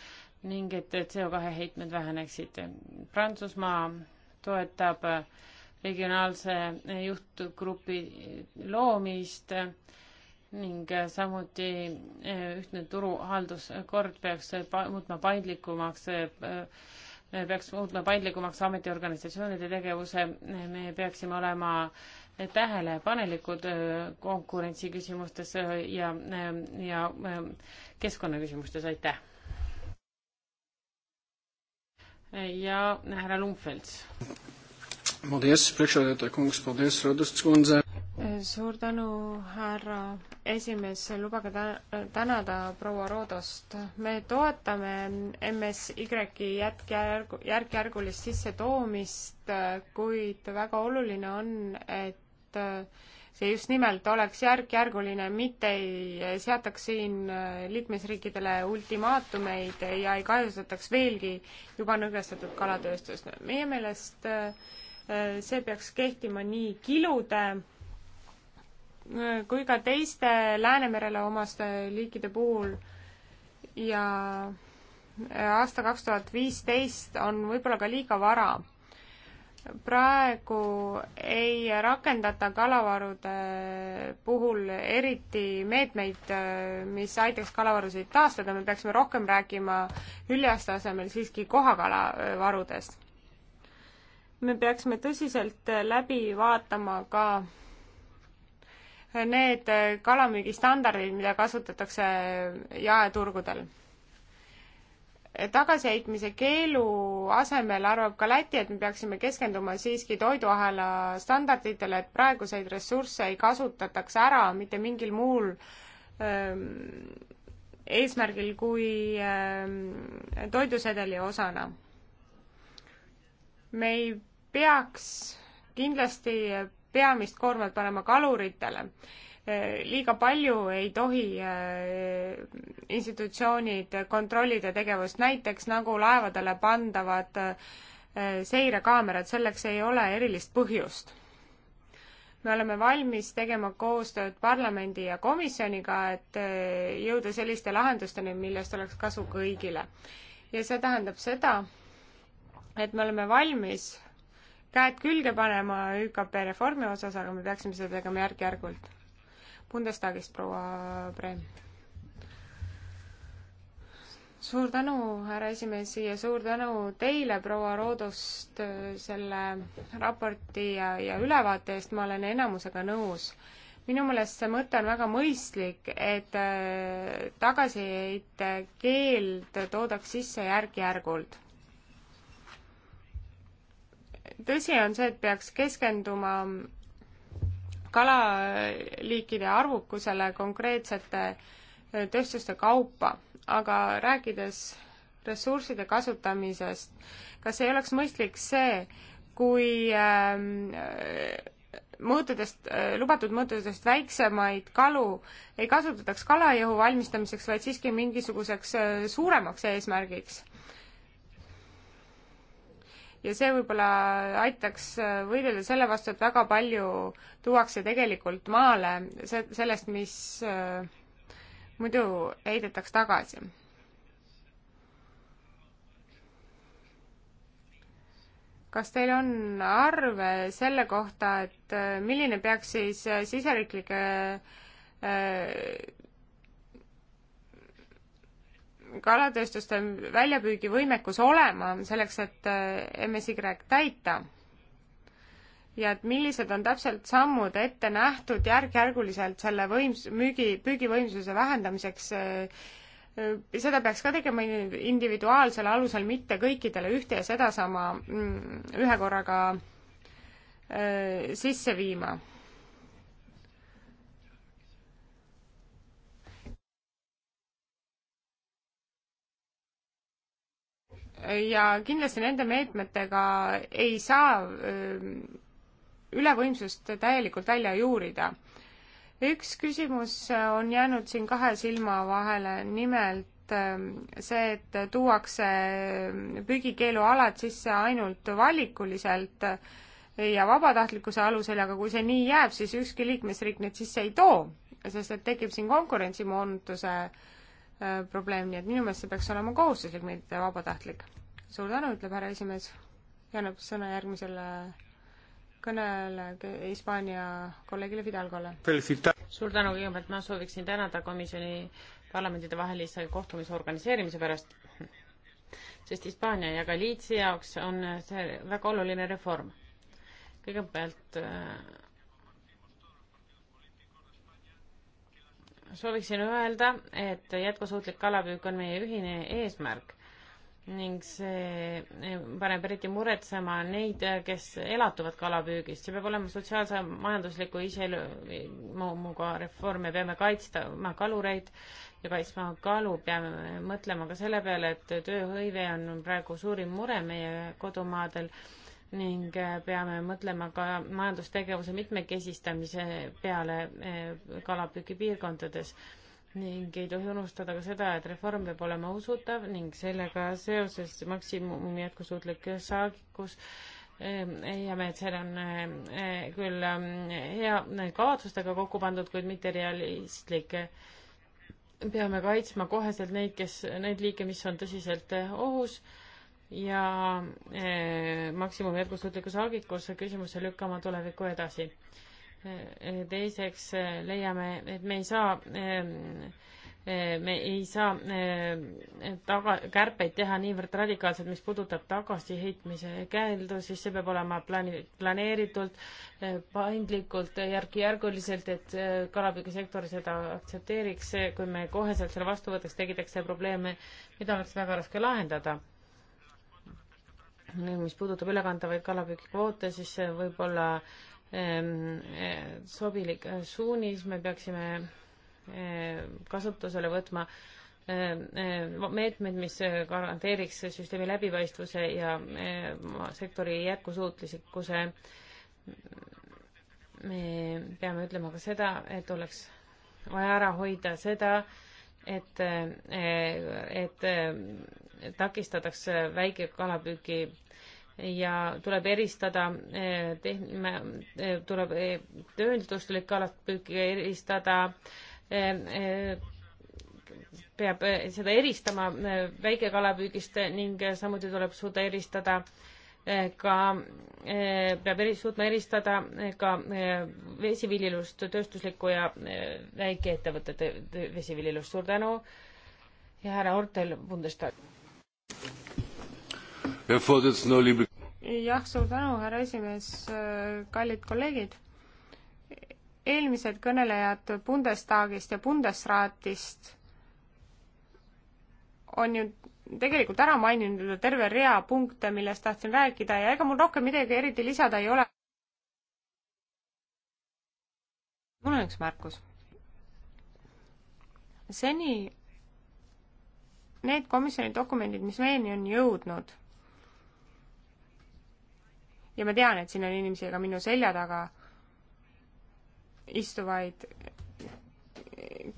ning et CO2 heitmed väheneksid. Prantsusmaa toetab eh, regionaalse juhtgrupi loomist ning samuti ühtne turuhalduskord peaks muutma paindlikumaks Eh, peaks muutma paindlikumaks ametiorganisatsioonide tegevuse, eh, me peaksime olema eh, tähelepanelikud konkurentsi küsimustes ja, ja keskkonnaküsimustes, aitäh. ja härra Lumfelds. paldies, prikšatöötaja Kungs, paldies, Rodust Kunze suur tänu, härra esimees, lubage tä-, tänada proua Roodost. me toetame MSY-i jätkjärgu, järk-järgulist sissetoomist, kuid väga oluline on, et see just nimelt oleks järk-järguline, mitte ei seataks siin liikmesriikidele ultimaatumeid ja ei kahjustataks veelgi juba nõrgestatud kalatööstust. meie meelest äh, see peaks kehtima nii kilude kui ka teiste Läänemerele omaste liikide puhul ja aasta kaks tuhat viisteist on võib-olla ka liiga vara. praegu ei rakendata kalavarude puhul eriti meetmeid, mis aitaks kalavarusid taastada, me peaksime rohkem rääkima hüljaste asemel siiski kohakalavarudest. me peaksime tõsiselt läbi vaatama ka need kalamüügistandardid, mida kasutatakse jaeturgudel. tagasiheitmise keelu asemel arvab ka Läti, et me peaksime keskenduma siiski toiduahela standarditele, et praeguseid ressursse ei kasutataks ära mitte mingil muul öö, ähm, eesmärgil kui öö, ähm, toidusedeli osana. me ei peaks kindlasti peamist koormat panema kaluritele. liiga palju ei tohi äh, institutsioonid kontrollida tegevust, näiteks nagu laevadele pandavad äh, seirekaamerad, selleks ei ole erilist põhjust me oleme valmis tegema koostööd parlamendi ja komisjoniga, et äh, jõuda selliste lahendusteni, millest oleks kasu kõigile. ja see tähendab seda, et me oleme valmis käed külge panema ÜKP reformi osas, aga me peaksime seda tegema järk-järgult. Bundestagist proua Breem. suur tänu, härra esimees, ja suur tänu teile, proua Roodost, selle raporti ja, ja ülevaate eest, ma olen enamusega nõus minu meelest see mõte on väga mõistlik, et äh, tagasiheite keeld toodaks sisse järk-järgult tõsi on see, et peaks keskenduma kalaliikide arvukusele konkreetsete eh, tööstuste kaupa, aga rääkides ressursside kasutamisest, kas ei oleks mõistlik see, kui ehm, eh, mõõtudest, eh, lubatud mõõtudest väiksemaid kalu ei kasutataks kalajõu valmistamiseks, vaid siiski mingisuguseks suuremaks eesmärgiks ja see võib-olla aitaks äh, võidelda selle vastu, et väga palju tuuakse tegelikult maale se-, sellest, mis äh, muidu heidetaks tagasi. kas teil on arve selle kohta, et äh, milline peaks siis siseriiklike kalatööstuste väljapüügivõimekus olema selleks, et äh, MSY täita? ja et millised on täpselt sammud ette nähtud järk-järguliselt selle võims-, müügi, püügivõimsuse vähendamiseks äh, äh seda peaks ka tegema individuaalsel alusel, mitte kõikidele ühte ja sedasama mm, ühe korraga äh, sisse viima. ja kindlasti nende meetmetega ei saa ülevõimsust täielikult välja juurida. üks küsimus on jäänud siin kahe silma vahele, nimelt see, et tuuakse prügikeelualad sisse ainult valikuliselt ja vabatahtlikkuse alusel, aga kui see nii jääb, siis ükski liikmesriik neid sisse ei too, sest et tekib siin konkurentsimoonutuse äh, Äh, probleem, nii et minu meelest see peaks olema kohustuslik, mitte vabatahtlik. suur tänu, ütleb härra esimees ja annab sõna järgmisele kõnele Hispaania kolleegile Fidalgole. suur tänu, kõigepealt ma sooviksin tänada komisjoni parlamentidevahelise kohtumise organiseerimise pärast, sest Hispaania ja Galiitsia jaoks on see väga oluline reform. kõigepealt äh, sooviksin öelda, et jätkusuutlik kalapüük on meie ühine eesmärk ning see paneb eriti muretsema neid, kes elatuvad kalapüügist. see peab olema sotsiaalse majandusliku iseloomuga reform, me peame kaitsma kalureid ja kaitsma kalu, peame mõtlema ka selle peale, et tööhõive on praegu suurim mure meie kodumaadel ning äh, peame mõtlema ka majandustegevuse mitmekesistamise peale äh, kalapüügipiirkondades ning ei tohi unustada ka seda, et reform peab olema usutav ning sellega seoses maksimumi jätkusuutlik saagikus leiame, ähm, et seal on äh, küll ähm, hea kavatsustega kokku pandud, kuid mitte realistlik. peame kaitsma koheselt neid, kes, neid liike, mis on tõsiselt ohus ja eh, maksimum jätkusuutliku saagikuse küsimuse lükkama tulevikku edasi eh,. teiseks eh, leiame, et me ei saa eh, eh, me ei saa eh, taga, kärpeid teha niivõrd radikaalselt, mis puudutab tagasiheitmise käeldu, siis see peab olema plaani-, planeeritult, paindlikult, järk-järguliselt, et kalapüügisektor seda aktsepteeriks, kui me koheselt selle vastu võtaks, tekitaks see probleeme, mida oleks väga raske lahendada mis puudutab ülekantavaid kalapüügikvoote, siis see võib olla ehm, eh, sobilik eh, suunis, me peaksime eh, kasutusele võtma ehm, meetmed, mis garanteeriks süsteemi läbipaistvuse ja sektori jätkusuutlikkuse. me peame ütlema ka seda, et oleks vaja ära hoida seda, et, et takistatakse väikekalapüüki ja tuleb eristada, eh, eh, tuleb eh, töönduslik kalapüüki eristada, peab seda eristama väikekalapüügist ning samuti tuleb suuda eristada ka, peab eri, suutma eristada ka vesiviljelust, tööstuslikku ja väikeettevõtete vesiviljelust. suur tänu ja härra Ortel Bundestag jah, suur tänu, härra esimees, kallid kolleegid. eelmised kõnelejad Bundestagist ja Bundesratist on ju tegelikult ära maininud terve rea punkte, millest tahtsin rääkida ja ega mul rohkem midagi eriti lisada ei ole. mul on üks märkus. seni need komisjoni dokumendid, mis meieni on jõudnud, ja ma tean, et siin on inimesi ka minu selja taga istuvaid,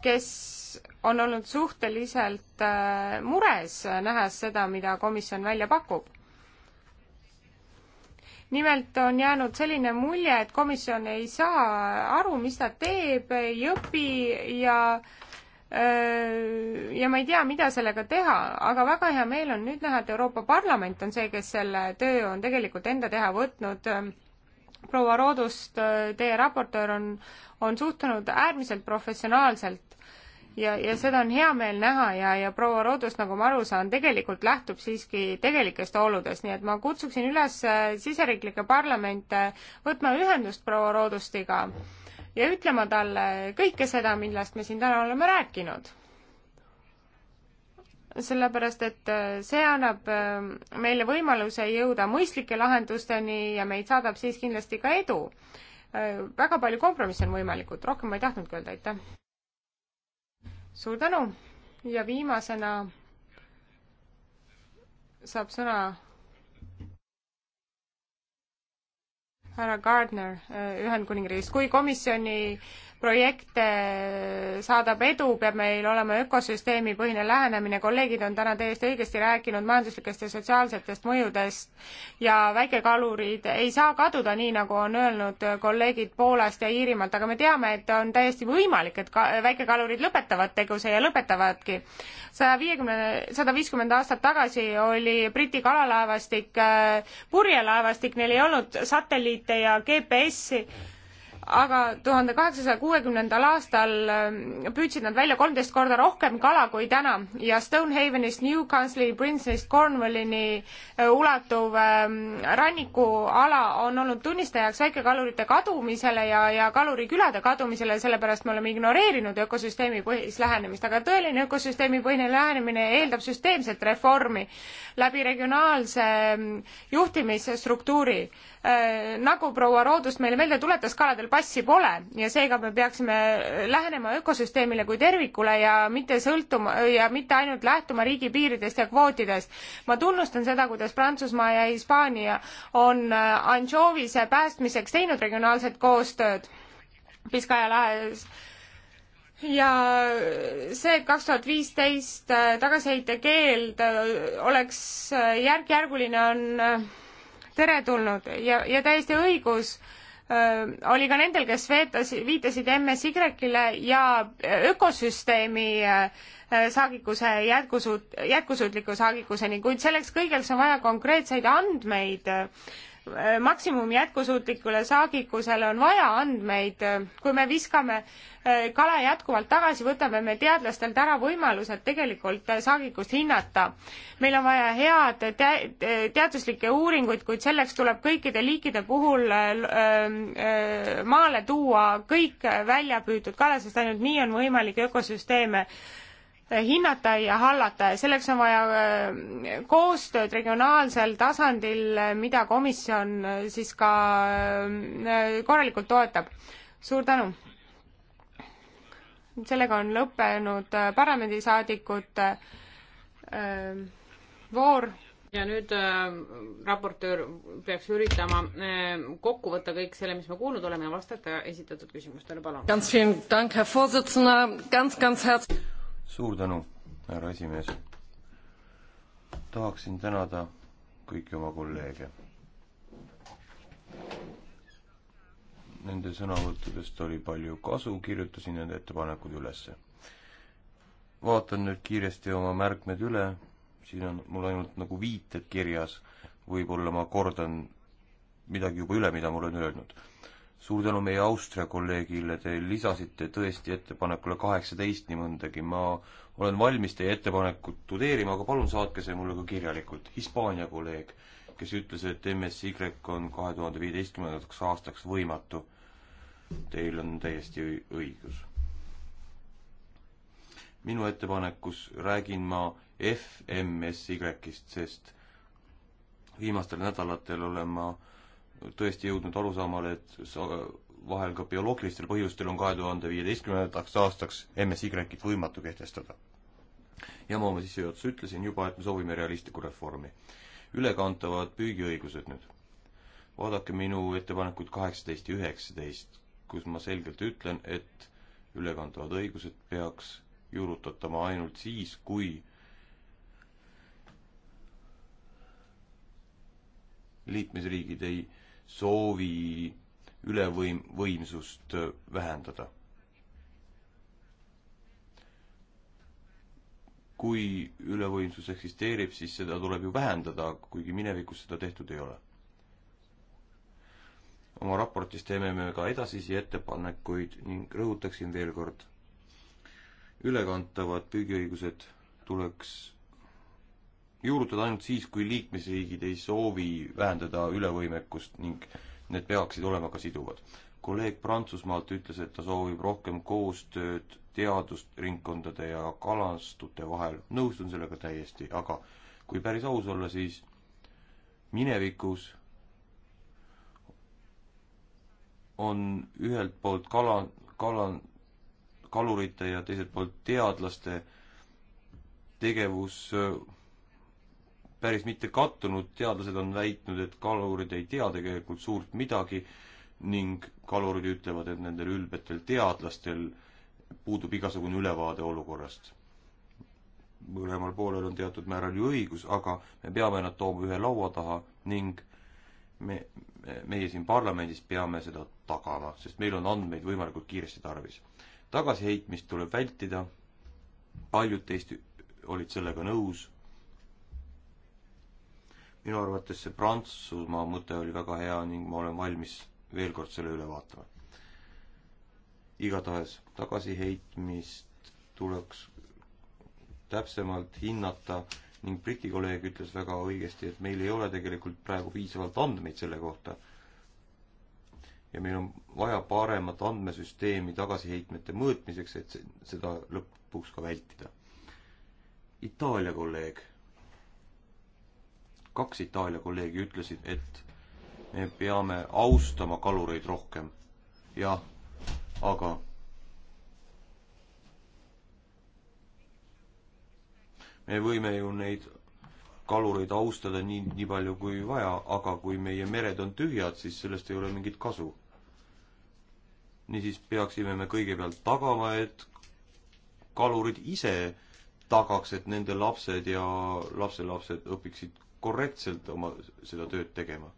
kes on olnud suhteliselt äh, mures, nähes seda, mida komisjon välja pakub. nimelt on jäänud selline mulje, et komisjon ei saa aru, mis ta teeb, ei õpi ja äh, ja ma ei tea, mida sellega teha, aga väga hea meel on nüüd näha, et Euroopa Parlament on see, kes selle töö on tegelikult enda teha võtnud. proua Roodust, teie raportöör on, on suhtunud äärmiselt professionaalselt ja, ja seda on hea meel näha ja, ja proua Roodust, nagu ma aru saan, tegelikult lähtub siiski tegelikest oludest, nii et ma kutsuksin üles siseriiklikke parlamente võtma ühendust proua Roodustiga äh, ja ütlema talle kõike seda, millest me siin täna oleme rääkinud. sellepärast, et äh, see annab äh, meile võimaluse jõuda mõistlike lahendusteni ja meid saadab siis kindlasti ka edu. Äh, väga palju kompromisse on võimalikud, rohkem ma ei tahtnudki öelda, aitäh! suur tänu ja viimasena saab sõna härra Gardner äh, Ühendkuningriigist. kui komisjoni projekte saadab edu, peab meil olema ökosüsteemipõhine lähenemine, kolleegid on täna täiesti õigesti rääkinud majanduslikest ja sotsiaalsetest mõjudest ja väikekalurid ei saa kaduda, nii nagu on öelnud kolleegid Poolast ja Iirimaalt, aga me teame, et on täiesti võimalik, et ka väikekalurid lõpetavad tegevuse ja lõpetavadki. saja viiekümne, sada viiskümmend aastat tagasi oli Briti kalalaevastik äh, purjelaevastik, neil ei olnud satelliite ja GPS-i aga tuhande kaheksasaja kuuekümnendal aastal ähm, püüdsid nad välja kolmteist korda rohkem kala kui täna ja Stonehavenist Newcastle'i, Prince'ist Cornwallini äh, ulatuv ähm, rannikuala on olnud tunnistajaks väikekalurite kadumisele ja, ja kalurikülade kadumisele, sellepärast me oleme ignoreerinud ökosüsteemi põhist lähenemist, aga tõeline ökosüsteemi põhine lähenemine eeldab süsteemset reformi läbi regionaalse ähm, juhtimisstruktuuri. Äh, nagu proua Roodust meile meelde tuletas, kaladel massi pole ja seega me peaksime lähenema ökosüsteemile kui tervikule ja mitte sõltuma ja mitte ainult lähtuma riigipiiridest ja kvootidest. ma tunnustan seda, kuidas Prantsusmaa ja Hispaania on äh, anšoovise päästmiseks teinud regionaalset koostööd Piskaja lahes ja see, et kaks tuhat viisteist äh, tagasiheite keeld äh, oleks järk-järguline, on teretulnud ja, ja täiesti õigus äh, Äh, oli ka nendel, kes veetas, viitasid MSY-le ja ökosüsteemi äh, saagikuse jätkusuut-, jätkusuutliku saagikuseni, kuid selleks kõigeks on vaja konkreetseid andmeid Äh, maksimum jätkusuutlikule saagikusele on vaja andmeid, kui me viskame äh, kala jätkuvalt tagasi, võtame me teadlastelt ära võimalused tegelikult äh, saagikust hinnata. meil on vaja head te teaduslikke uuringuid, kuid selleks tuleb kõikide liikide puhul ähm, maale tuua kõik välja püütud kala, sest ainult nii on võimalik ökosüsteeme hinnata ja hallata ja selleks on vaja äh, koostööd regionaalsel tasandil, mida komisjon äh, siis ka äh, korralikult toetab. suur tänu! sellega on lõppenud parlamendisaadikute äh, voor. ja nüüd äh, raportöör peaks üritama äh, kokku võtta kõik selle, mis me kuulnud oleme ja vastata esitatud küsimustele, palun suur tänu, härra esimees. tahaksin tänada kõiki oma kolleege. Nende sõnavõttudest oli palju kasu, kirjutasin need ettepanekud ülesse. vaatan nüüd kiiresti oma märkmed üle, siin on mul ainult nagu viited kirjas, võib-olla ma kordan midagi juba üle, mida ma olen öelnud suur tänu meie Austria kolleegile, te lisasite tõesti ettepanekule kaheksateist nii mõndagi, ma olen valmis teie ettepanekut tudeerima, aga palun saatke see mulle ka kirjalikult. Hispaania kolleeg, kes ütles, et MSY on kahe tuhande viieteistkümnendaks aastaks võimatu. Teil on täiesti õigus. minu ettepanekus räägin ma FMSY-st, sest viimastel nädalatel olen ma äh, tõesti jõudnud arusaamale, et vahel ka bioloogilistel põhjustel on kahe tuhande viieteistkümnendaks aastaks MSY-t võimatu kehtestada. ja ma oma sissejuhatuses ütlesin juba, et me soovime realistlikku reformi. ülekantavad püügiõigused nüüd. vaadake minu ettepanekuid kaheksateist ja üheksateist, kus ma selgelt ütlen, et ülekantavad õigused peaks juurutatama ainult siis, kui liikmesriigid ei soovi ülevõim-, võimsust äh, vähendada. kui ülevõimsus eksisteerib, siis seda tuleb ju vähendada, kuigi minevikus seda tehtud ei ole. oma raportis teeme me ka edasisi ettepanekuid ning rõhutaksin veel kord, ülekantavad püügiõigused tuleks juurutada ainult siis, kui liikmesriigid ei soovi vähendada ülevõimekust ning need peaksid olema ka siduvad. kolleeg Prantsusmaalt ütles, et ta soovib rohkem koostööd teadusringkondade ja kalastute vahel, nõustun sellega täiesti, aga kui päris aus olla, siis minevikus on ühelt poolt kala, kala, kalurite ja teiselt poolt teadlaste tegevus päris mitte kattunud, teadlased on väitnud, et kalurid ei tea tegelikult suurt midagi ning kalurid ütlevad, et nendel ülbetel teadlastel puudub igasugune ülevaade olukorrast. mõlemal poolel on teatud määral ju õigus, aga me peame nad tooma ühe laua taha ning me, meie siin parlamendis peame seda tagama, sest meil on andmeid võimalikult kiiresti tarvis. tagasiheitmist tuleb vältida, paljud teist olid sellega nõus minu arvates see Prantsusmaa mõte oli väga hea ning ma olen valmis veel kord selle üle vaatama. igatahes tagasiheitmist tuleks täpsemalt hinnata ning Briti kolleeg ütles väga õigesti, et meil ei ole tegelikult praegu piisavalt andmeid selle kohta. ja meil on vaja paremat andmesüsteemi tagasiheitmete mõõtmiseks, et seda lõpuks ka vältida. Itaalia kolleeg kaks Itaalia kolleegi ütlesid, et me peame austama kalureid rohkem. jah, aga me võime ju neid kalureid austada nii, nii palju kui vaja, aga kui meie mered on tühjad, siis sellest ei ole mingit kasu. niisiis peaksime me kõigepealt tagama, et kalurid ise tagaks, et nende lapsed ja lapselapsed õpiksid korrektselt oma, seda tööd tegema.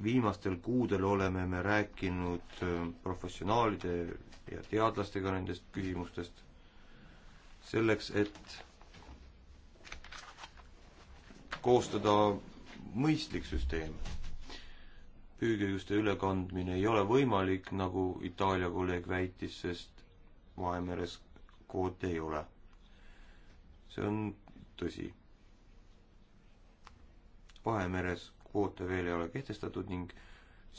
viimastel kuudel oleme me rääkinud äh, professionaalide ja teadlastega nendest küsimustest, selleks et koostada mõistlik süsteem püügiõiguste ülekandmine ei ole võimalik, nagu Itaalia kolleeg väitis, sest Vahemeres kvoote ei ole. see on tõsi. Vahemeres kvoote veel ei ole kehtestatud ning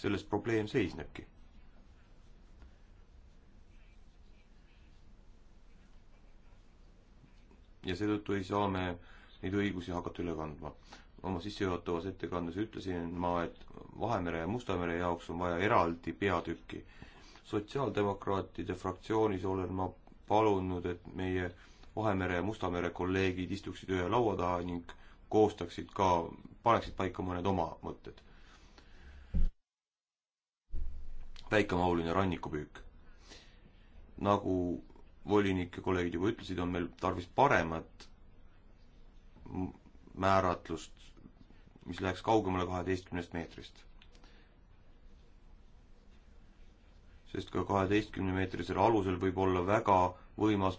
selles probleem seisnebki. ja seetõttu ei saa me neid õigusi hakata üle kandma. oma sissejuhatavas ettekandes ütlesin ma, et Vahemere ja Musta mere jaoks on vaja eraldi peatükki. sotsiaaldemokraatide fraktsioonis olen ma palunud, et meie Vahemere ja Musta mere kolleegid istuksid ühe laua taha ning koostaksid ka, paneksid paika mõned oma mõtted. väikemahuline rannikupüük. nagu volinik ja kolleegid juba ütlesid, on meil tarvis paremat määratlust, mis läheks kaugemale kaheteistkümnest meetrist sest ka kaheteistkümne meetrisel alusel võib olla väga võimas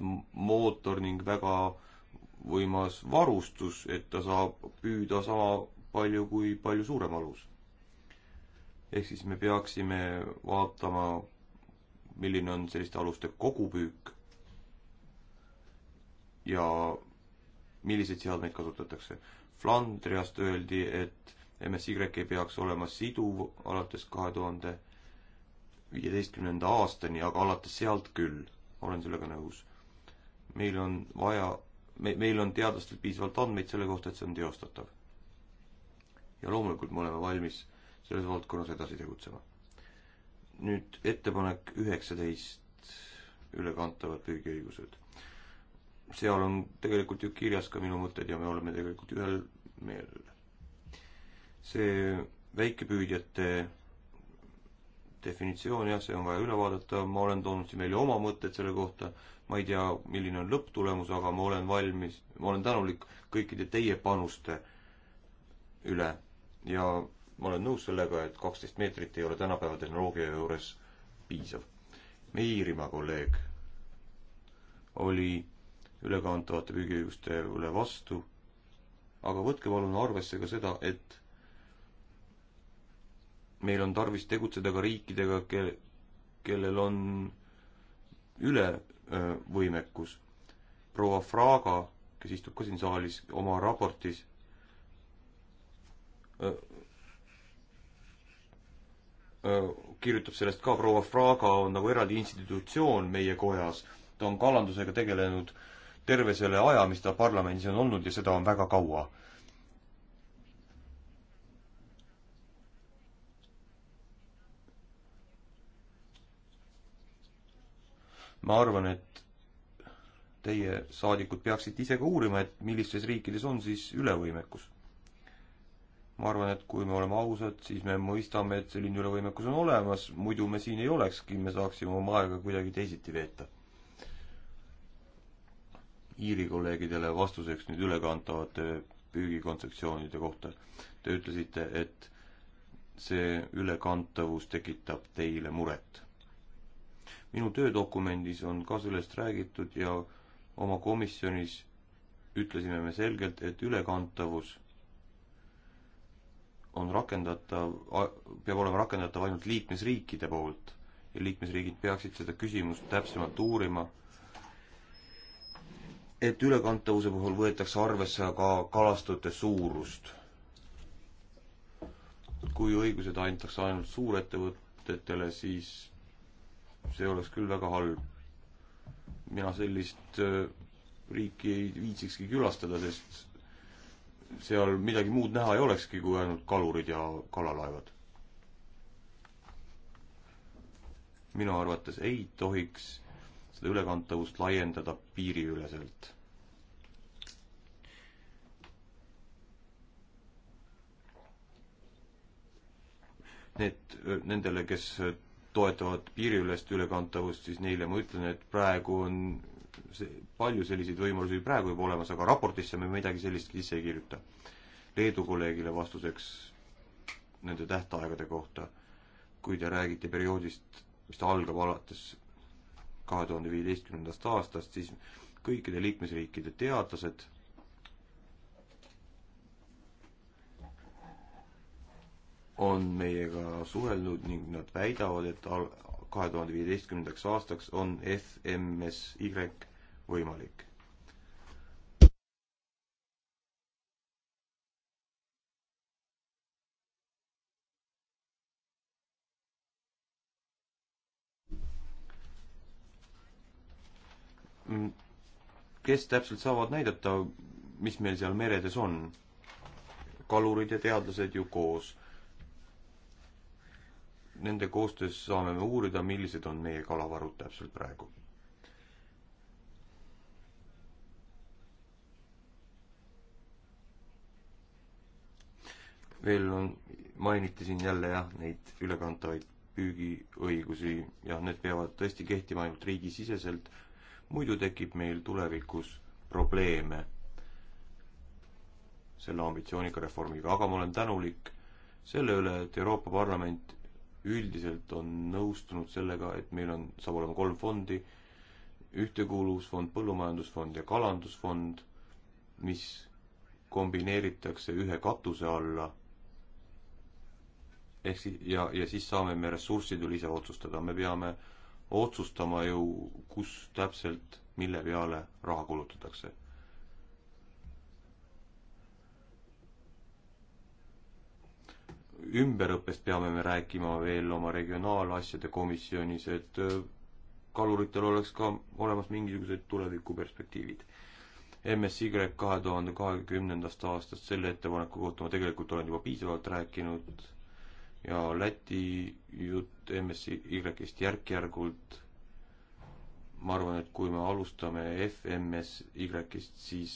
mootor ning väga võimas varustus, et ta saab püüda sama palju kui palju suurem alus. ehk siis me peaksime vaatama, milline on selliste aluste kogupüük ja milliseid seadmeid kasutatakse. Flandriast öeldi, et MSY ei peaks olema siduv alates kahe tuhande viieteistkümnenda aastani, aga alates sealt küll olen sellega nõus. meil on vaja, me, meil on teadlastel piisavalt andmeid selle kohta, et see on teostatav. ja loomulikult me oleme valmis selles valdkonnas edasi tegutsema. nüüd ettepanek üheksateist, ülekantavad kõigiõigused. seal on tegelikult ju kirjas ka minu mõtted ja me oleme tegelikult ühel meelel. see väikepüüdjate definitsioon, jah, see on vaja üle vaadata, ma olen toonud siin välja oma mõtted selle kohta, ma ei tea, milline on lõpptulemus, aga ma olen valmis, ma olen tänulik kõikide teie panuste üle ja ma olen nõus sellega, et kaksteist meetrit ei ole tänapäeva tehnoloogia juures piisav. meie Iirimaa kolleeg oli ülekantavate püügiõiguste üle vastu, aga võtke palun arvesse ka seda, et meil on tarvis tegutseda ka riikidega, kel-, kellel on üle öö, võimekus. proua Fraga, kes istub ka siin saalis, oma raportis öö, öö, kirjutab sellest ka, proua Fraga on nagu eraldi institutsioon meie kojas, ta on kalandusega tegelenud terve selle aja, mis ta parlamendis on olnud ja seda on väga kaua ma arvan, et teie saadikud peaksite ise ka uurima, et millistes riikides on siis ülevõimekus. ma arvan, et kui me oleme ausad, siis me mõistame, et selline ülevõimekus on olemas, muidu me siin ei olekski, me saaksime oma aega kuidagi teisiti veeta. Iiri kolleegidele vastuseks nüüd ülekantavate püügikontseptsioonide kohta. Te ütlesite, et see ülekantavus tekitab teile muret minu töödokumendis on ka sellest räägitud ja oma komisjonis ütlesime me selgelt, et ülekantavus on rakendatav, peab olema rakendatav ainult liikmesriikide poolt ja liikmesriigid peaksid seda küsimust täpsemalt uurima, et ülekantavuse puhul võetakse arvesse ka kalastute suurust. kui õigused antakse ainult suurettevõtetele, siis see oleks küll väga halb. mina sellist äh, riiki ei viitsikski külastada, sest seal midagi muud näha ei olekski, kui ainult kalurid ja kalalaevad. minu arvates ei tohiks seda ülekantavust laiendada piiriüleselt need, nendele, kes toetavad piiriülest ülekantavust, siis neile ma ütlen, et praegu on see, palju selliseid võimalusi praegu juba olemas, aga raportisse me midagi sellist sisse ei kirjuta. Leedu kolleegile vastuseks nende tähtaegade kohta, kui te räägite perioodist, mis algab alates kahe tuhande viieteistkümnendast aastast, siis kõikide liikmesriikide teadlased on meiega suhelnud ning nad väidavad, et kahe tuhande viieteistkümnendaks aastaks on FMSY võimalik. Mm, kes täpselt saavad näidata, mis meil seal meredes on? kalurid ja teadlased ju koos nende koostöös saame me uurida, millised on meie kalavarud täpselt praegu. veel on, mainiti siin jälle jah, neid ülekantavaid püügiõigusi, jah, need peavad tõesti kehtima ainult riigisiseselt, muidu tekib meil tulevikus probleeme selle ambitsiooniga reformiga, aga ma olen tänulik selle üle, et Euroopa Parlament üldiselt on nõustunud sellega, et meil on, saab olema kolm fondi, ühtekuuluvusfond, põllumajandusfond ja kalandusfond, mis kombineeritakse ühe katuse alla ehk si-, ja, ja siis saame me ressurssid üle ise otsustada, me peame otsustama ju, kus täpselt, mille peale raha kulutatakse. ümberõppest peame me rääkima veel oma regionaalasjade komisjonis, et äh, kaluritel oleks ka olemas mingisugused tulevikuperspektiivid. MSY kahe tuhande kahekümnendast aastast selle ettepaneku kohta ma tegelikult olen juba piisavalt rääkinud ja Läti jutt MSY-ist järk-järgult. ma arvan, et kui me alustame FMSY-st, siis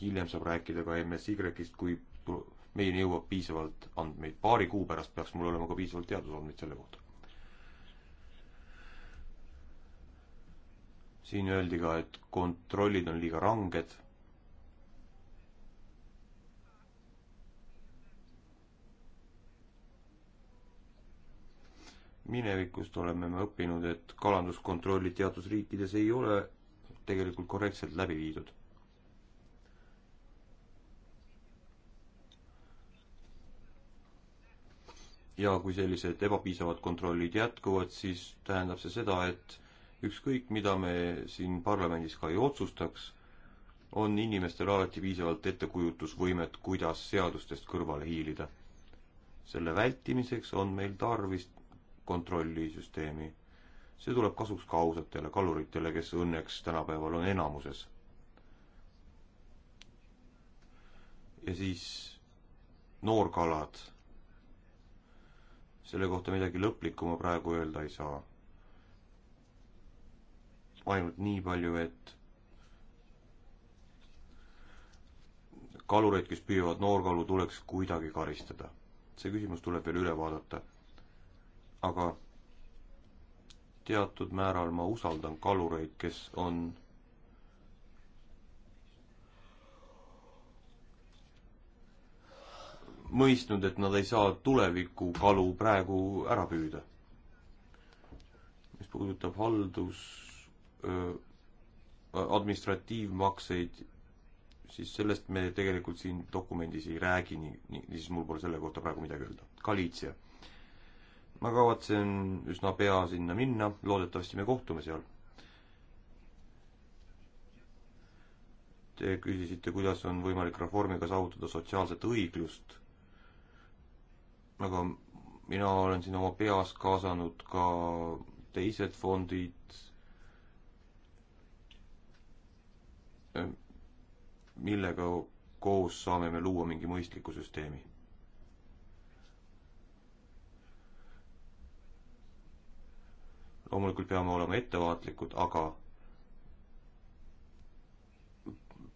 hiljem saab rääkida ka MSY-st kui pro meieni jõuab piisavalt andmeid. paari kuu pärast peaks mul olema ka piisavalt teadusandmeid selle kohta. siin öeldi ka, et kontrollid on liiga ranged. minevikust oleme me õppinud, et kalanduskontrollid teatud riikides ei ole tegelikult korrektselt läbi viidud ja kui sellised ebapiisavad kontrollid jätkuvad, siis tähendab see seda, et ükskõik, mida me siin parlamendis ka ei otsustaks, on inimestel alati piisavalt ettekujutusvõimet, kuidas seadustest kõrvale hiilida. selle vältimiseks on meil tarvis kontrollisüsteemi. see tuleb kasuks ka ausatele kaluritele, kes õnneks tänapäeval on enamuses. ja siis noorkalad selle kohta midagi lõplikku ma praegu öelda ei saa. ainult nii palju, et kalureid, kes püüavad noorkalu, tuleks kuidagi karistada. see küsimus tuleb veel üle vaadata. aga teatud määral ma usaldan kalureid, kes on mõistnud, et nad ei saa tulevikukalu praegu ära püüda. mis puudutab haldus, administratiivmakseid, siis sellest me tegelikult siin dokumendis ei räägi, nii, nii, siis mul pole selle kohta praegu midagi öelda. Galiitsia. ma kavatsen üsna pea sinna minna, loodetavasti me kohtume seal Te küsisite, kuidas on võimalik reformiga saavutada sotsiaalset õiglust aga mina olen siin oma peas kaasanud ka teised fondid, millega koos saame me luua mingi mõistliku süsteemi. loomulikult peame olema ettevaatlikud, aga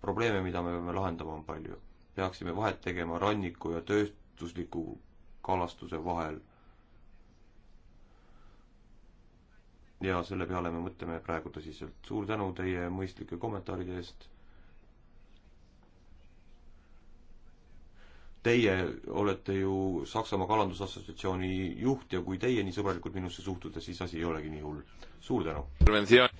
probleeme, mida me peame lahendama, on palju. peaksime vahet tegema ranniku ja tööstusliku kalastuse vahel. ja selle peale me mõtleme praegu tõsiselt. suur tänu teie mõistlike kommentaaride eest. Teie olete ju Saksamaa Kalandusassotsiatsiooni juht ja kui teie nii sõbralikult minusse suhtute, siis asi ei olegi nii hull. suur tänu!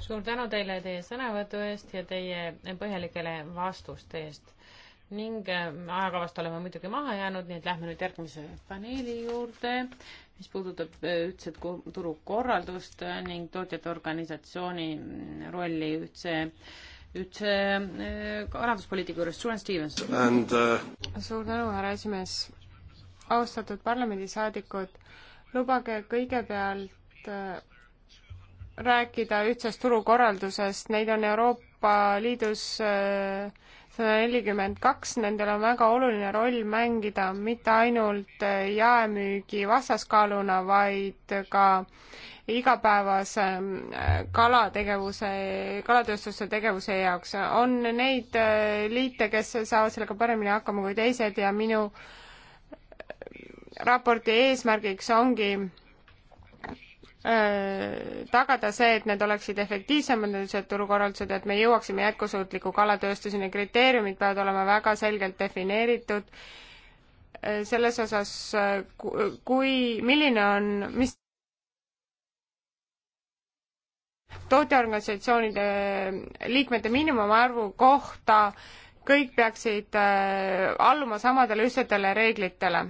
suur tänu teile teie sõnavõtu eest ja teie põhjalikele vastuste eest ning äh, ajakavast oleme muidugi maha jäänud, nii et lähme nüüd järgmise paneeli juurde, mis puudutab äh, ühtset turukorraldust äh, ning tootjate organisatsiooni mm, rolli ühtse üldse rahanduspoliitika juures, Julian Stevens. Uh... suur tänu, härra esimees. austatud parlamendisaadikud, lubage kõigepealt rääkida ühtsest turukorraldusest, neid on Euroopa Liidus äh, sada nelikümmend kaks, nendel on väga oluline roll mängida mitte ainult jaemüügi vastaskaaluna, vaid ka igapäevase äh, kalategevuse, kalatööstuse tegevuse jaoks. on neid äh, liite, kes saavad sellega paremini hakkama kui teised ja minu äh, raporti eesmärgiks ongi Äh, tagada see, et need oleksid efektiivsemad, need turukorraldused, et me jõuaksime jätkusuutliku kalatööstuseni, kriteeriumid peavad olema väga selgelt defineeritud äh, selles osas, äh, kui, milline on, mis tootjaorganisatsioonide liikmete miinimumarvu kohta, kõik peaksid alluma samadele ühtsetele reeglitele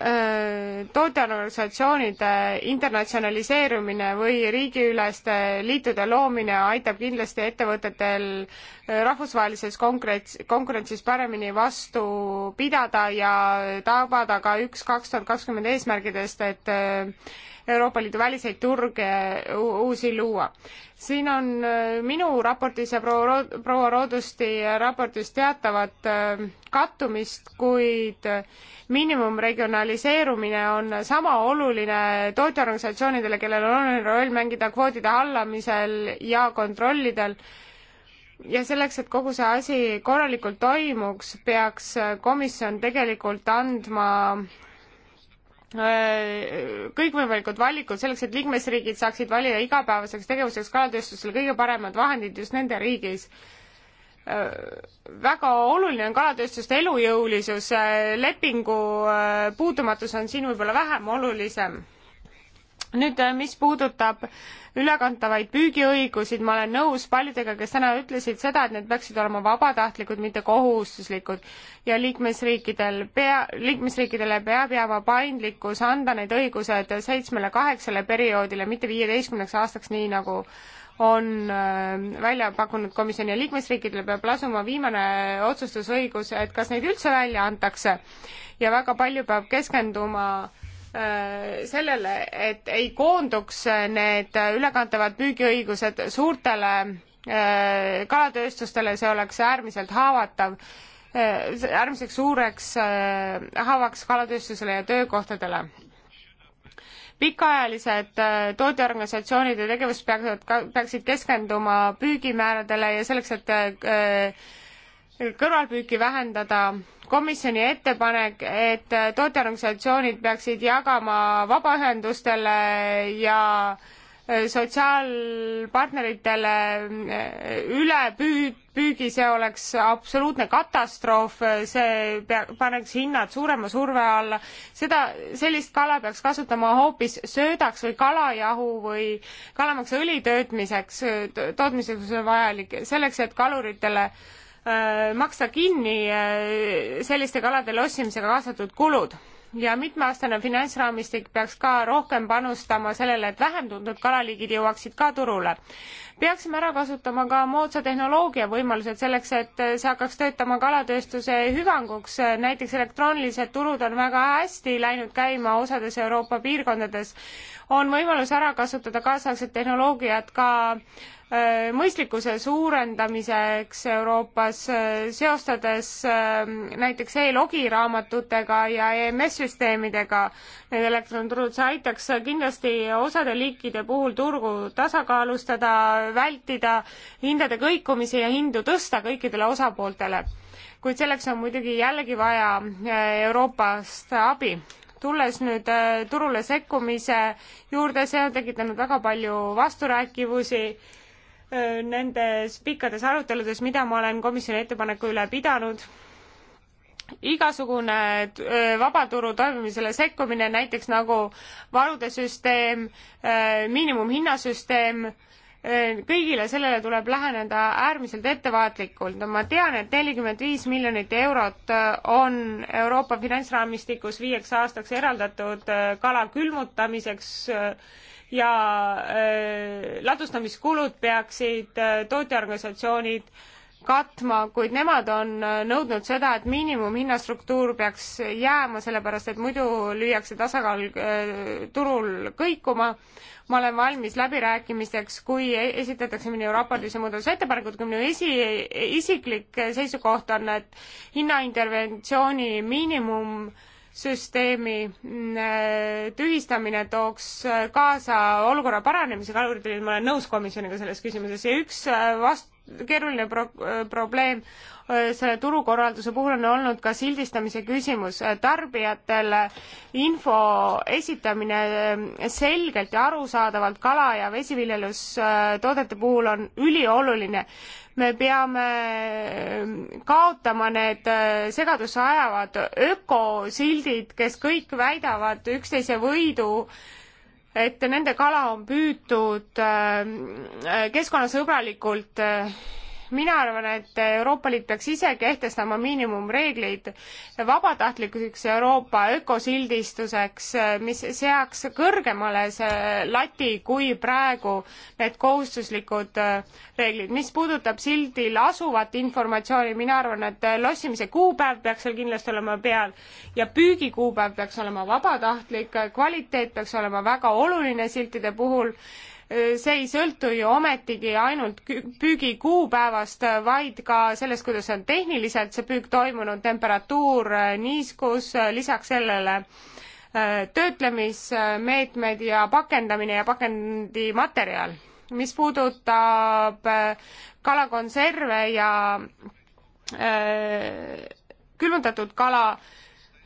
Äh, tootjaorganisatsioonide internatsionaliseerumine või riigiüleste liitude loomine aitab kindlasti ettevõtetel äh, rahvusvahelises konkurents, konkurentsis paremini vastu pidada ja tabada ka üks kaks tuhat kakskümmend eesmärgidest, et äh, Euroopa Liidu väliseid turge uusi luua. siin on äh, minu raportis ja proua pro Roodusti raportis teatavat äh, kattumist, kuid äh, miinimumregionaliseerumine on sama oluline tootjaorganisatsioonidele, kellel on oluline roll mängida kvoodide hallamisel ja kontrollidel ja selleks, et kogu see asi korralikult toimuks, peaks komisjon tegelikult andma Äh, kõikvõimalikud valikud selleks, et liikmesriigid saaksid valida igapäevaseks tegevuseks kalatööstusele kõige paremad vahendid just nende riigis. Äh, väga oluline on kalatööstuste elujõulisus, äh, lepingu puutumatus on siin võib-olla vähem olulisem nüüd, äh, mis puudutab ülekantavaid püügiõigusid, ma olen nõus paljudega, kes täna ütlesid seda, et need peaksid olema vabatahtlikud, mitte kohustuslikud ja liikmesriikidel pea, liikmesriikidele peab jääma paindlikkus anda need õigused seitsmele-kaheksale perioodile, mitte viieteistkümneks aastaks, nii nagu on äh, välja pakkunud komisjon ja liikmesriikidele peab lasuma viimane otsustusõigus, et kas neid üldse välja antakse ja väga palju peab keskenduma äh, Äh, sellele, et ei koonduks need ülekantavad püügiõigused suurtele äh, kalatööstustele, see oleks äärmiselt haavatav, äh, äärmiselt suureks haavaks kalatööstusele ja töökohtadele pikaajalised tootjaorganisatsioonide tegevus peaksid, peaksid keskenduma püügimääradele ja selleks, et kõrvalpüüki vähendada. komisjoni ettepanek, et tootjaorganisatsioonid peaksid jagama vabaühendustele ja äh, sotsiaalpartneritele äh, üle püü-, püügi, see oleks absoluutne katastroof, see pea-, paneks hinnad suurema surve alla, seda, sellist kala peaks kasutama hoopis söödaks või kalajahu või kalamaks õli töötmiseks, tootmiseks on vajalik, selleks, et kaluritele äh, Äh, maksta kinni äh, selliste kalade lossimisega kaasatud kulud ja mitmeaastane finantsraamistik peaks ka rohkem panustama sellele, et vähem tuntud kalaliigid jõuaksid ka turule. peaksime ära kasutama ka moodsa tehnoloogia võimalused selleks, et see hakkaks töötama kalatööstuse hüvanguks, näiteks elektroonilised turud on väga hästi läinud käima osades Euroopa piirkondades. on võimalus ära kasutada kaasaegset tehnoloogiat ka äh, Äh, mõistlikkuse suurendamiseks Euroopas, äh, seostades äh, näiteks e-logi raamatutega ja EMS-süsteemidega need elektronturud, see aitaks kindlasti osade liikide puhul turgu tasakaalustada, vältida hindade kõikumisi ja hindu tõsta kõikidele osapooltele. kuid selleks on muidugi jällegi vaja Euroopast abi tulles nüüd turule sekkumise juurde, see on tekitanud väga palju vasturääkivusi nendes pikkades aruteludes, mida ma olen komisjoni ettepaneku üle pidanud. igasugune äh, vabaturu toimimisele sekkumine, näiteks nagu varude süsteem, äh, miinimumhinnasüsteem, äh, kõigile sellele tuleb läheneda äärmiselt ettevaatlikult. no ma tean, et nelikümmend viis miljonit eurot on Euroopa finantsraamistikus viieks aastaks eraldatud kala külmutamiseks ja äh, ladustamiskulud peaksid äh, tootjaorganisatsioonid katma, kuid nemad on äh, nõudnud seda, et miinimumhinnastruktuur peaks jääma, sellepärast et muidu lüüakse tasakaal turul kõikuma. ma olen valmis läbirääkimisteks, kui e-, esitatakse minu raportisse muudatusettepanekud, kui minu esi, isiklik seisukoht on, et hinnainterventsiooni miinimum äh, süsteemi mm, äh, tühistamine tooks äh, kaasa olukorra paranemise, kaluritel ma olen nõus komisjoniga selles küsimuses ja üks äh, vast-, keeruline pro-, probleem selle turukorralduse puhul on olnud ka sildistamise küsimus. tarbijatele info esitamine selgelt ja arusaadavalt kala- ja vesiviljelustoodete puhul on ülioluline me peame ähm, kaotama need äh, segadusse ajavad ökosildid, kes kõik väidavad üksteise võidu et nende kala on püütud ähm, äh, keskkonnasõbralikult äh, mina arvan, et Euroopa Liit peaks ise kehtestama miinimumreeglid vabatahtlikuks Euroopa ökosildistuseks, mis seaks kõrgemale see lati kui praegu need kohustuslikud äh, reeglid. mis puudutab sildil asuvat informatsiooni, mina arvan, et lossimise kuupäev peaks seal kindlasti olema peal ja püügikuupäev peaks olema vabatahtlik, kvaliteet peaks olema väga oluline siltide puhul see ei sõltu ju ometigi ainult püügi kuupäevast, vaid ka sellest, kuidas on tehniliselt see püük toimunud, temperatuur, niiskus, lisaks sellele äh, töötlemismeetmed ja pakendamine ja pakendimaterjal. mis puudutab äh, kalakonserve ja äh, külmutatud kala,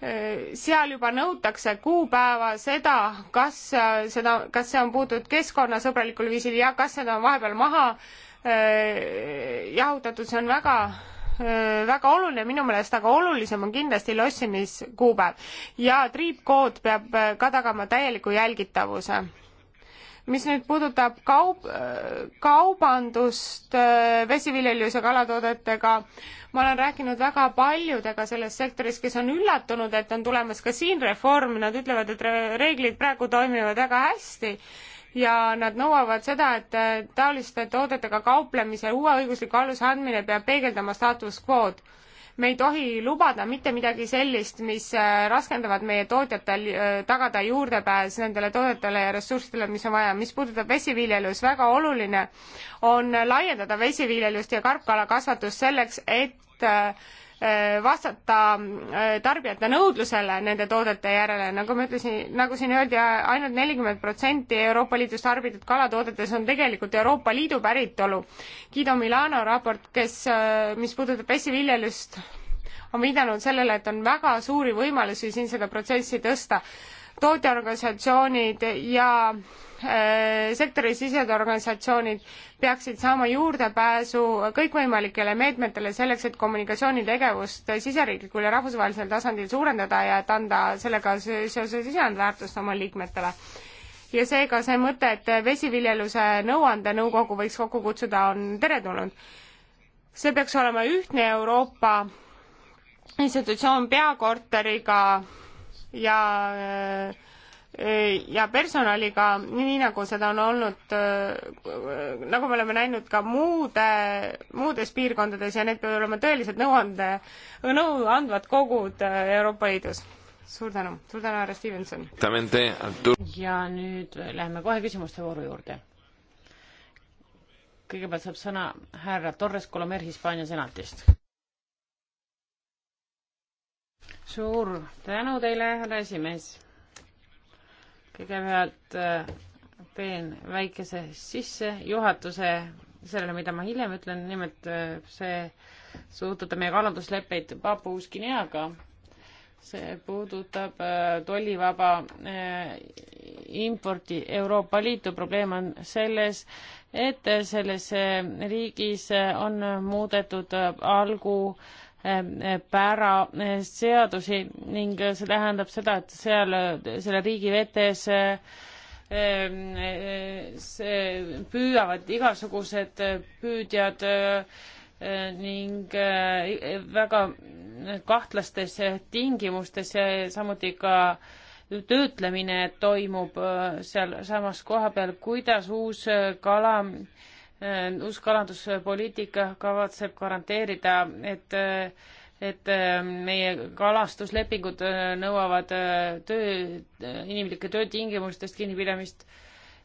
seal juba nõutakse kuupäeva, seda, kas äh, seda, kas see on puutud keskkonnasõbralikul viisil ja kas seda on vahepeal maha äh, jahutatud, see on väga äh, väga oluline minu meelest, aga olulisem on kindlasti lossimiskuupäev ja triipkood peab äh, ka tagama täieliku jälgitavuse mis nüüd puudutab kaup, kaubandust äh, vesiviljelus- ja kalatoodetega, ma olen rääkinud väga paljudega selles sektoris, kes on üllatunud, et on tulemas ka siin reform, nad ütlevad, et reeglid praegu toimivad väga hästi ja nad nõuavad seda, et äh, taoliste toodetega kauplemise uue õigusliku aluse andmine peab peegeldama staatus quo'd me ei tohi lubada mitte midagi sellist, mis äh, raskendavad meie tootjatel äh, tagada juurdepääs nendele toodetele ja ressurssidele, mis on vaja. mis puudutab vesiviljelust, väga oluline on laiendada vesiviljelust ja karpkalakasvatust selleks, et äh, Äh, vastata äh, tarbijate nõudlusele nende toodete järele, nagu ma ütlesin, nagu siin öeldi ainult, ainult nelikümmend protsenti Euroopa Liidus tarbitud kalatoodetes on tegelikult Euroopa Liidu päritolu. Guido Milano raport, kes, äh, mis puudutab vesiviljelust, on viidanud sellele, et on väga suuri võimalusi siin seda protsessi tõsta tootjaorganisatsioonid ja äh, sektori sised organisatsioonid peaksid saama juurdepääsu kõikvõimalikele meetmetele selleks, et kommunikatsioonitegevust siseriiklikul ja rahvusvahelisel tasandil suurendada ja et anda sellega seoses lisandväärtust oma liikmetele. ja seega see mõte, et vesiviljeluse nõuandenõukogu võiks kokku kutsuda, on teretulnud. see peaks olema ühtne Euroopa institutsioon peakorteriga ja eh, ja personaliga, nii nagu seda on olnud, eh, nagu me oleme näinud ka muude, muudes piirkondades ja need peavad olema tõelised nõuande, nõuandvad kogud eh, Euroopa Liidus. suur tänu, suur tänu, härra Stevenson. ja nüüd läheme kohe küsimuste vooru juurde. kõigepealt saab sõna härra Torres Colomer Hispaania senatist suur tänu teile, härra esimees. kõigepealt äh, teen väikese sissejuhatuse sellele, mida ma hiljem ütlen, nimelt äh, see puudutab meie kalandusleppeid Papuus-Guineaga. see puudutab tollivaba äh, importi Euroopa Liitu. probleem on selles, et selles riigis on muudetud algu äh, Ähm, äh, pära seadusi ning see tähendab seda, et seal selle riigi vetes see äh, ähm, äh, püüavad igasugused püüdjad ning väga kahtlastes tingimustes ja samuti ka töötlemine toimub sealsamas koha peal, kuidas uus kala Äh, uus kalanduspoliitika kavatseb garanteerida, et, et äh, meie kalastuslepingud äh, nõuavad töö, inimlike töötingimustest kinnipidamist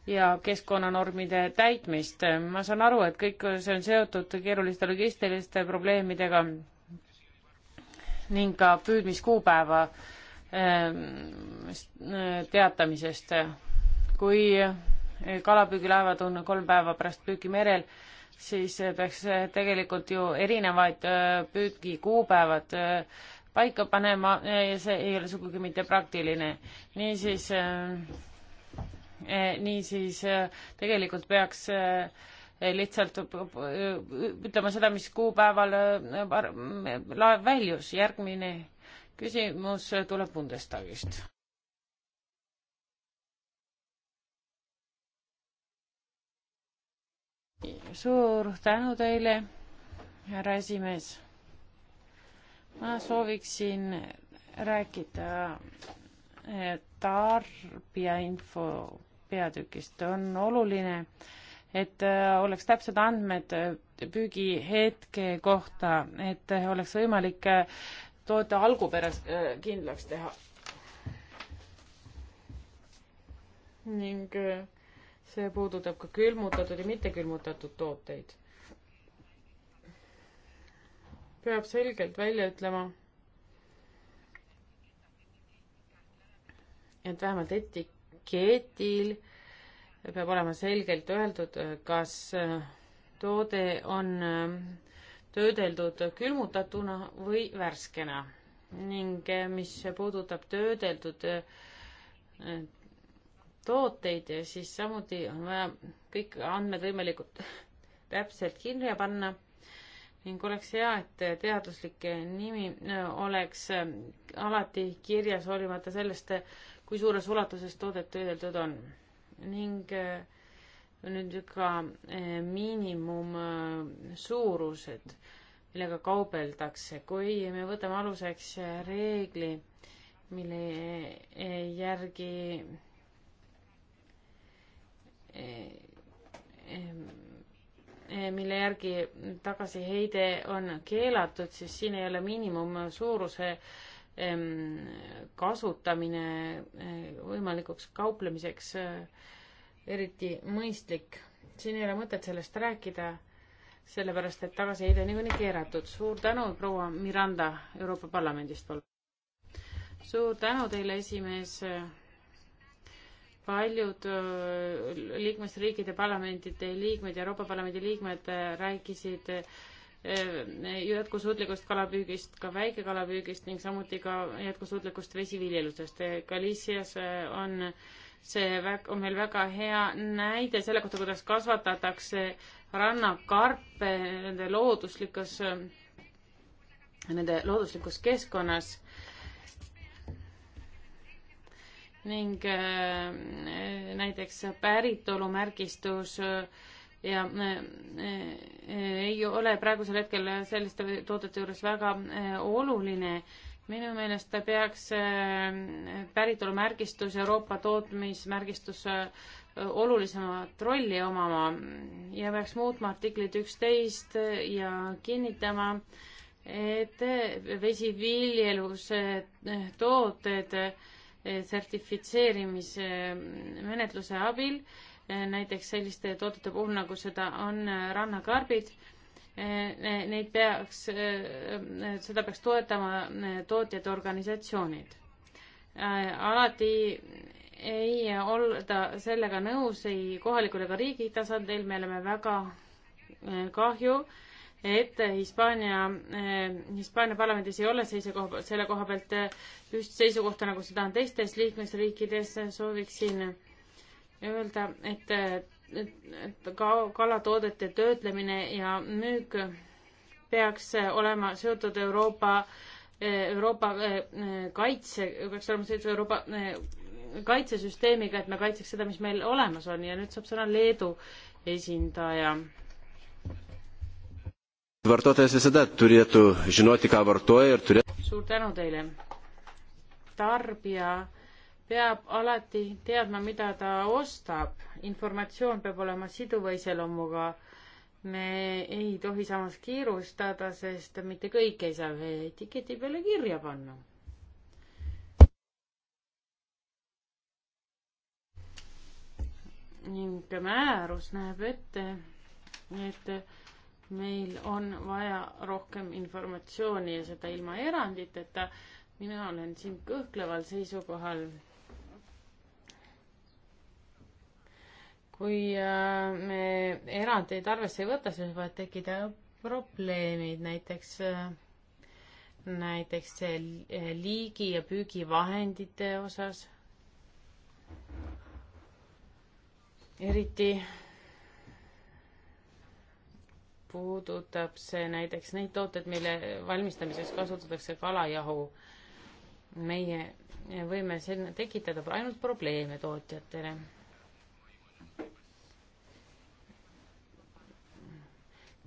ja keskkonnanormide täitmist. ma saan aru, et kõik see on seotud keeruliste logistiliste probleemidega ning ka püüdmiskuupäeva teatamisest. kui kalapüügilaevad on kolm päeva pärast püüki merel, siis peaks tegelikult ju erinevaid äh, püügikuupäevad äh, paika panema äh, ja see ei ole sugugi mitte praktiline. niisiis, niisiis tegelikult peaks lihtsalt ütlema seda, mis kuupäeval laev väljus, järgmine küsimus tuleb Bundestagist. suur tänu teile, härra esimees. ma sooviksin rääkida eh, tarbijainfo peatükist. on oluline, et eh, oleks täpsed andmed eh, püügihetke kohta, et oleks võimalik toote algupärast kindlaks teha. ning see puudutab ka külmutatud ja mittekülmutatud tooteid. peab selgelt välja ütlema, et vähemalt etiketil peab olema selgelt öeldud, kas toode on töödeldud külmutatuna või värskena ning mis puudutab töödeldud tooteid ja siis samuti on vaja kõik andmed võimalikult täpselt kirja panna ning oleks hea, et teaduslik nimi äh, oleks äh, alati kirjas, hoolimata sellest, kui suures ulatuses toodet töödeldud on. ning äh, nüüd ka miinimum suurused, millega kaubeldakse, kui me võtame aluseks reegli, mille järgi Eh, mille järgi tagasiheide on keelatud, siis siin ei ole miinimumsuuruse ehm, kasutamine eh, võimalikuks kauplemiseks eh, eriti mõistlik. siin ei ole mõtet sellest rääkida, sellepärast et tagasiheide on niikuinii keeratud. suur tänu, proua Miranda Euroopa Parlamendist, palun. suur tänu teile, esimees paljud liikmesriikide parlamentide liikmed ja Euroopa Parlamendi liikmed rääkisid jätkusuutlikust kalapüügist, ka väikekalapüügist ning samuti ka jätkusuutlikust vesiviljelusest. Galicias on see väg-, on meil väga hea näide selle kohta, kuidas kasvatatakse rannakarpe nende looduslikus, nende looduslikus keskkonnas äh, ning äh, näiteks päritolumärgistus äh, ja äh, ei ole praegusel hetkel selliste toodete juures väga oluline. minu meelest peaks päritolumärgistus, Euroopa tootmismärgistus olulisemat rolli omama ja peaks muutma artiklit üksteist ja kinnitama, et vesiviljeluse tooted et Eh, sertifitseerimise eh, menetluse abil, eh, näiteks selliste toodete puhul, nagu seda on rannakarbid, neid peaks, seda peaks toetama tootjate organisatsioonid. alati ei olda sellega nõus ei kohalikul ega riigi tasandil, me oleme väga kahju äh, et Hispaania, eh, Hispaania parlamendis ei ole seisukoha, selle koha pealt just eh, seisukohta, nagu seda on teistes liikmesriikides, sooviksin öelda, et, et, et ka kalatoodete töötlemine ja müük peaks olema seotud Euroopa, eh, Euroopa kaitse, peaks olema seotud Euroopa kaitsesüsteemiga, et me kaitseks seda, mis meil olemas on ja nüüd saab sõna Leedu esindaja vartotojas visada turėtų žinoti, ką vartoja ir turėtų. suur tänu teile. tarbija peab alati teadma, mida ta ostab. informatsioon peab olema siduva iseloomuga. me ei tohi samas kiirustada, sest mitte kõike ei saa etiketi peale kirja panna. ning määrus näeb ette, et meil on vaja rohkem informatsiooni ja seda ilma eranditeta. mina olen siin kõhkleval seisukohal. kui äh, me erandeid arvesse ei võta, siis võivad tekkida probleemid, näiteks, äh, näiteks äh, liigi ja püügivahendite osas. eriti puudutab see näiteks neid tooteid, mille valmistamiseks kasutatakse kalajahu. meie võime sinna tekitada ainult probleeme tootjatele.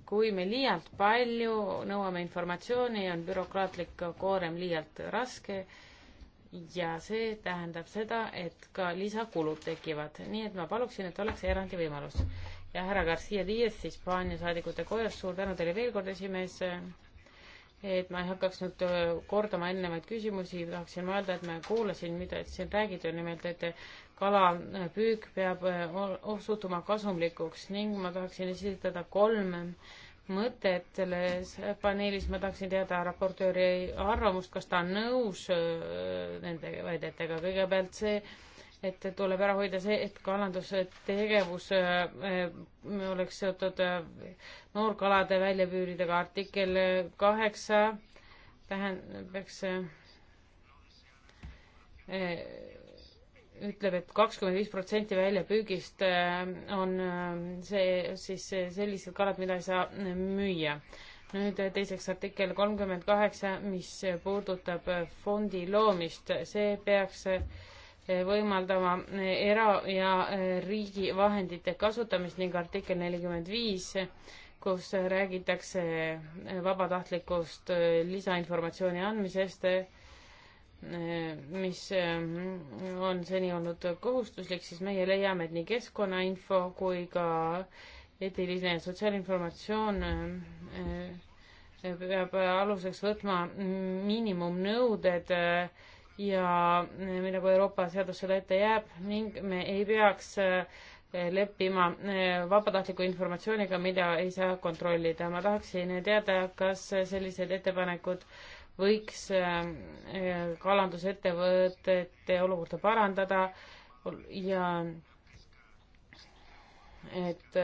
kui me liialt palju nõuame informatsiooni, on bürokraatlik koorem liialt raske ja see tähendab seda, et ka lisakulud tekivad, nii et ma paluksin, et oleks erandi võimalus ja härra Garcia Dias Hispaania saadikute kojast, suur tänu teile veel kord, esimees, et ma ei hakkaks nüüd äh, kordama eelnevaid küsimusi, tahaksin öelda, et ma kuulasin, mida siin räägiti, nimelt et kalapüük äh, peab äh, osutuma kasumlikuks ning ma tahaksin esitada kolm mõtet selles paneelis, ma tahaksin teada raportööri arvamust, kas ta on nõus nende väidetega, kõigepealt see, et tuleb ära hoida see, et kalandustegevus äh, äh, oleks seotud äh, noorkalade väljapüüridega. artikkel kaheksa tähendaks, ütleb et, et kakskümmend viis protsenti väljapüügist on see siis sellised kalad, mida ei saa müüa. nüüd teiseks artikkel kolmkümmend kaheksa, mis puudutab fondi loomist, see peaks võimaldama eh, era- ja eh, riigi vahendite kasutamist ning artikkel nelikümmend viis, kus räägitakse eh, vabatahtlikust lisainformatsiooni andmisest, mis on seni olnud kohustuslik, siis meie leiame, et nii keskkonnainfo kui ka eetiline ja sotsiaalinformatsioon peab aluseks võtma miinimumnõuded äh, ja millega nagu Euroopa seadusele ette jääb ning me ei peaks eh, leppima eh, vabatahtliku informatsiooniga, mida ei saa kontrollida. ma tahaksin teada, kas sellised ettepanekud võiks eh, kalandusettevõtete olukorda parandada ja et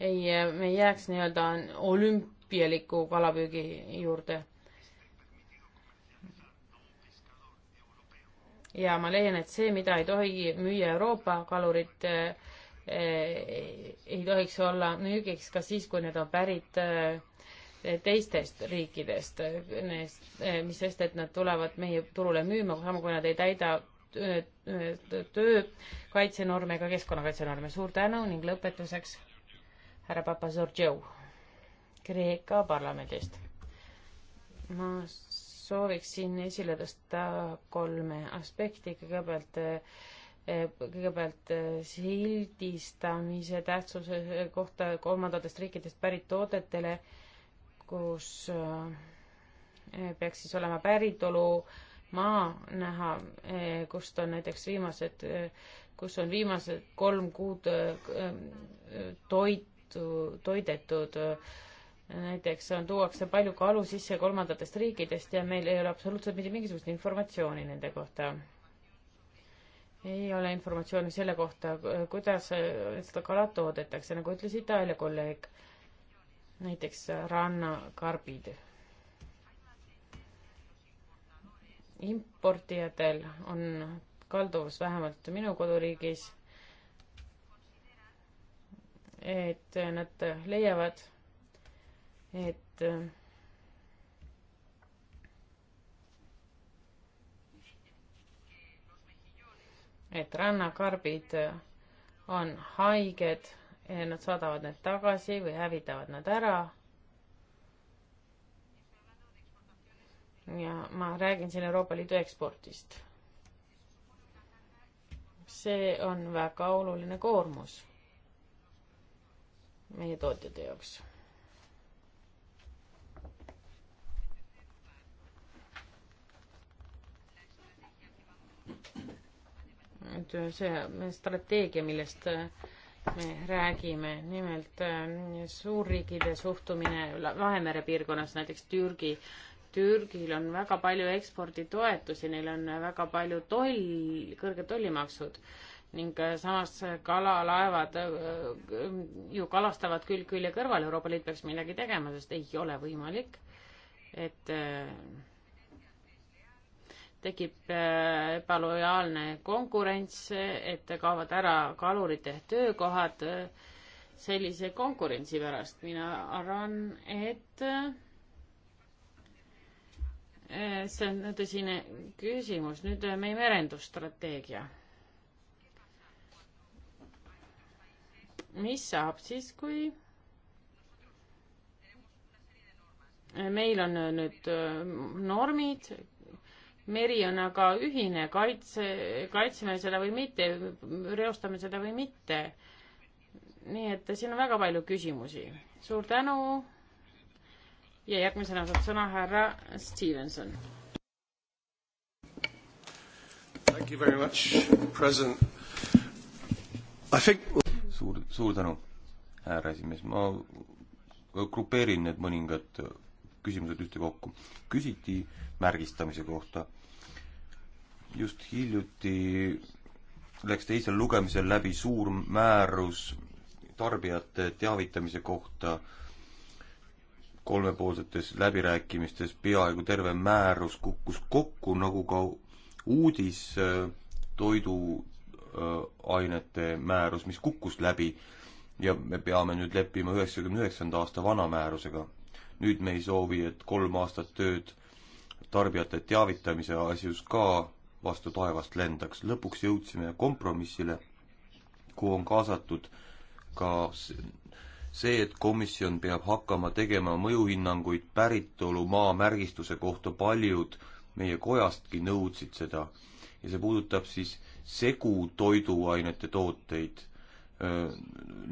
ei, me ei jääks nii-öelda olümpialiku kalapüügi juurde ja ma leian, et see, mida ei tohi müüa Euroopa kalurid, eh, ei tohiks olla müügiks ka siis, kui need on pärit eh, teistest riikidest, eh, mis sest, et nad tulevad meie turule müüma, sama kui nad ei täida töökaitsenorme ega keskkonnakaitsenorme. suur tänu ning lõpetuseks härra Papazortšev Kreeka parlamendist. ma sooviksin esile tõsta kolme aspekti, kõigepealt eh, kõigepealt eh, sildistamise tähtsuse kohta kolmandatest riikidest pärit toodetele, kus eh, peaks siis olema päritolumaa näha, kust on näiteks viimased, kus on viimased kolm kuud toitu, toidetud äh, näiteks on, tuuakse palju kalu sisse kolmandatest riikidest ja meil ei ole absoluutselt mitte mingisugust informatsiooni nende kohta. ei ole informatsiooni selle kohta, kuidas seda kala toodetakse, nagu ütles Itaalia kolleeg, näiteks rannakarbid. importijatel on kalduvus vähemalt minu koduriigis, et nad leiavad et et rannakarbid on haiged, nad saadavad need tagasi või hävitavad nad ära. ja ma räägin siin Euroopa Liidu ekspordist. see on väga oluline koormus meie tootjate jaoks nüüd see strateegia, millest me räägime, nimelt äh, suurriigide suhtumine Vahemere piirkonnas, näiteks Türgi. Türgil on väga palju eksporditoetusi, neil on väga palju toll, kõrged tollimaksud ning äh, samas äh, kalalaevad ju kalastavad külg külje kõrval, Euroopa Liit peaks midagi tegema, sest ei ole võimalik, et tekib äh, ebalojaalne konkurents, et kaovad ära kalurite töökohad äh, sellise konkurentsi pärast. mina arvan, et äh, see on tõsine küsimus. nüüd meie merendusstrateegia. mis saab siis, kui meil on nüüd normid, meri on aga ühine, kaitse, kaitseme seda või mitte, reostame seda või mitte. nii et siin on väga palju küsimusi. suur tänu ja järgmisena saab sõna härra Stevenson. Thank you very much, president. I think suur, suur tänu, härra esimees, ma grupeerin need mõningad küsimused ühtekokku. küsiti märgistamise kohta. just hiljuti läks teisel lugemisel läbi suur määrus tarbijate teavitamise kohta kolmepoolsetes läbirääkimistes peaaegu terve määrus kukkus kokku, nagu ka uudis äh, toiduainete äh, määrus, mis kukkus läbi ja me peame nüüd leppima üheksakümne üheksanda aasta vana määrusega nüüd me ei soovi, et kolm aastat tööd tarbijate teavitamise asjus ka vastu taevast lendaks. lõpuks jõudsime kompromissile, kuhu on kaasatud ka see, et komisjon peab hakkama tegema mõjuhinnanguid päritolumaa märgistuse kohta, paljud meie kojastki nõudsid seda. ja see puudutab siis segu toiduainete tooteid,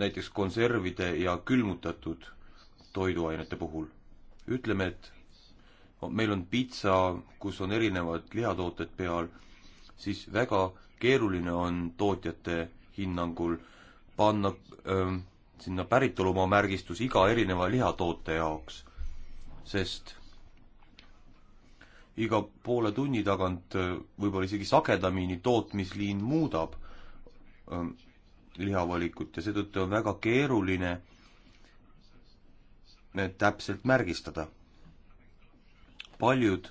näiteks konservide ja külmutatud toiduainete puhul. ütleme, et meil on pitsa, kus on erinevad lihatooted peal, siis väga keeruline on tootjate hinnangul panna öö, sinna päritolumaa märgistus iga erineva lihatoote jaoks, sest iga poole tunni tagant, võib-olla isegi sagedamini tootmisliin muudab öö, lihavalikut ja seetõttu on väga keeruline täpselt märgistada. paljud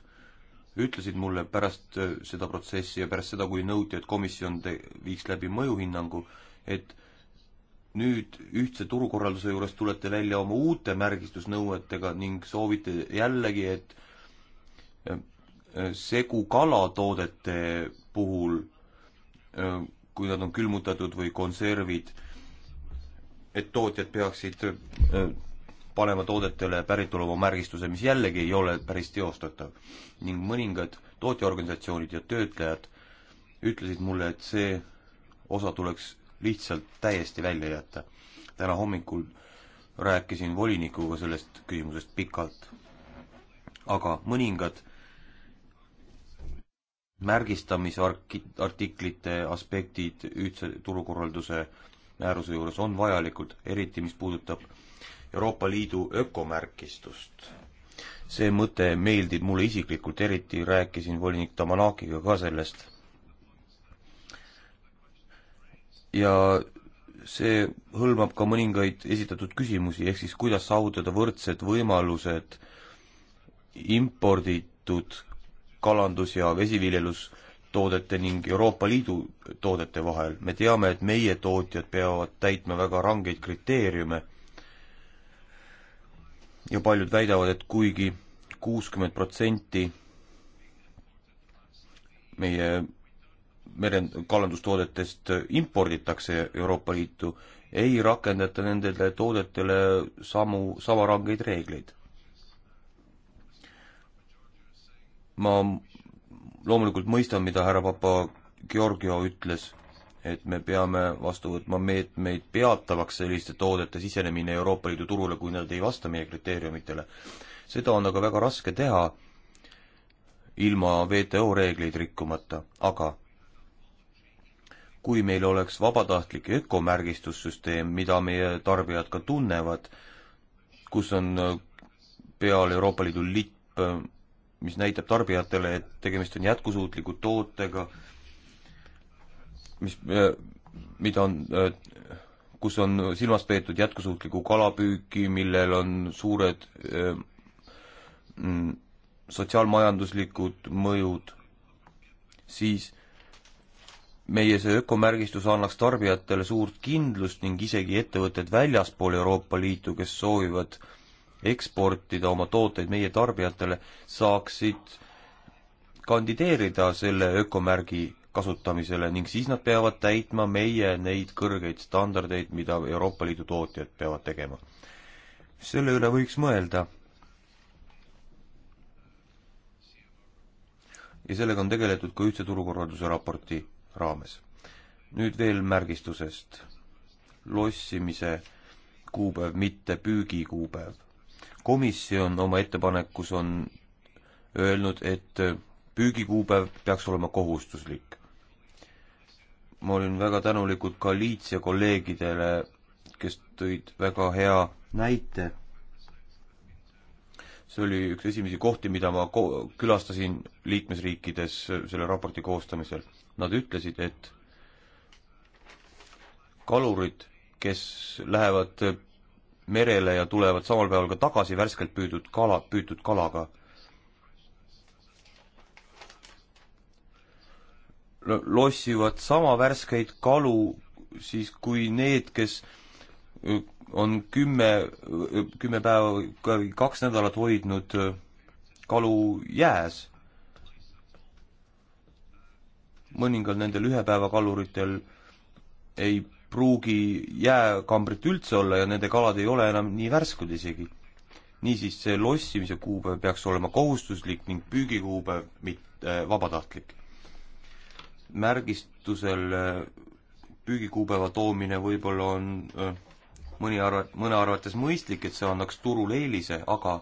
ütlesid mulle pärast äh, seda protsessi ja pärast seda, kui nõuti, et komisjon te-, viiks läbi mõjuhinnangu, et nüüd ühtse turukorralduse juures tulete välja oma uute märgistusnõuetega ning soovite jällegi, et äh, äh, segu kalatoodete puhul, kui nad on külmutatud või konservid, et tootjad peaksid panema toodetele päritolumärgistuse, mis jällegi ei ole päris teostatav. ning mõningad tootjaorganisatsioonid ja töötlejad ütlesid mulle, et see osa tuleks lihtsalt täiesti välja jätta. täna hommikul rääkisin volinikuga sellest küsimusest pikalt. aga mõningad märgistamisartiklite aspektid ühtse turukorralduse määruse juures on vajalikud, eriti mis puudutab Euroopa Liidu ökomärgistust. see mõte meeldib mulle isiklikult, eriti rääkisin volinik Tamanakiga ka sellest. ja see hõlmab ka mõningaid esitatud küsimusi, ehk siis kuidas saavutada võrdsed võimalused imporditud kalandus- ja vesiviljelustoodete ning Euroopa Liidu toodete vahel. me teame, et meie tootjad peavad täitma väga rangeid kriteeriume ja paljud väidavad, et kuigi kuuskümmend protsenti meie mere, kalandustoodetest imporditakse Euroopa Liitu, ei rakendata nendele toodetele samu, sama rangeid reegleid. ma loomulikult mõistan, mida härra papa Georgio ütles et me peame vastu võtma meetmeid peatavaks selliste toodete sisenemine Euroopa Liidu turule, kui nad ei vasta meie kriteeriumitele. seda on aga väga raske teha ilma WTO reegleid rikkumata, aga kui meil oleks vabatahtlik ökomärgistussüsteem, mida meie tarbijad ka tunnevad, kus on peal Euroopa Liidu lipp, mis näitab tarbijatele, et tegemist on jätkusuutliku tootega, mis, äh, mida on, äh, kus on silmas peetud jätkusuutlikku kalapüüki, millel on suured äh, mm, sotsiaalmajanduslikud mõjud, siis meie see ökomärgistus annaks tarbijatele suurt kindlust ning isegi ettevõtted väljaspool Euroopa Liitu, kes soovivad eksportida oma tooteid meie tarbijatele, saaksid kandideerida selle ökomärgi kasutamisele ning siis nad peavad täitma meie neid kõrgeid standardeid, mida Euroopa Liidu tootjad peavad tegema. selle üle võiks mõelda. ja sellega on tegeletud ka ühtse turukorralduse raporti raames. nüüd veel märgistusest. lossimise kuupäev, mitte püügikuupäev. komisjon oma ettepanekus on öelnud, et püügikuupäev peaks olema kohustuslik ma olin väga tänulikud ka Liitsia kolleegidele, kes tõid väga hea näite. see oli üks esimesi kohti, mida ma ko-, külastasin liikmesriikides selle raporti koostamisel. Nad ütlesid, et kalurid, kes lähevad merele ja tulevad samal päeval ka tagasi värskelt püüdud kala, püütud kalaga, lossivad sama värskeid kalu siis kui need, kes on kümme, kümme päeva, kaks nädalat hoidnud kalu jääs. mõningal nendel ühepäevakaluritel ei pruugi jääkambrit üldse olla ja nende kalad ei ole enam nii värsked isegi. niisiis, see lossimise kuupäev peaks olema kohustuslik ning püügikuupäev mitte äh, vabatahtlik märgistusel äh, püügikuupäeva toomine võib-olla on äh, mõni arv, mõne arvates mõistlik, et see annaks turule eelise, aga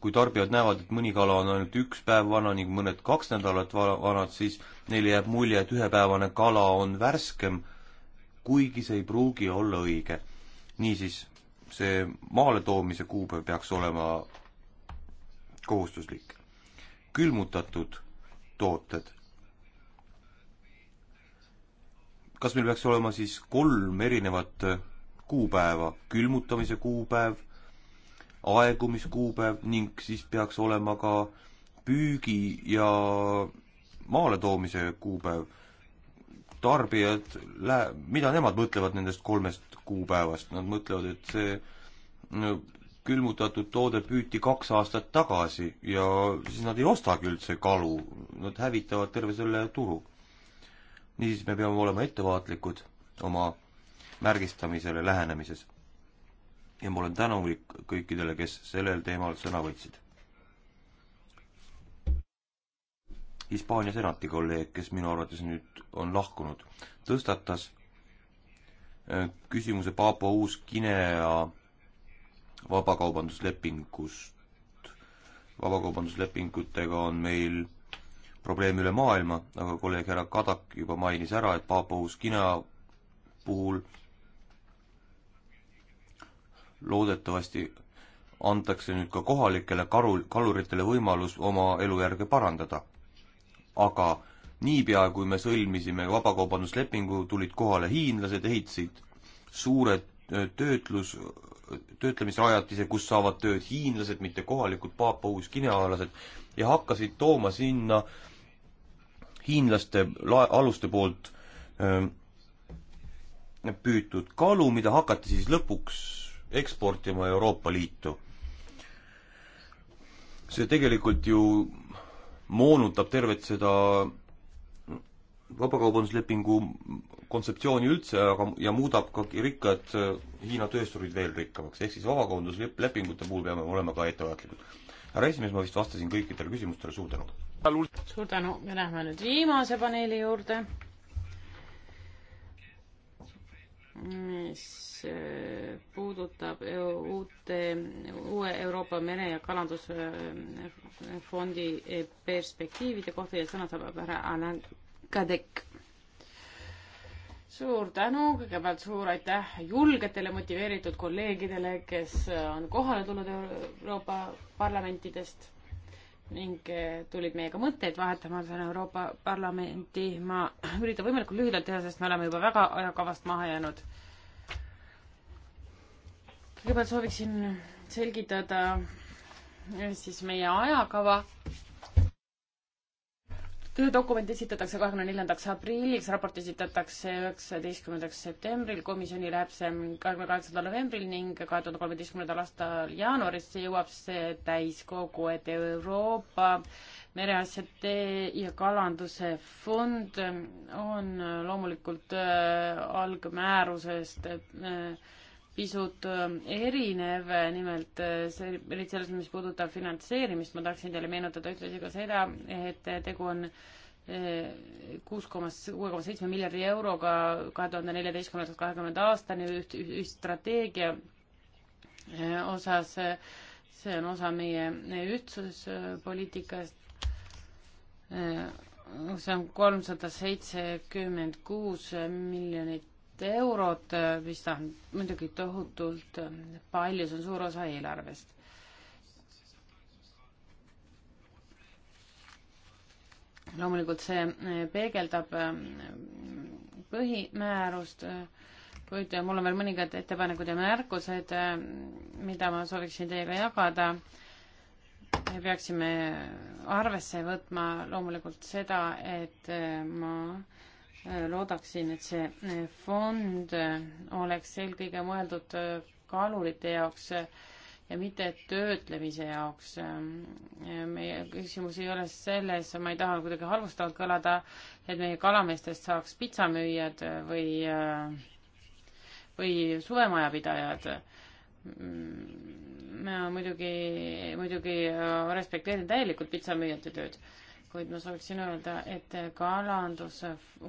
kui tarbijad näevad, et mõni kala on ainult üks päev vana ning mõned kaks nädalat vanad, siis neile jääb mulje, et ühepäevane kala on värskem, kuigi see ei pruugi olla õige. niisiis, see maaletoomise kuupäev peaks olema kohustuslik. külmutatud tooted. kas meil peaks olema siis kolm erinevat kuupäeva, külmutamise kuupäev, aegumiskuupäev ning siis peaks olema ka püügi ja maaletoomise kuupäev. tarbijad lä-, mida nemad mõtlevad nendest kolmest kuupäevast, nad mõtlevad, et see külmutatud toode püüti kaks aastat tagasi ja siis nad ei ostagi üldse kalu, nad hävitavad terve selle turu. niisiis me peame olema ettevaatlikud oma märgistamisele lähenemises. ja ma olen tänulik kõikidele, kes sellel teemal sõna võtsid. Hispaania senati kolleeg, kes minu arvates nüüd on lahkunud, tõstatas äh, küsimuse Paapua Uus-Guinea vabakaubanduslepingust, vabakaubanduslepingutega on meil probleem üle maailma, aga kolleeg härra Kadak juba mainis ära, et Paapua-Uus-Guinea puhul loodetavasti antakse nüüd ka kohalikele karu, kaluritele võimalus oma elujärge parandada. aga niipea, kui me sõlmisime vabakaubanduslepingu, tulid kohale hiinlased, ehitasid suured töötlus, töötlemisrajatise, kus saavad tööd hiinlased, mitte kohalikud paapauus-guinealased, ja hakkasid tooma sinna hiinlaste lae, aluste poolt öö, ähm, püütud kalu, mida hakati siis lõpuks eksportima Euroopa Liitu. see tegelikult ju moonutab tervet seda vabakaubanduslepingu kontseptsiooni üldse, aga, ja muudab ka rikkad eh, Hiina töösturid veel rikkamaks, ehk siis vabakaubanduslepingute puhul peame olema ka ettevaatlikud. härra esimees, ma vist vastasin kõikidele küsimustele, suur tänu! suur tänu, me lähme nüüd viimase paneeli juurde, mis eh, puudutab e-, uute, uue Euroopa Mere- ja Kalandusfondi eh, perspektiivide kohta ja sõna saab härra Alain Kadek. suur tänu, kõigepealt suur aitäh julgetele motiveeritud kolleegidele, kes on kohale tulnud Euroopa parlamentidest ning tulid meiega mõtteid vahetama siin Euroopa Parlamenti. ma üritan võimalikult lühidalt teha, sest me oleme juba väga ajakavast maha jäänud. kõigepealt sooviksin selgitada eh, siis meie ajakava töödokument esitatakse kahekümne neljandaks aprilliks, raport esitatakse üheksateistkümnendaks septembril, komisjoni läheb see kahekümne kaheksandal novembril ning kahe tuhande kolmeteistkümnendal aastal jaanuarisse jõuab see täiskogu, et Euroopa mereasjade ja kalanduse fond on loomulikult äh, algmäärusest äh, pisut ähm, erinev, äh, nimelt äh, see, eriti selles, mis puudutab finantseerimist, ma tahaksin teile meenutada ühtlasi ka seda, et äh, tegu on kuus koma, kuue koma seitsme miljardi euroga kahe tuhande neljateistkümnendast kahekümnenda aastani üht, üht strateegia osas, see on osa meie ühtsuspoliitikast, see on kolmsada seitsekümmend kuus miljonit tuhat eurot, äh, mis on muidugi tohutult äh, palju, see on suur osa eelarvest. loomulikult see äh, peegeldab põhimäärust, kuid mul on veel mõningad ettepanekud ja märkused, mida ma sooviksin teiega jagada me peaksime arvesse võtma loomulikult seda, et maa loodaksin, et see eh, fond eh, oleks eelkõige mõeldud eh, kalurite jaoks ja mitte töötlemise jaoks. meie küsimus ei ole selles, ma ei taha kuidagi halvustavalt kõlada, et meie kalameestest saaks pitsamüüjad või, või suvemajapidajad. Mm, ma muidugi, muidugi respekteerin täielikult pitsamüüjate tööd kuid ma sooviksin öelda, et kalandus,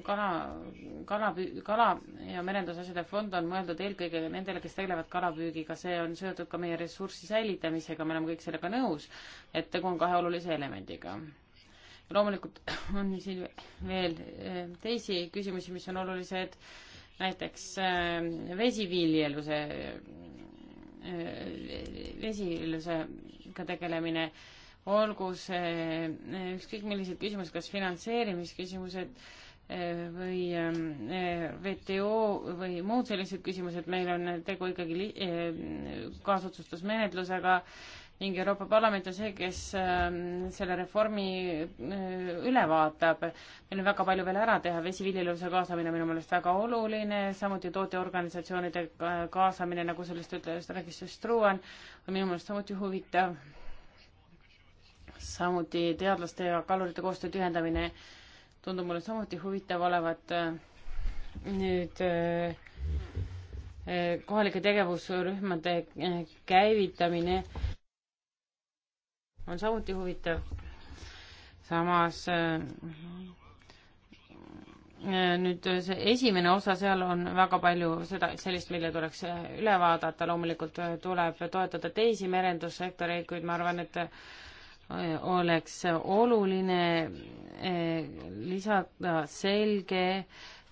kala, kala, kala ja merendusasjade fond on mõeldud eelkõige nendele, kes tegelevad kalapüügiga, see on seotud ka meie ressursi säilitamisega, me oleme kõik sellega nõus, et tegu on kahe olulise elemendiga. loomulikult on siin veel eh, teisi küsimusi, mis on olulised, näiteks eh, vesiviljeluse, eh, vesiviljelusega tegelemine olgu see eh, ükskõik millised küsimused, kas finantseerimisküsimused eh, või ehm, eh, WTO või muud sellised küsimused, meil on tegu ikkagi ehm, kaasotsustusmenetlusega ning Euroopa Parlament on see, kes ehm, selle reformi üle vaatab. meil on väga palju veel ära teha, vesiviljeluse kaasamine on minu meelest väga oluline, samuti tootjaorganisatsioonide kaasamine, nagu sellest ütles, rääkis just Struan, on minu meelest samuti huvitav samuti teadlaste ja kalurite koostöö tühendamine tundub mulle samuti huvitav olevat. nüüd eh, eh, kohalike tegevusrühmade eh, käivitamine on samuti huvitav. samas nüüd see esimene osa, seal on väga palju seda, sellist, mille tuleks üle vaadata, loomulikult tuleb toetada teisi merendussektoreid, kuid ma arvan, et oleks oluline eh, lisada selge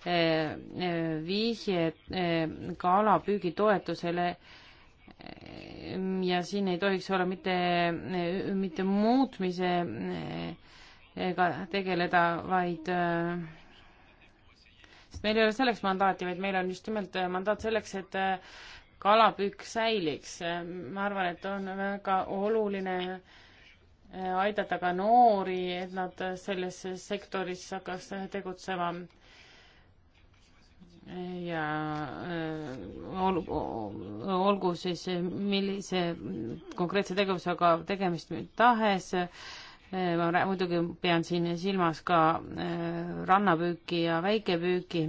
eh, eh, vihje kalapüügi toetusele ja siin ei tohiks olla mitte, mitte muutmisega tegeleda, vaid sest meil ei ole selleks mandaati, vaid meil on just nimelt mandaat selleks, et kalapüük säiliks. ma arvan, et on väga oluline äh, aidata ka noori, et nad selles sektoris hakkaks tegutsema ja äh, olgu, olgu siis millise konkreetse tegevusega tegemist tahes, äh, ma muidugi pean siin silmas ka äh, rannapüüki ja väikepüüki,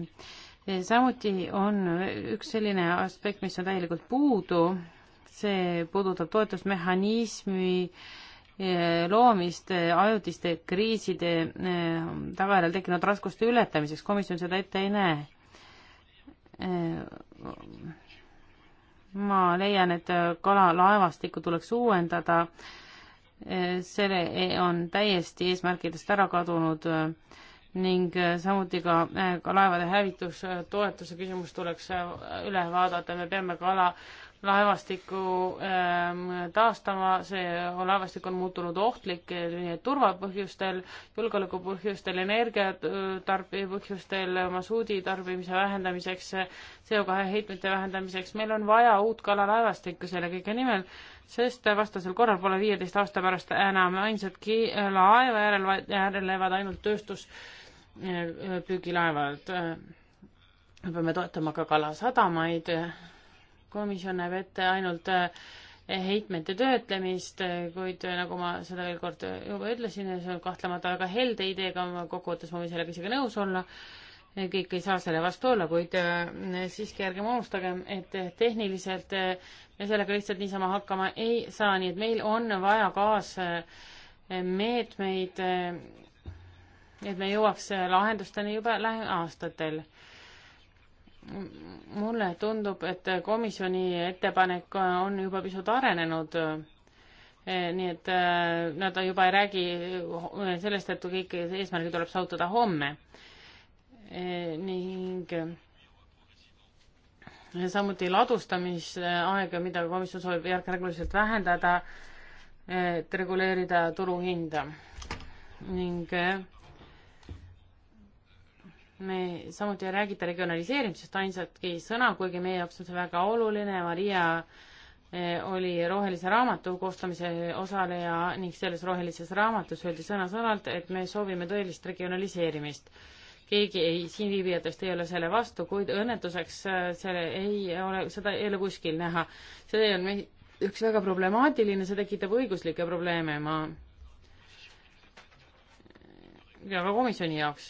samuti on üks selline aspekt, mis on täielikult puudu, see puudutab toetusmehhanismi äh, Eh, loomist eh, ajutiste kriiside eh, tagajärjel tekkinud raskuste ületamiseks, komisjon seda ette ei näe. ma leian, et kalalaevastikku tuleks uuendada, selle e- on täiesti eesmärkidest ära kadunud ning samuti ka, ka laevade hävitustoetuse küsimus tuleks üle vaadata, me peame kala ka laevastikku ähm, taastama, see laevastik on muutunud ohtlik eh, turvapõhjustel, julgeolekupõhjustel, energiatarbi põhjustel, äh, masuudi tarbimise vähendamiseks, CO2 heitmete vähendamiseks, meil on vaja uut kalalaevastikku selle kõige nimel, sest vastasel korral pole viieteist aasta pärast enam ainsatki laeva järel, järelevad ainult tööstuspüügilaevad. Äh, me peame toetama ka kalasadamaid komisjon näeb ette ainult eh, heitmete töötlemist, eh, kuid eh, nagu ma seda veel kord juba ütlesin, see on kahtlemata väga helde ideega, kokkuvõttes ma võin sellega isegi nõus olla, kõik ei saa selle vastu olla, kuid siiski ärgem unustagem, et tehniliselt me sellega lihtsalt niisama hakkama ei saa, nii et meil on vaja kaasmeetmeid, et me jõuaks lahendusteni juba lähiaastatel. Aastatel mulle tundub, et komisjoni ettepanek on juba pisut arenenud. E, nii et e, nad juba ei räägi sellest, et kõik eesmärgid tuleb saavutada homme. E, ning samuti ladustamisaega, mida komisjon soovib järk-järguliselt vähendada, et reguleerida turuhinda ning me samuti ei räägita regionaliseerimisest ainsatki sõna, kuigi meie jaoks on see väga oluline, Maria eh, oli rohelise raamatu koostamise osaleja ning selles rohelises raamatus öeldi sõna-sõnalt, et me soovime tõelist regionaliseerimist. keegi ei, siinviibijatest ei ole selle vastu, kuid õnnetuseks eh, selle ei ole, seda ei ole kuskil näha. see on üks väga problemaatiline, see tekitab õiguslikke probleeme, ma ja ka komisjoni jaoks.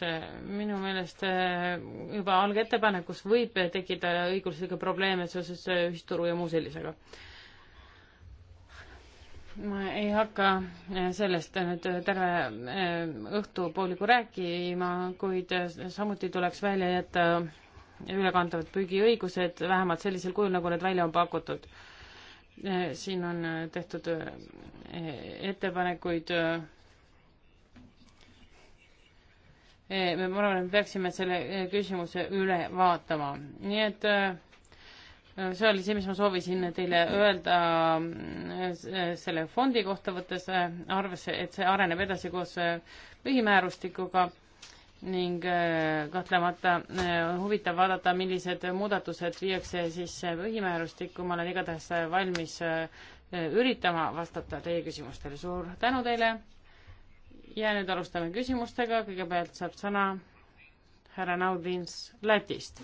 minu meelest eh, juba algettepanekus võib tekkida õiguslikke probleeme seoses eh, ühisturu ja muu sellisega. ma ei hakka eh, sellest nüüd terve õhtupooliku rääkima, kuid samuti tuleks välja jätta ülekantavad püügiõigused vähemalt sellisel kujul, nagu need välja on pakutud. siin on tehtud ettepanekuid Eh, me, ma arvan, et me peaksime selle eh, küsimuse üle vaatama. nii et eh, see oli see, mis ma soovisin teile öelda mm, selle fondi kohta, võttes arvesse, et see areneb edasi koos põhimäärustikuga ning kahtlemata huvitav vaadata, millised muudatused viiakse siis põhimäärustikku, ma olen igatahes valmis üritama vastata teie küsimustele. suur tänu teile ja nüüd alustame küsimustega, kõigepealt saab sõna härra Naudins Lätist.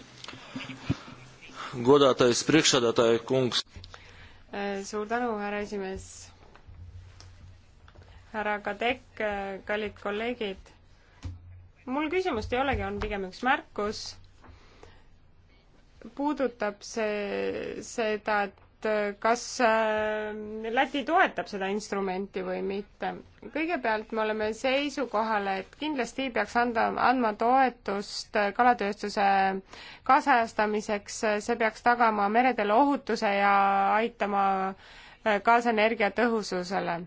Äh, suur tänu, härra esimees. härra Kadek, äh, kallid kolleegid. mul küsimust ei olegi, on pigem üks märkus. puudutab see seda, et et äh, kas äh, Läti toetab seda instrumenti või mitte. kõigepealt me oleme seisukohal, et kindlasti peaks anda, andma toetust äh, kalatööstuse kaasajastamiseks, see peaks tagama meredel ohutuse ja aitama kaasa energiatõhususele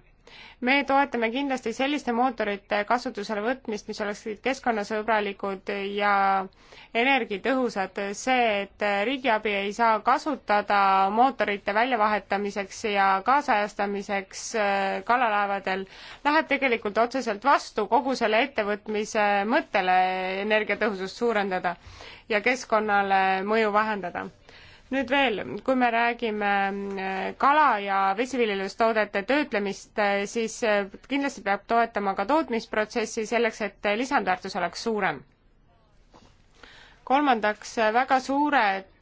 me toetame kindlasti selliste mootorite kasutusele võtmist, mis oleksid keskkonnasõbralikud ja energiatõhusad. see, et riigiabi ei saa kasutada mootorite väljavahetamiseks ja kaasajastamiseks äh, kalalaevadel, läheb tegelikult otseselt vastu kogu selle ettevõtmise mõttele energiatõhusust suurendada ja keskkonnale mõju vähendada nüüd veel, kui me räägime äh, kala- ja vesiviljelustoodete töötlemist, äh, siis äh, kindlasti peab toetama ka tootmisprotsessi selleks, et lisandväärtus oleks suurem. kolmandaks, väga suured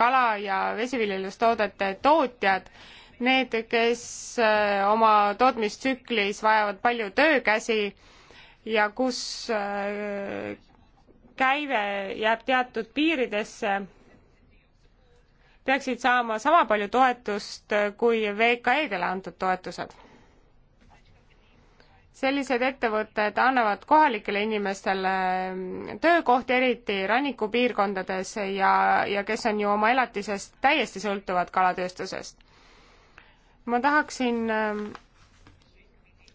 kala- ja vesiviljelustoodete tootjad, need, kes oma tootmistsüklis vajavad palju töökäsi ja kus käive jääb teatud piiridesse peaksid saama sama palju toetust äh, kui VKE-dele antud toetused. sellised ettevõtted annavad kohalikele inimestele mm, töökohti, eriti rannikupiirkondades ja, ja kes on ju oma elatisest täiesti sõltuvad kalatööstusest. ma tahaksin ähm,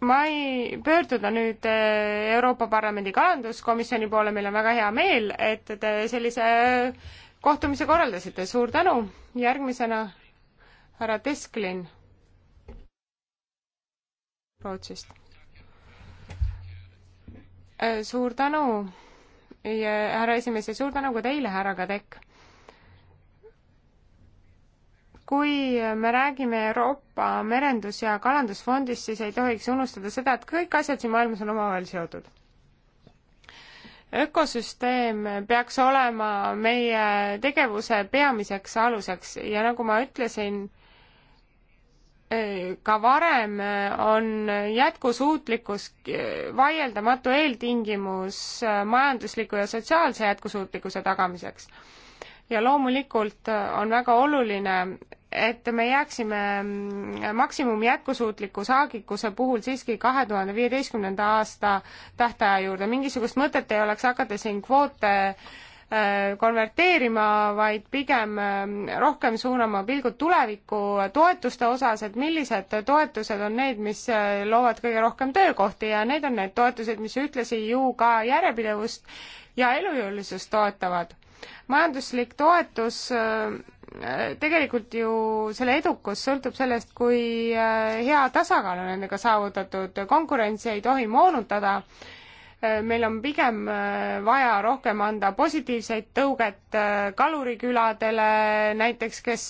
ma ei pöörduda nüüd äh, Euroopa Parlamendi kalanduskomisjoni poole, meil on väga hea meel, et te sellise äh, kohtumise korraldasite, suur tänu, järgmisena härra Tesklin Rootsist. Äh, suur tänu, härra esimees ja suur tänu ka teile, härra Kadek. kui me räägime Euroopa Merendus- ja Kalandusfondist, siis ei tohiks unustada seda, et kõik asjad siin maailmas on omavahel seotud ökosüsteem peaks olema meie tegevuse peamiseks aluseks ja nagu ma ütlesin, ka varem on jätkusuutlikkus vaieldamatu eeltingimus majandusliku ja sotsiaalse jätkusuutlikkuse tagamiseks. ja loomulikult on väga oluline et me jääksime mm, maksimum jätkusuutliku saagikuse puhul siiski kahe tuhande viieteistkümnenda aasta tähtaja juurde, mingisugust mõtet ei oleks hakata siin kvoote äh, konverteerima, vaid pigem äh, rohkem suunama pilgud tulevikku toetuste osas, et millised toetused on need, mis äh, loovad kõige rohkem töökohti ja need on need toetused, mis ühtlasi ju ka järjepidevust ja elujõulisust toetavad. majanduslik toetus tegelikult ju selle edukus sõltub sellest, kui äh, hea tasakaal on nendega saavutatud, konkurentsi ei tohi moonutada, äh, meil on pigem äh, vaja rohkem anda positiivseid tõuget kaluriküladele näiteks, kes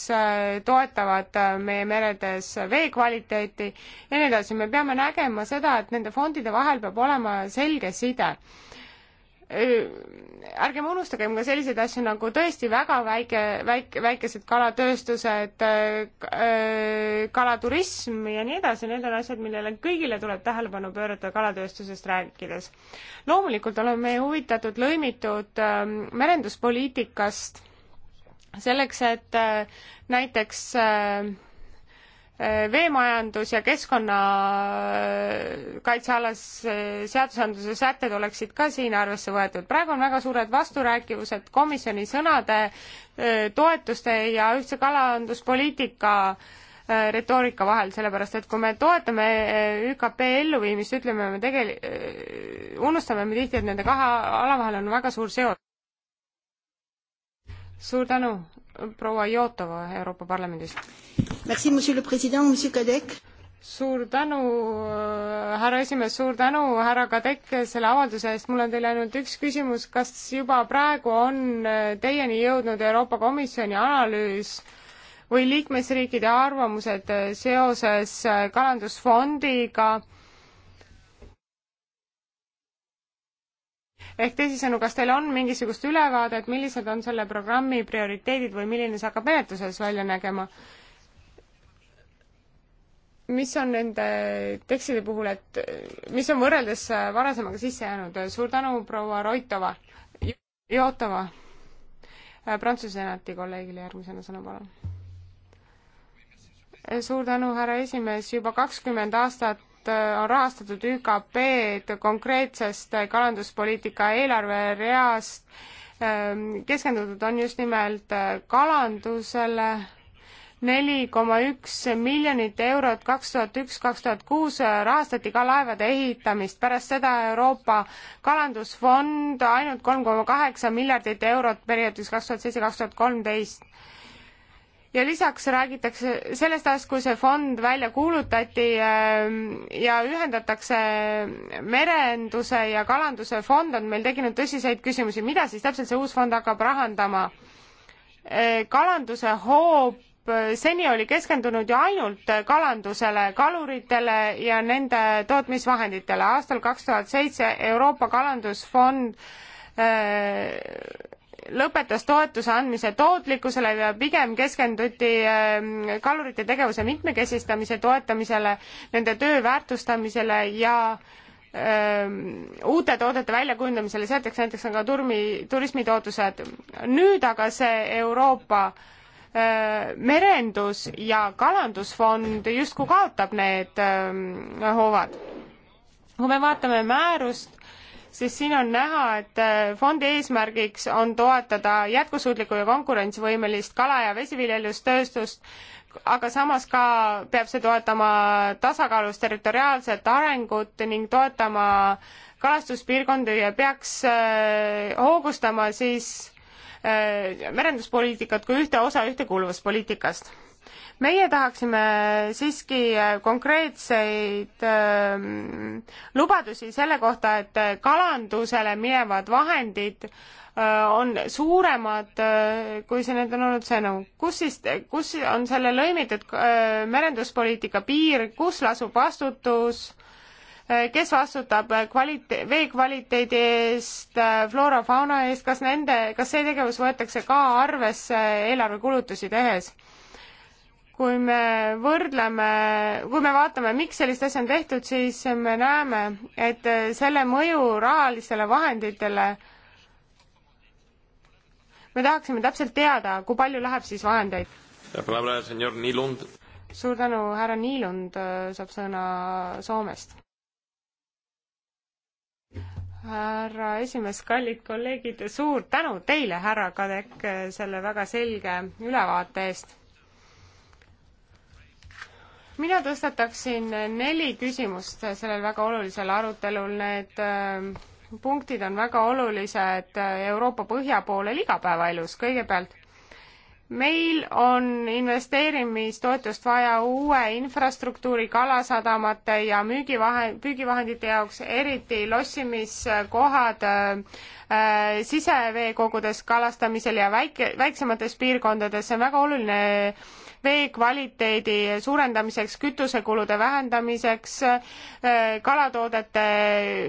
toetavad meie meredes vee kvaliteeti ja nii edasi, me peame nägema seda, et nende fondide vahel peab olema selge side Äh, ärgem unustagem ka selliseid asju nagu tõesti väga väike, väike, väikesed kalatööstused, äh, äh, kalaturism ja nii edasi, need on asjad, millele kõigile tuleb tähelepanu pöörata kalatööstusest rääkides. loomulikult oleme huvitatud lõimitud ähm, merenduspoliitikast selleks, et näiteks Äh, veemajandus ja keskkonnakaitsealas äh, seadusandluse sätted oleksid ka siin arvesse võetud. praegu on väga suured vasturääkivused komisjoni sõnade, äh, toetuste ja ühtse kalanduspoliitika retoorika vahel, sellepärast et kui me toetame ÜKP elluviimist, ütleme me tegel-, unustame me tihti, et nende kahe ala vahel on väga suur seos. suur tänu proua Jotova Euroopa Parlamendist. suur tänu, äh, härra esimees, suur tänu, härra Kadek, selle avalduse eest. mul on teile ainult üks küsimus, kas juba praegu on äh, teieni jõudnud Euroopa Komisjoni analüüs või liikmesriikide arvamused äh, seoses kalandusfondiga äh, ehk teisisõnu, kas teil on mingisugust ülevaadet, millised on selle programmi prioriteedid või milline see hakkab menetluses välja nägema? mis on nende tekstide puhul, et mis on võrreldes varasemaga sisse jäänud, suur tänu, proua Roitova, Jootova, Prantsuse senati kolleegile järgmisena sõna, palun. suur tänu, härra esimees, juba kakskümmend aastat Äh, on rahastatud ÜKP-d konkreetsest äh, kalanduspoliitika eelarvereast, ähm, keskendutud on just nimelt äh, kalandusele, neli koma üks miljonit eurot kaks tuhat üks, kaks tuhat kuus rahastati ka laevade ehitamist, pärast seda Euroopa Kalandusfond ainult kolm koma kaheksa miljardit eurot perioodiks kaks tuhat seitse, kaks tuhat kolmteist ja lisaks räägitakse sellest ajast, kui see fond välja kuulutati ähm, ja ühendatakse merenduse ja kalanduse fond, on meil tekkinud tõsiseid küsimusi, mida siis täpselt see uus fond hakkab rahandama? Äh, kalanduse hoob äh, seni oli keskendunud ju ainult äh, kalandusele, kaluritele ja nende tootmisvahenditele. aastal kaks tuhat seitse Euroopa Kalandusfond lõpetas toetuse andmise tootlikkusele ja pigem keskenduti ähm, kalurite tegevuse mitmekesistamise toetamisele, nende töö väärtustamisele ja öö, ähm, uute toodete väljakujundamisele, selleks näiteks on ka turmi, turismitootused. nüüd aga see Euroopa öö, äh, merendus- ja kalandusfond justkui kaotab need öö, ähm, hoovad. kui me vaatame määrust, siis siin on näha, et äh, fondi eesmärgiks on toetada jätkusuutlikku ja konkurentsivõimelist kala- ja vesiviljelustööstust, aga samas ka peab see toetama tasakaalus territoriaalset arengut ning toetama kalastuspiirkondi ja peaks äh, hoogustama siis äh, merenduspoliitikat kui ühte osa ühtekuuluvuspoliitikast meie tahaksime siiski äh, konkreetseid äh, lubadusi selle kohta, et äh, kalandusele minevad vahendid äh, on suuremad äh,, kui see nüüd on olnud see nõu. kus siis, kus on selle lõimitud äh, merenduspoliitika piir, kus lasub vastutus, kes vastutab kvalite-, vee kvaliteedi eest, floora, fauna eest, kas nende, kas see tegevus võetakse ka arvesse eelarvekulutusi tehes? kui me võrdleme, kui me vaatame, miks sellist asja on tehtud, siis me näeme, et selle mõju rahalistele vahenditele me tahaksime täpselt teada, kui palju läheb siis vahendeid. suur tänu, härra Niilund saab sõna Soomest. härra esimees, kallid kolleegid, suur tänu teile, härra Kadek, selle väga selge ülevaate eest mina tõstataksin neli küsimust sellel väga olulisel arutelul, need ähm, punktid on väga olulised äh, Euroopa põhja poolel igapäevaelus, kõigepealt meil on investeerimistoetust vaja uue infrastruktuuri kalasadamate ja müügivahe, püügivahendite jaoks, eriti lossimiskohad äh, äh siseveekogudes kalastamisel ja väike, väiksemates piirkondades, see on väga oluline äh, vee kvaliteedi suurendamiseks, kütusekulude vähendamiseks, äh, kalatoodete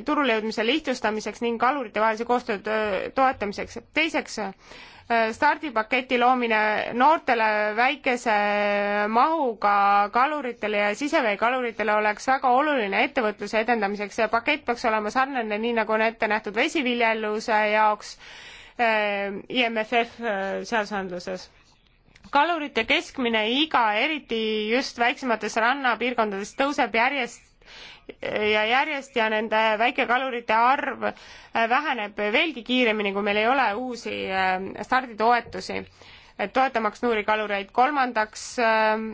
turule jõudmise lihtsustamiseks ning kaluritevahelise koostöö toetamiseks. teiseks, äh, stardipaketi loomine noortele väikese mahuga kaluritele ja siseveekaluritele oleks väga oluline ettevõtluse edendamiseks. see pakett peaks olema sarnane, nii nagu on ette nähtud vesiviljeluse jaoks äh, IMFF seadusandluses kalurite keskmine iga, eriti just väiksemates rannapiirkondades, tõuseb järjest ja järjest ja nende väikekalurite arv äh, väheneb veelgi kiiremini, kui meil ei ole uusi äh, starditoetusi, et toetamaks nuurikalureid. kolmandaks äh,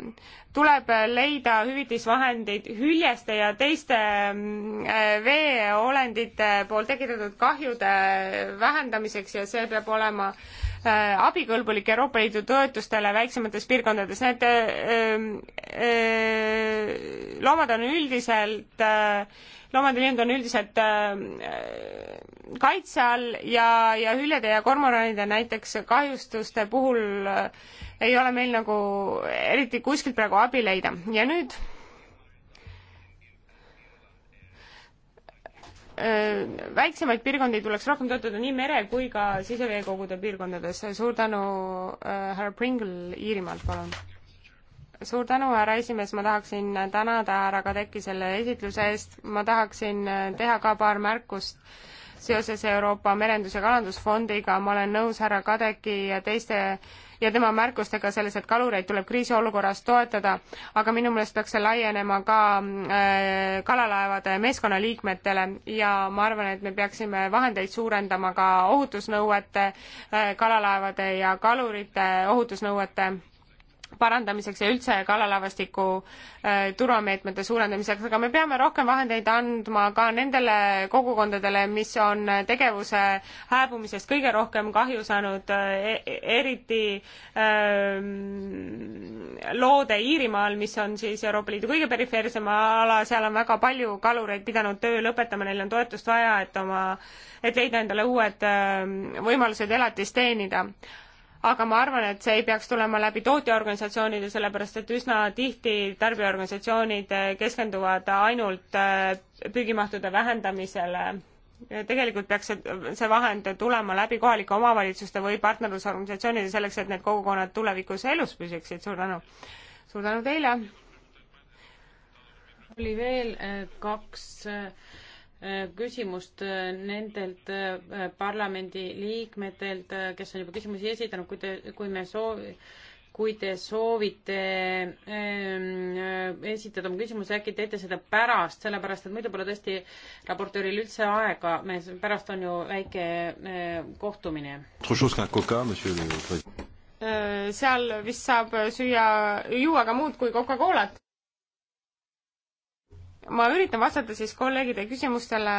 tuleb leida hüvitisvahendeid hüljeste ja teiste veeolendite poolt tekitatud kahjude vähendamiseks ja see peab olema äh, Äh, abikõlbulik Euroopa Liidu toetustele väiksemates piirkondades. Need äh, äh, loomad on üldiselt, loomade lind on üldiselt kaitse all ja, ja hüljede ja kormoranide näiteks kahjustuste puhul ei ole meil nagu eriti kuskilt praegu abi leida. ja nüüd Äh, väiksemaid piirkondi tuleks rohkem toetada nii mere kui ka siseveekogude piirkondades. suur tänu, äh, härra Pringle Iirimaalt, palun. suur tänu, härra esimees, ma tahaksin tänada härra Kadeki selle esitluse eest. ma tahaksin äh, teha ka paar märkust seoses Euroopa Merendus- ja Kalandusfondiga. ma olen nõus härra Kadeki ja teiste äh, ja tema märkustega selles, et kalureid tuleb kriisiolukorras toetada, aga minu meelest peaks see laienema ka äh, kalalaevade meeskonnaliikmetele ja ma arvan, et me peaksime vahendeid suurendama ka ohutusnõuete, äh, kalalaevade ja kalurite ohutusnõuete parandamiseks ja üldse kalalaevastiku äh, turvameetmete suurendamiseks, aga me peame rohkem vahendeid andma ka nendele kogukondadele, mis on tegevuse hääbumisest kõige rohkem kahju saanud e, e- eriti äh, loode Iirimaal, mis on siis Euroopa Liidu kõige perifeersem ala, seal on väga palju kalureid pidanud töö lõpetama, neil on toetust vaja, et oma, et leida endale uued äh, võimalused elatist teenida aga ma arvan, et see ei peaks tulema läbi tootjaorganisatsioonide, sellepärast et üsna tihti tarbijaorganisatsioonid eh, keskenduvad ainult eh, prügimahtude vähendamisele. tegelikult peaks see, see vahend tulema läbi kohalike omavalitsuste või partnerlusorganisatsioonide selleks, et need kogukonnad tulevikus elus püsiksid. suur tänu. suur tänu teile. oli veel eh, kaks küsimust äh, nendelt äh, parlamendiliikmetelt, äh, kes on juba küsimusi esitanud, kui te, kui me soov-, kui te soovite ähm, esitada oma küsimuse, äkki teete seda pärast, sellepärast et muidu pole tõesti raportööril üldse aega, me, pärast on ju väike äh, kohtumine. seal vist saab süüa, juua ka muud kui Coca-Colat ma üritan vastata siis kolleegide küsimustele.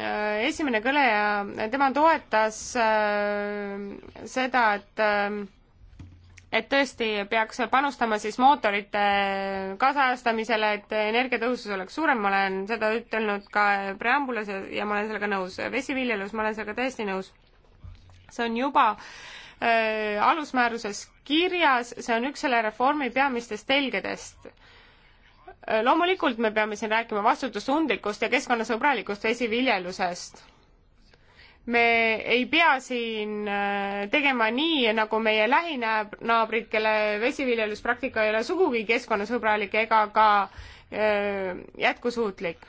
Äh, esimene kõneleja, äh, tema toetas äh, seda, et et tõesti peaks panustama siis mootorite kaasajastamisele, et energiatõhusus oleks suurem, ma olen seda ütelnud ka preambulas ja, ja ma olen sellega nõus. vesiviljelus, ma olen sellega täiesti nõus. see on juba äh, alusmääruses kirjas, see on üks selle reformi peamistest telgedest Äh, loomulikult me peame siin rääkima vastutustundlikust ja keskkonnasõbralikust vesiviljelusest. me ei pea siin äh, tegema nii, nagu meie lähinaabrid, kelle vesiviljeluspraktika ei ole sugugi keskkonnasõbralik ega ka öö, äh, jätkusuutlik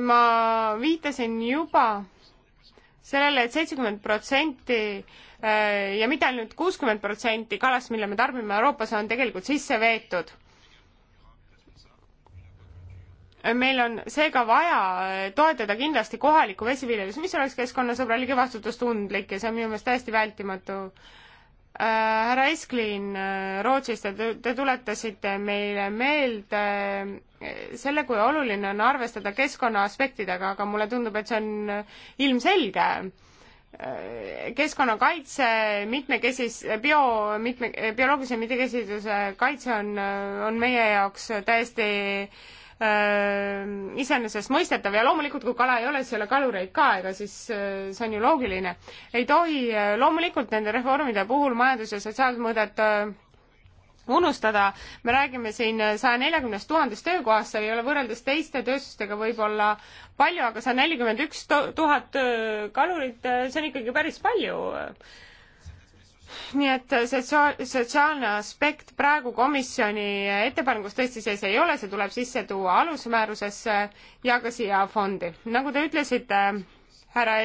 ma viitasin juba sellele et, et seitsekümmend protsenti Äh, ja mitte ainult kuuskümmend protsenti kalast, mille me tarbime Euroopas, on tegelikult sisse veetud. meil on seega vaja äh, toetada kindlasti kohalikku vesiviljelust, mis oleks keskkonnasõbralik ja vastutustundlik ja see on minu meelest täiesti vältimatu äh, härra Esklin Rootsist, te, te tuletasite meile meelde selle, kui oluline on arvestada keskkonna aspektidega, aga mulle tundub, et see on ilmselge keskkonnakaitse mitmekesis, bio, mitme, bioloogilise mitmekesisuse kaitse on, on meie jaoks täiesti äh, iseenesestmõistetav ja loomulikult, kui kala ei ole, siis ei ole kalureid ka, ega siis äh, see on ju loogiline. ei tohi, äh, loomulikult nende reformide puhul majandus- ja sotsiaalmõõdet äh, unustada, me räägime siin saja neljakümnest tuhandest töökohast, see ei ole võrreldes teiste tööstustega võib-olla palju, aga sada nelikümmend üks tuhat kalurit, see on ikkagi päris palju. nii et sotsiaal, sotsiaalne aspekt praegu komisjoni ettepanekus tõesti sees ei ole, see tuleb sisse tuua alusmäärusesse ja ka siia fondi. nagu te ütlesite, härra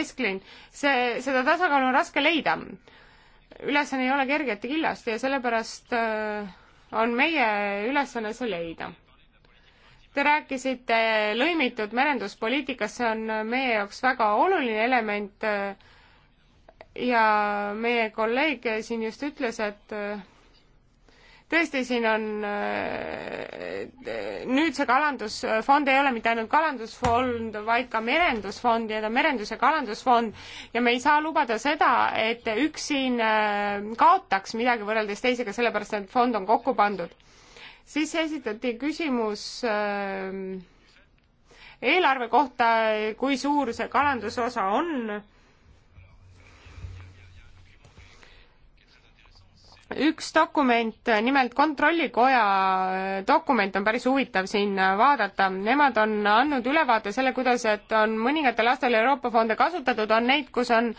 Esklin, see, seda tasakaalu on raske leida ülesanne ei ole kergete killast ja sellepärast äh, on meie ülesanne see leida. Te rääkisite lõimitud merenduspoliitikast, see on meie jaoks väga oluline element äh, ja meie kolleeg siin just ütles, et äh, tõesti, siin on äh, nüüd see kalandusfond ei ole mitte ainult kalandusfond, vaid ka merendusfond ja ta on merendus- ja kalandusfond ja me ei saa lubada seda, et üks siin äh, kaotaks midagi võrreldes teisega, sellepärast et fond on kokku pandud. siis esitati küsimus äh, eelarve kohta, kui suur see kalandusosa on üks dokument, nimelt Kontrollikoja äh, dokument on päris huvitav siin äh, vaadata. Nemad on andnud ülevaate selle, kuidas, et on mõningatel aastatel Euroopa fonde kasutatud, on neid, kus on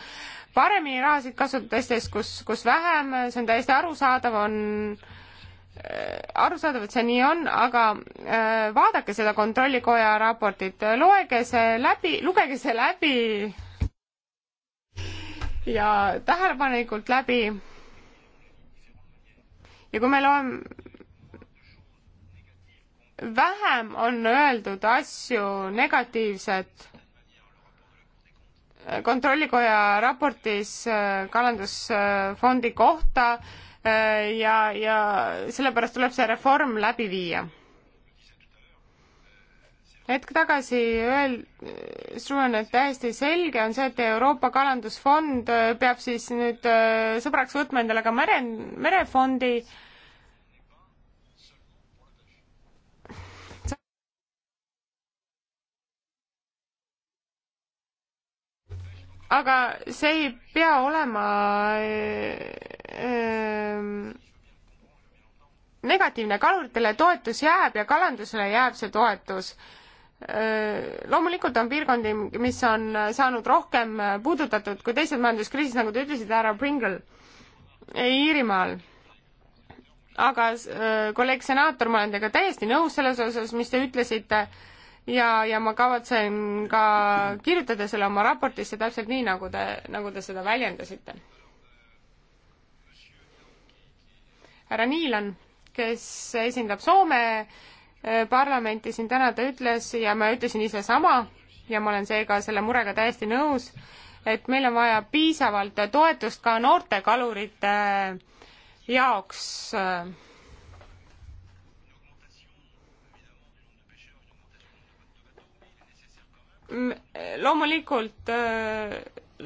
paremini rahasid kasutatud, teistes, kus, kus vähem, see on täiesti arusaadav, on äh, arusaadav, et see nii on, aga vaadake seda Kontrollikoja raportit, loege see läbi, lugege see läbi ja tähelepanelikult läbi ja kui me loeme, vähem on öeldud asju negatiivset, eh, kontrollikoja raportis eh, kalandusfondi kohta eh, ja, ja sellepärast tuleb see reform läbi viia. hetk tagasi öel-, Struan, et täiesti selge on see, et Euroopa Kalandusfond peab siis nüüd sõbraks võtma endale ka mere, merefondi äh, aga see ei pea olema äh, äh, negatiivne, kaluritele toetus jääb ja kalandusele jääb see toetus. Äh, loomulikult on piirkondi, mis on saanud rohkem puudutatud kui teised majanduskriisid, nagu te ütlesite, härra Pringle, Iirimaal. aga kolleeg senaator, ma olen teiega täiesti nõus selles osas, mis te ütlesite äh, ja, ja ma kavatsen ka kirjutada selle oma raportisse täpselt nii, nagu te, nagu te seda väljendasite. härra Niilan, kes esindab Soome e, parlamenti siin täna, ta ütles ja ma ütlesin ise sama ja ma olen seega selle murega täiesti nõus, et meil on vaja piisavalt toetust ka noorte kalurite jaoks äh, loomulikult äh,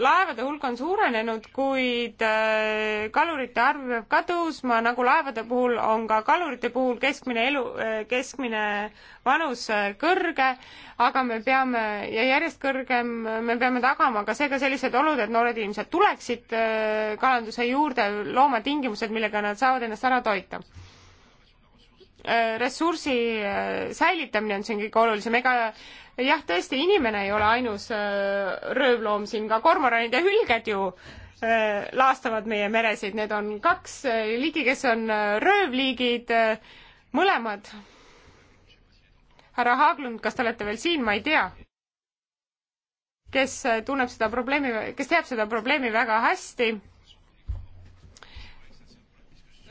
laevade hulk on suurenenud, kuid äh, kalurite arv peab ka tõusma, nagu laevade puhul on ka kalurite puhul keskmine elu, äh, keskmine vanus kõrge, aga me peame ja järjest kõrgem, me peame tagama ka seega sellised olud, et noored inimesed tuleksid kalanduse juurde, looma tingimused, millega nad saavad ennast ära toita Äh, ressursi äh, säilitamine on siin kõige olulisem, ega jah, tõesti, inimene ei ole ainus äh, röövloom siin, ka kormoranid ja hülged ju laastavad meie meresid, need on kaks liigi, kes on röövliigid, mõlemad. härra Haaglund, kas te olete veel siin, ma ei tea. kes tunneb seda probleemi, kes teab seda probleemi väga hästi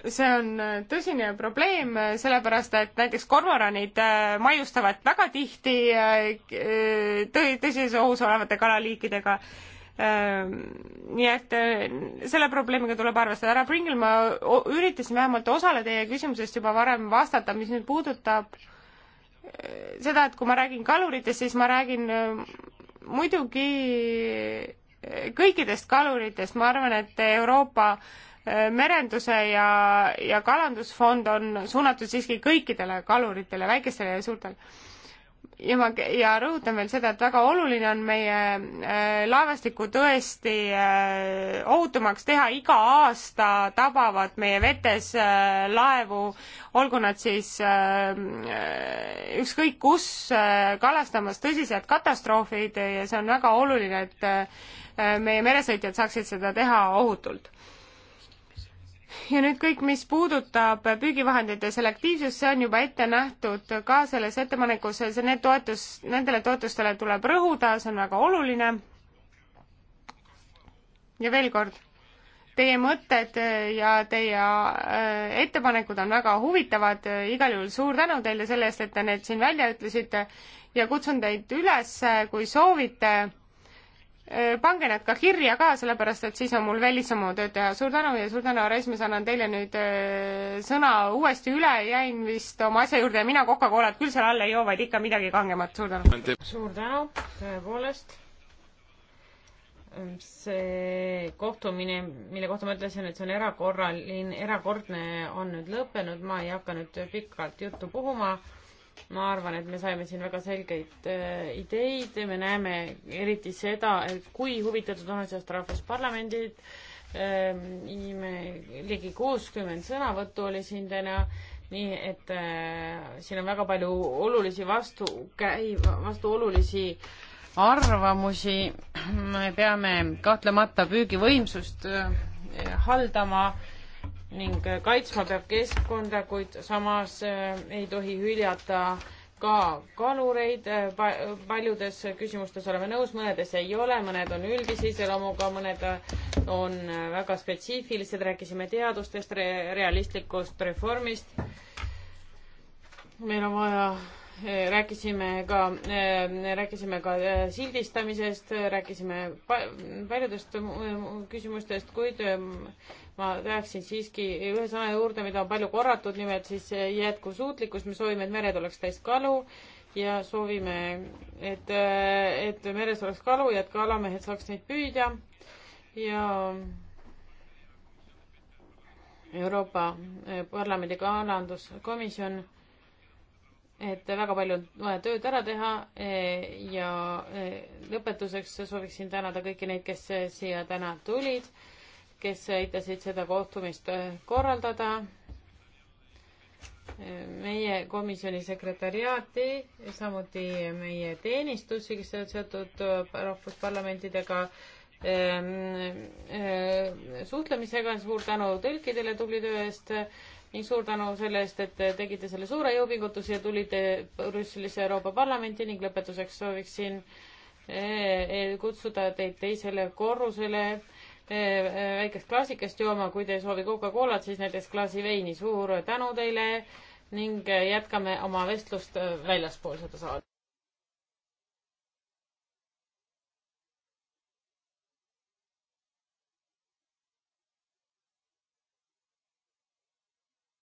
see on äh, tõsine probleem, äh, sellepärast et näiteks kormoranid äh, maiustavad väga tihti tõ-, tõsises ohus olevate kalaliikidega. Ähm, nii et selle probleemiga tuleb arvestada. härra Pringel, ma üritasin vähemalt osale teie küsimusest juba varem vastata, mis nüüd puudutab seda, et kui ma räägin kaluritest, siis ma räägin muidugi kõikidest kaluritest, ma arvan, et Euroopa äh, merenduse ja, ja kalandusfond on suunatud siiski kõikidele kaluritele, väikestele ja suurtele. ja ma, ja rõhutan veel seda, et väga oluline on meie äh, laevastikku tõesti äh, ohutumaks teha, iga aasta tabavad meie vetes äh, laevu, olgu nad siis äh, ükskõik kus äh, kalastamas, tõsised katastroofid ja see on väga oluline, et äh, meie meresõitjad saaksid seda teha ohutult ja nüüd kõik, mis puudutab püügivahendite selektiivsust, see on juba ette nähtud ka selles ettepanekus, see, need toetus, nendele toetustele tuleb rõhuda, see on väga oluline. ja veel kord, teie mõtted ja teie äh, ettepanekud on väga huvitavad, igal juhul suur tänu teile selle eest, et te need siin välja ütlesite ja kutsun teid üles, kui soovite Äh, pange need ka kirja ka, sellepärast et siis on mul välis oma tööd teha. suur tänu ja suur tänu, Resmes, annan teile nüüd äh, sõna uuesti üle, jäin vist oma asja juurde ja mina Coca-Colat küll seal all ei joo, vaid ikka midagi kangemat, suur tänu. suur tänu, tõepoolest. see kohtumine, mille kohta ma ütlesin, et see on erakorraline, erakordne, on nüüd lõppenud, ma ei hakka nüüd pikalt juttu puhuma ma arvan, et me saime siin väga selgeid äh, ideid, me näeme eriti seda, kui huvitatud on asjast rahvusparlamendid ähm,. ligi kuuskümmend sõnavõttu oli siin täna, nii et äh, siin on väga palju olulisi vastu, vastuolulisi arvamusi. me peame kahtlemata püügivõimsust äh, haldama äh, ning äh, kaitsma peab keskkonda, kuid samas äh, ei tohi hüljata ka kalureid, äh, paljudes küsimustes oleme nõus, mõnedes ei ole, mõned on üldise iseloomuga, mõned on väga spetsiifilised, rääkisime teadustest re, realistlikust reformist. meil on vaja, rääkisime ka, rääkisime ka sildistamisest, rääkisime paljudest küsimustest, kuid ähm, ma läheksin siiski ühe sõna juurde, mida on palju korratud, nimelt siis jätkusuutlikkus, me soovime, et mered oleks täis kalu ja soovime, et, et meres oleks kalu ja et kalamehed saaks neid püüda ja Euroopa eh, Parlamendi kalanduskomisjon, et väga palju on vaja tööd ära teha eh, ja eh, lõpetuseks sooviksin tänada kõiki neid, kes siia täna tulid kes aitasid seda kohtumist äh, korraldada, meie komisjoni sekretariaati, samuti meie teenistusi, kes on seotud äh, rahvusparlamentidega ähm, äh, suhtlemisega, suur tänu tõlkidele tubli töö eest ning suur tänu selle eest, et tegite selle suure jõupingutuse ja tulite Brüsselisse Euroopa Parlamenti ning lõpetuseks sooviksin kutsuda teid teisele korrusele Eh, väikest klaasikest jooma, kui te ei soovi Coca-Colat, siis näiteks klaasi veini. suur tänu teile ning jätkame oma vestlust väljaspool seda saali.